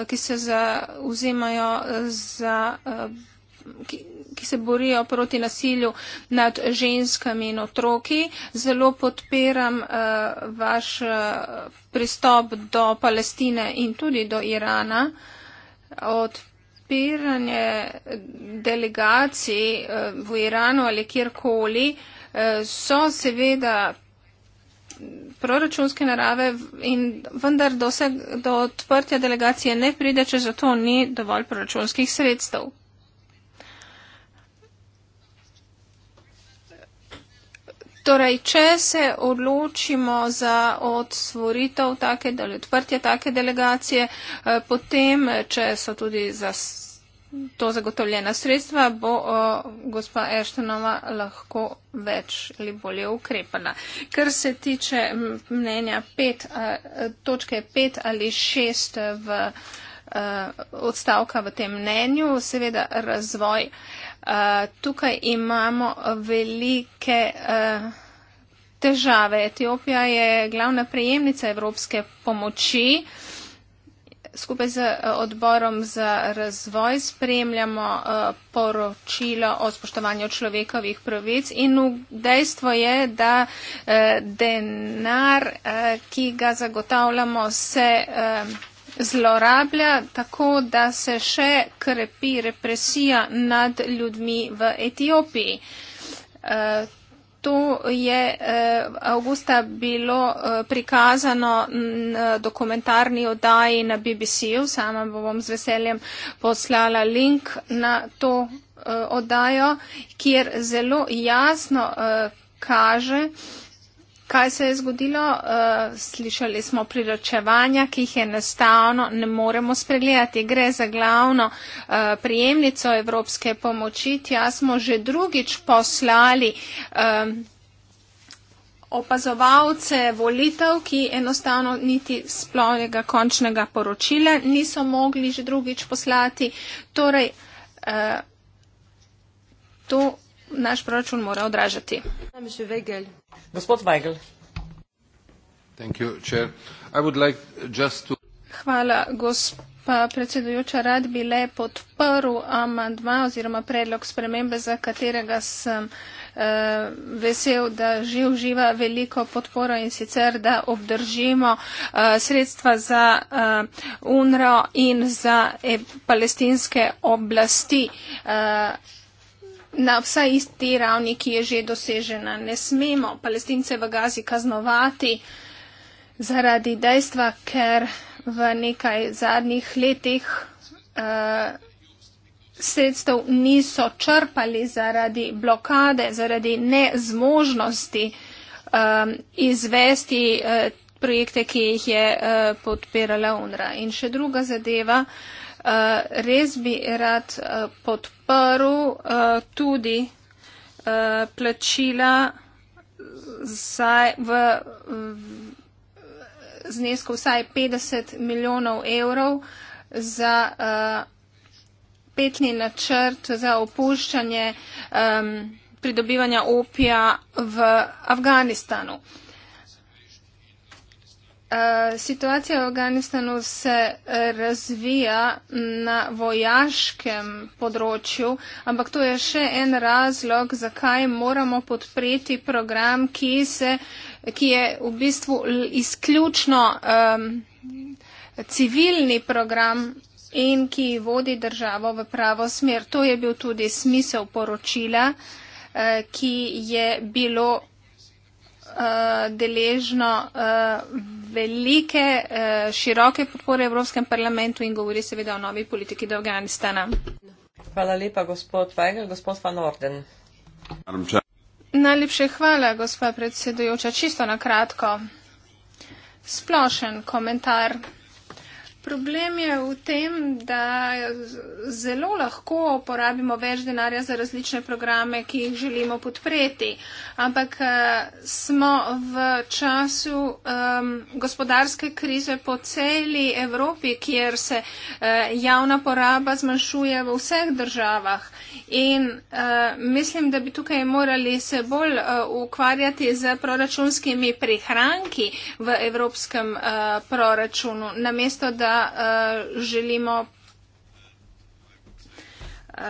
ki se zauzemajo za. Uh, ki, ki se borijo proti nasilju nad ženskami in otroki. Zelo podpiram uh, vaš uh, pristop do Palestine in tudi do Irana. Odpiranje delegacij uh, v Iranu ali kjerkoli uh, so seveda proračunske narave in vendar do, se, do odprtja delegacije ne pride, če zato ni dovolj proračunskih sredstev. Torej, če se odločimo za odsvoritev take, ali odprtje take delegacije, eh, potem, če so tudi za to zagotovljena sredstva, bo o, eh, gospa Eštonova lahko več ali bolje ukrepala. Kar se tiče mnenja pet, točke pet ali šest v, eh, odstavka v tem mnenju, seveda razvoj. Eh, tukaj imamo velike eh, težave. Etiopija je glavna prejemnica evropske pomoči. Skupaj z eh, odborom za razvoj spremljamo poročilo o spoštovanju človekovih pravic in dejstvo je, da denar, ki ga zagotavljamo, se zlorablja tako, da se še krepi represija nad ljudmi v Etiopiji. Eh, to je eh, avgusta bilo eh, prikazano na dokumentarni oddaji na BBC-u. Sama bom z veseljem poslala link na to oddajo, kjer zelo jasno kaže, Kaj se je zgodilo? Eh, slišali smo priročevanja, ki jih enostavno ne moremo spregledati. Gre za glavno eh, prijemnico evropske pomoči. Tja smo že drugič poslali eh, opazovalce volitev, ki enostavno niti splovnega končnega poročila niso mogli že drugič poslati. Torej, to naš proračun mora odražati gospod Weigl. Hvala, gospa predsedujoča. Rad bi le podprl amandma oziroma predlog spremembe, za katerega sem eh, vesel, da že uživa veliko podporo in sicer, da obdržimo eh, sredstva za eh, UNRO in za eh, palestinske oblasti. Eh, na vsaj isti ravni, ki je že dosežena. Ne smemo palestince v Gazi kaznovati zaradi dejstva, ker v nekaj zadnjih letih uh, sredstev niso črpali zaradi blokade, zaradi nezmožnosti um, izvesti uh, projekte, ki jih je uh, podpirala UNRA. In še druga zadeva. Uh, Eh, res bi rad uh, podprl uh, tudi uh, plačila vsaj v, v znesku vsaj 50 milijonov evrov za uh, petni načrt za opuščanje um, pridobivanja opija v Afganistanu. Uh, Eh, situacija v Afganistanu se eh, razvija na vojaškem področju, ampak to je še en razlog, zakaj moramo podpreti program, ki, se, ki je v bistvu izključno um, civilni program in ki vodi državo v pravo smer. To je bil tudi smisel poročila, uh, ki je bilo uh, deležno uh, velike, uh, široke podpore v Evropskem parlamentu in govori seveda o novi politiki do Afganistana. Hvala lepa, gospod Feigl, gospod Van Orden. Najlepše hvala, gospod predsedujoča. Čisto na kratko. Splošen komentar. Problem je v tem, da zelo lahko porabimo več denarja za različne programe, ki jih želimo podpreti, ampak eh, smo v času um, gospodarske krize po celi Evropi, kjer se uh, javna poraba zmanjšuje v vseh državah. In uh, mislim, da bi tukaj morali se bolj uh, ukvarjati z proračunskimi prihranki v evropskem uh, proračunu, namesto da uh, želimo uh,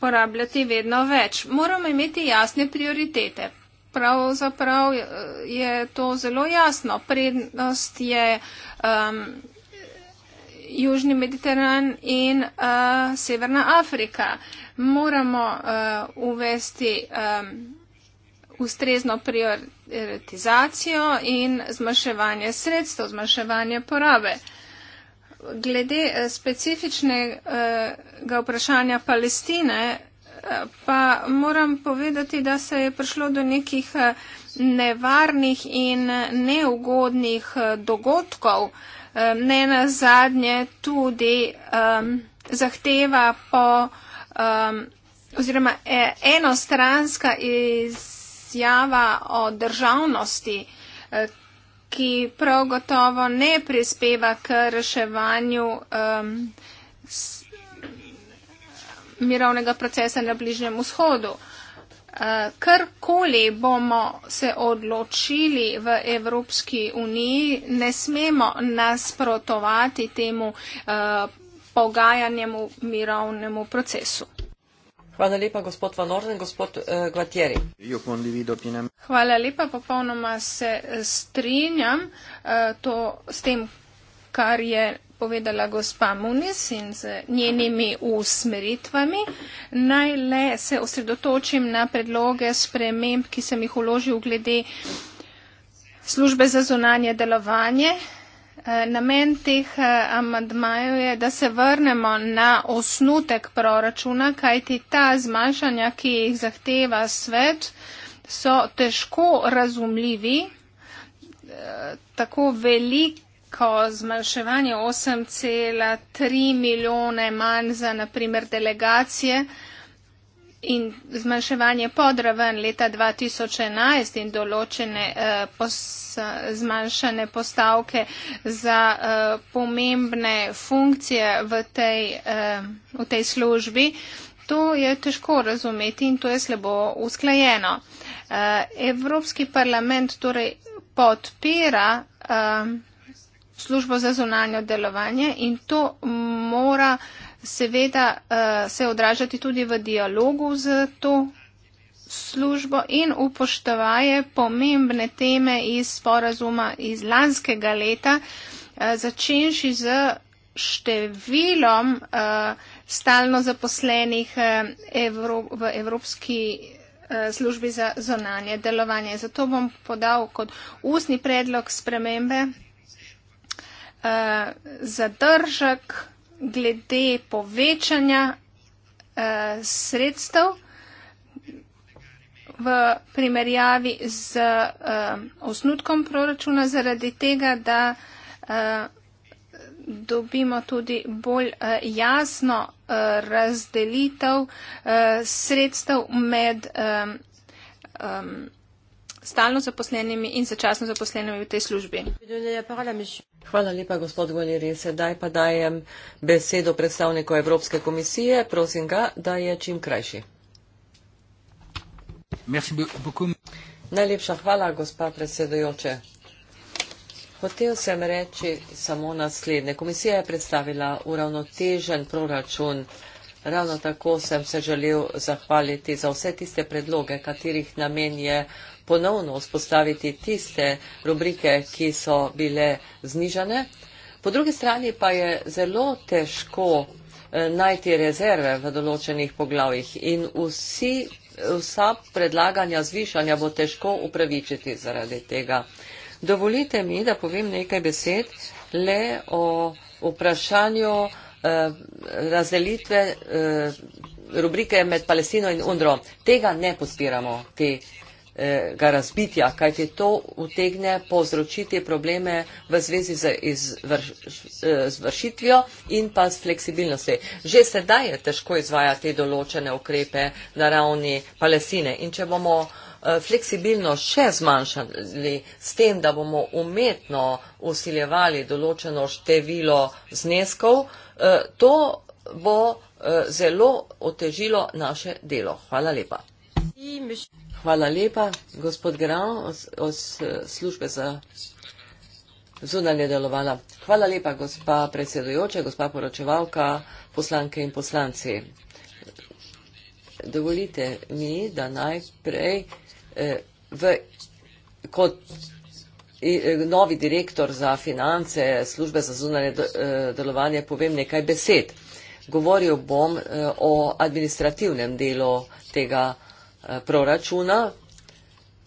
porabljati vedno več. Moramo imeti jasne prioritete. Pravzaprav eh, je to zelo jasno. Prednost je um, Južni Mediteran in uh, Severna Afrika. Moramo uh, uvesti um, ustrezno prioritete debirokratizacijo in zmanjševanje sredstev, zmanjševanje porabe. Glede eh, specifičnega vprašanja Palestine eh, pa moram povedati, da se je prišlo do nekih eh, nevarnih in neugodnih dogodkov, ne na zadnje tudi um, zahteva po um, oziroma e, enostranska iz, izjava o državnosti, eh, ki prav gotovo ne prispeva k reševanju um, s, mirovnega procesa na Bližnjem vzhodu. Uh, karkoli bomo se odločili v Evropski uniji, ne smemo nasprotovati temu uh, pogajanjemu mirovnemu procesu. Hvala lepa, gospod Van Orden, gospod eh, Gvatjeri. Hvala lepa, popolnoma se eh, strinjam eh, to, s tem, kar je povedala gospa Munis in z njenimi usmeritvami. Naj le se osredotočim na predloge sprememb, ki sem jih uložil glede službe za zunanje delovanje, Eh, namen teh eh, amadmajev je, da se vrnemo na osnutek proračuna, kajti ta zmanjšanja, ki jih zahteva svet, so težko razumljivi. Eh, tako veliko zmanjševanje 8,3 milijone manj za naprimer delegacije, in zmanjševanje podraven leta 2011 in določene eh, pos, zmanjšane postavke za eh, pomembne funkcije v tej, eh, v tej službi, to je težko razumeti in to je slabo usklajeno. Eh, Evropski parlament torej podpira eh, službo za zunanje delovanje in to mora eh, seveda eh, se odražati tudi v dialogu z to službo in upoštevaje pomembne teme iz sporazuma iz lanskega leta, eh, začenši z številom eh, stalno zaposlenih v Evropski službi za zonanje delovanje. Zato bom podal kot ustni predlog spremembe zadržek glede povečanja eh, sredstev v primerjavi z eh, osnutkom proračuna zaradi tega, da eh, dobimo tudi bolj eh, jasno eh, razdelitev eh, sredstev med eh, eh, stalno zaposlenimi in začasno zaposlenimi v tej službi. Hvala lepa, gospod Goljeri. Sedaj pa dajem besedo predstavniku Evropske komisije. Prosim ga, da je čim krajši. Najlepša hvala, gospa predsedojoče. Hotel sem reči samo naslednje. Komisija je predstavila uravnotežen proračun. Ravno tako sem se želel zahvaliti za vse tiste predloge, katerih namen je ponovno vzpostaviti tiste rubrike, ki so bile znižane. Po drugi strani pa je zelo težko eh, najti rezerve v določenih poglavjih in vsi, vsa predlaganja zvišanja bo težko upravičiti zaradi tega. Dovolite mi, da povem nekaj besed le o vprašanju eh, razdelitve eh, rubrike med Palestino in UNDRO. Tega ne podpiramo, te Eh, ga razbiti, a kajti to utegne povzročiti probleme v zvezi z, izvrš, eh, z vršitvijo in pa s fleksibilnosti. Že sedaj je težko izvajati določene ukrepe na ravni Palestine in če bomo eh, fleksibilno še zmanjšali s tem, da bomo umetno usiljevali določeno število zneskov, to bo zelo otežilo naše delo. Hvala lepa. Hvala lepa, gospod Grau, od službe za zunanje delovala. Hvala lepa, gospa predsedujoča, gospa poročevalka, poslanke in poslanci. Dovolite mi, da najprej eh, v, kot eh, novi direktor za finance službe za zunanje eh, delovanje povem nekaj besed. Govoril bom o administrativnem delu tega. Eh, proračuna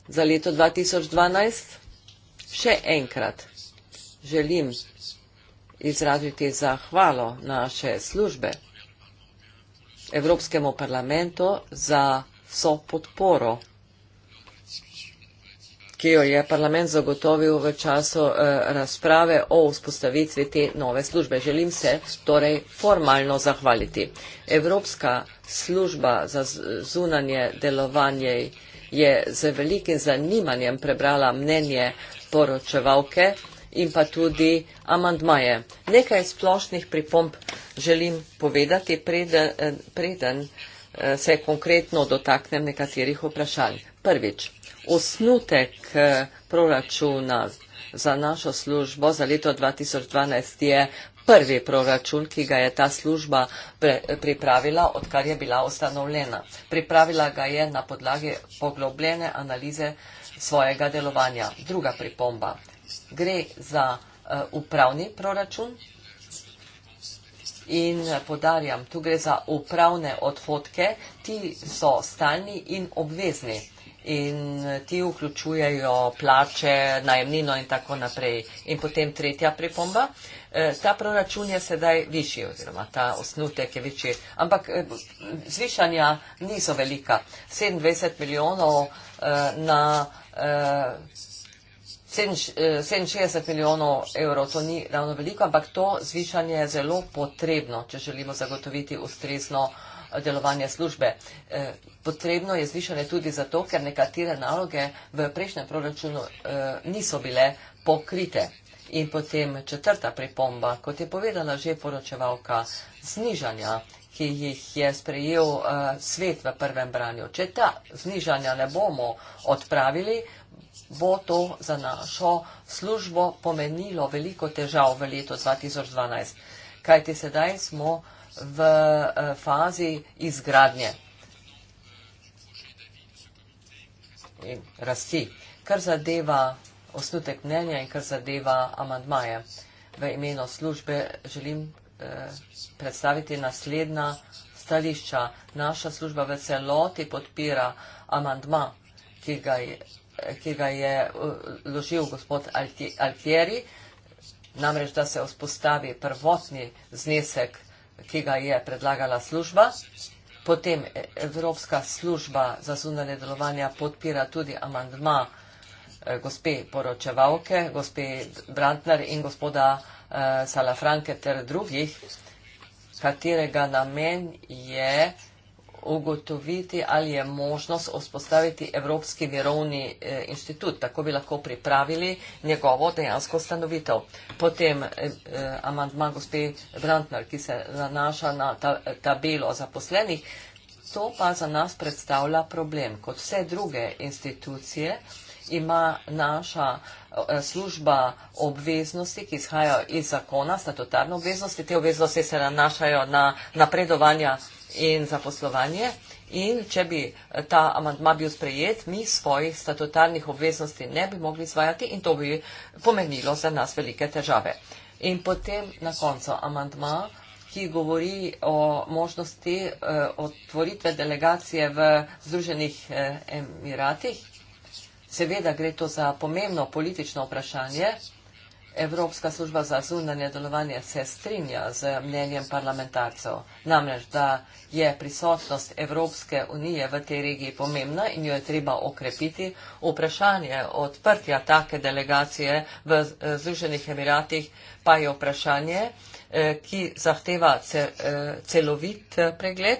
za leto 2012. Še enkrat želim izraziti zahvalo naše službe Evropskemu parlamentu za vso podporo ki jo je parlament zagotovil v času eh, razprave o vzpostavitvi te nove službe. Želim se torej formalno zahvaliti. Evropska služba za zunanje delovanje je z velikim zanimanjem prebrala mnenje poročevalke in pa tudi amandmaje. Nekaj splošnih pripomp želim povedati, preden, eh, preden eh, se konkretno dotaknem nekaterih vprašanj. Prvič, osnutek eh, proračuna za našo službo za leto 2012 je prvi proračun, ki ga je ta služba pripravila, odkar je bila ustanovljena. Pripravila ga je na podlagi poglobljene analize svojega delovanja. Druga pripomba. Gre za uh, upravni proračun in eh, podarjam, tu gre za upravne odhodke, ti so stalni in obvezni in eh, ti vključujejo plače, najemnino in tako naprej. In potem tretja pripomba. Eh, ta proračun je sedaj višji oziroma ta osnutek je višji, ampak eh, zvišanja niso velika. 27 milijonov na 67 milijonov evrov, to ni ravno veliko, ampak to zvišanje je zelo potrebno, če želimo zagotoviti ustrezno delovanja službe. Eh, potrebno je zvišanje tudi zato, ker nekatere naloge v prejšnjem proračunu eh, niso bile pokrite. In potem četrta pripomba, kot je povedala že poročevalka, znižanja, ki jih je sprejel eh, svet v prvem branju. Če ta znižanja ne bomo odpravili, bo to za našo službo pomenilo veliko težav v letu 2012. Kajti sedaj smo v eh, fazi izgradnje in rasti. Kar zadeva osnutek mnenja in kar zadeva amandmaje. V imeno službe želim eh, predstaviti naslednja stališča. Naša služba v celoti podpira amandma, ki ga je ki ga je eh, ložil gospod Altieri, namreč, da se vzpostavi prvotni znesek ki ga je predlagala služba. Potem Evropska služba za zunanje delovanja podpira tudi amandma eh, gospe poročevalke, gospe Brantner in gospoda eh, Salafranke ter drugih, katerega namen je ugotoviti, ali je možnost vzpostaviti Evropski mirovni eh, inštitut, tako bi lahko pripravili njegovo dejansko stanovitev. Potem eh, eh, amantma gospe Brantner, ki se zanaša na tabelo zaposlenih, to pa za nas predstavlja problem. Kot vse druge institucije ima naša služba obveznosti, ki izhajajo iz zakona, statutarno obveznosti, te obveznosti se nanašajo na napredovanja vsega, in za poslovanje. In če bi eh, ta amantma bil sprejet, mi svojih statutarnih obveznosti ne bi mogli izvajati in to bi pomenilo za nas velike težave. In potem na koncu amantma, ki govori o možnosti eh, otvoritve delegacije v Združenih eh, Emiratih. Seveda gre to za pomembno politično vprašanje. Evropska služba za zunanje delovanje se strinja z mnenjem parlamentarcev, namreč da je prisotnost Evropske unije v tej regiji pomembna in jo je treba okrepiti. Vprašanje odprtja take delegacije v eh, Združenih Emiratih pa je vprašanje, eh, ki zahteva eh, celovit pregled.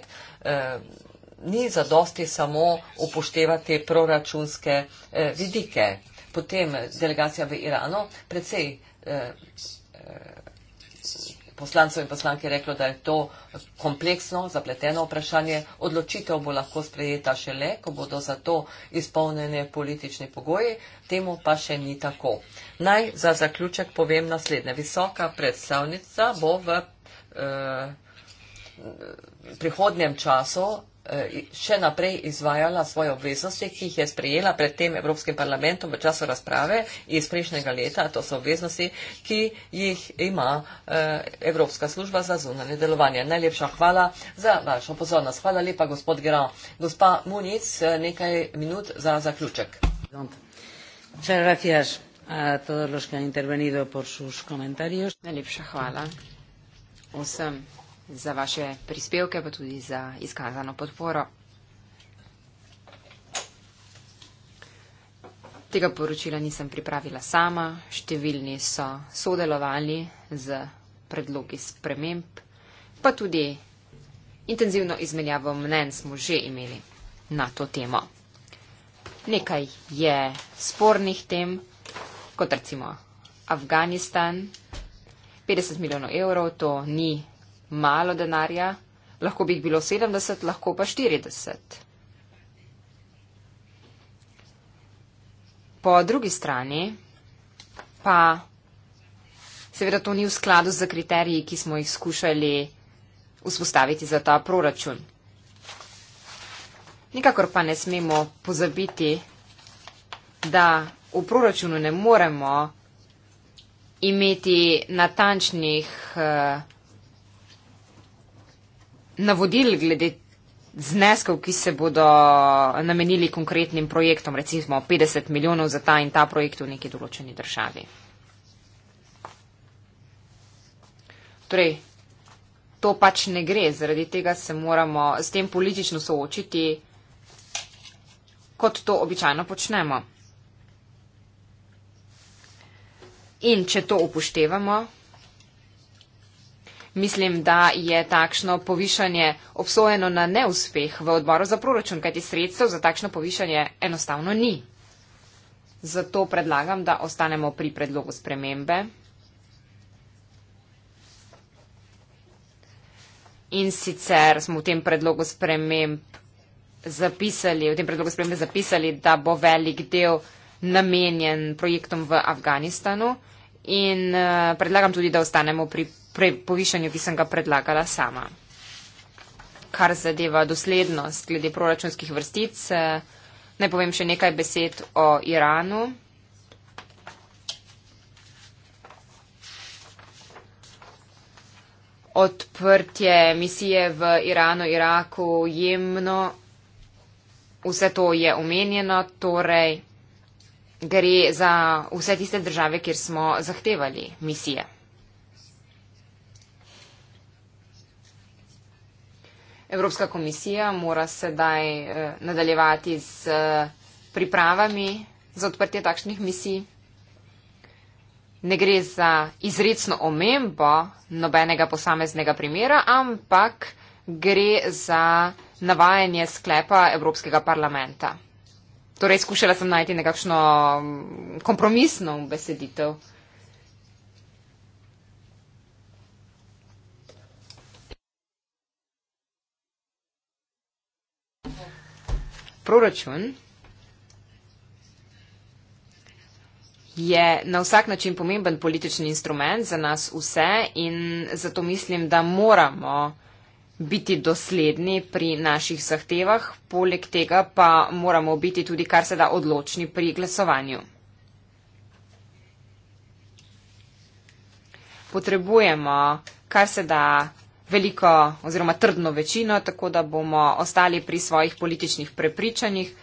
Ni zadosti samo upoštevati proračunske vidike. Potem delegacija v Iranu, precej Eh, eh, poslancev in poslanke reklo, da je to kompleksno, zapleteno vprašanje. Odločitev bo lahko sprejeta šele, ko bodo za to izpolnjene politični pogoji, temu pa še ni tako. Naj za zaključek povem naslednje. Visoka predstavnica bo v. Eh, V prihodnjem času Eh, še naprej izvajala svoje obveznosti, ki jih je sprejela pred tem Evropskim parlamentom v času razprave iz prejšnjega leta. To so obveznosti, ki jih ima eh, Evropska služba za zunanje delovanje. Najlepša hvala za vašo pozornost. Hvala lepa, gospod Gera. Gospa Munic, eh, nekaj minut za zaključek. Najlepša hvala vsem za vaše prispevke, pa tudi za izkazano podporo. Tega poročila nisem pripravila sama, številni so sodelovali z predlogi sprememb, pa tudi intenzivno izmenjavo mnen smo že imeli na to temo. Nekaj je spornih tem, kot recimo Afganistan. 50 milijonov evrov to ni malo denarja, lahko bi jih bilo 70, lahko pa 40. Po drugi strani pa seveda to ni v skladu z kriteriji, ki smo jih skušali vzpostaviti za ta proračun. Nikakor pa ne smemo pozabiti, da v proračunu ne moremo imeti natančnih uh, navodil glede zneskov, ki se bodo namenili konkretnim projektom, recimo 50 milijonov za ta in ta projekt v neki določeni državi. Torej, to pač ne gre, zaradi tega se moramo s tem politično soočiti, kot to običajno počnemo. In če to upoštevamo, Mislim, da je takšno povišanje obsojeno na neuspeh v odboru za proračun, kajti sredstev za takšno povišanje enostavno ni. Zato predlagam, da ostanemo pri predlogu spremembe. In sicer smo v tem predlogu sprememb zapisali, v tem predlogu sprememb zapisali, da bo velik del namenjen projektom v Afganistanu in eh, predlagam tudi, da ostanemo pri pre, povišanju, ki sem ga predlagala sama. Kar zadeva doslednost glede proračunskih vrstic, eh, naj povem še nekaj besed o Iranu. Odprtje misije v Iranu, Iraku, Jemnu, vse to je omenjeno, torej gre za vse tiste države, kjer smo zahtevali misije. Evropska komisija mora sedaj eh, nadaljevati z eh, pripravami za odprtje takšnih misij. Ne gre za izredno omembo nobenega posameznega primera, ampak gre za navajanje sklepa Evropskega parlamenta. Torej, skušala sem najti nekakšno mm, kompromisno beseditev. proračun je na vsak način pomemben politični instrument za nas vse in zato mislim, da moramo biti dosledni pri naših zahtevah, poleg tega pa moramo biti tudi kar se da odločni pri glasovanju. Potrebujemo kar se da veliko oziroma trdno večino, tako da bomo ostali pri svojih političnih prepričanjih.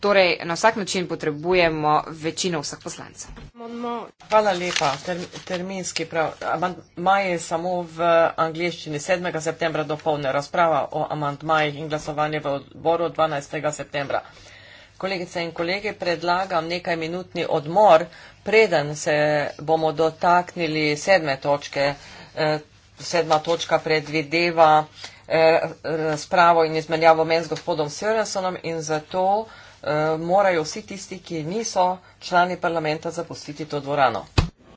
Torej, na vsak način potrebujemo večino vseh poslancev. Hvala lepa. Term, terminski prav. Amandmaj je samo v angliščini. 7. septembra do polne razprava o amandmajih in glasovanje v odboru 12. septembra. Kolegice in kolege, predlagam nekaj minutni odmor, preden se bomo dotaknili sedme točke. Eh, sedma točka predvideva eh, razpravo in izmenjavo men z gospodom Sørensonom in zato eh, morajo vsi tisti, ki niso člani parlamenta, zapustiti to dvorano.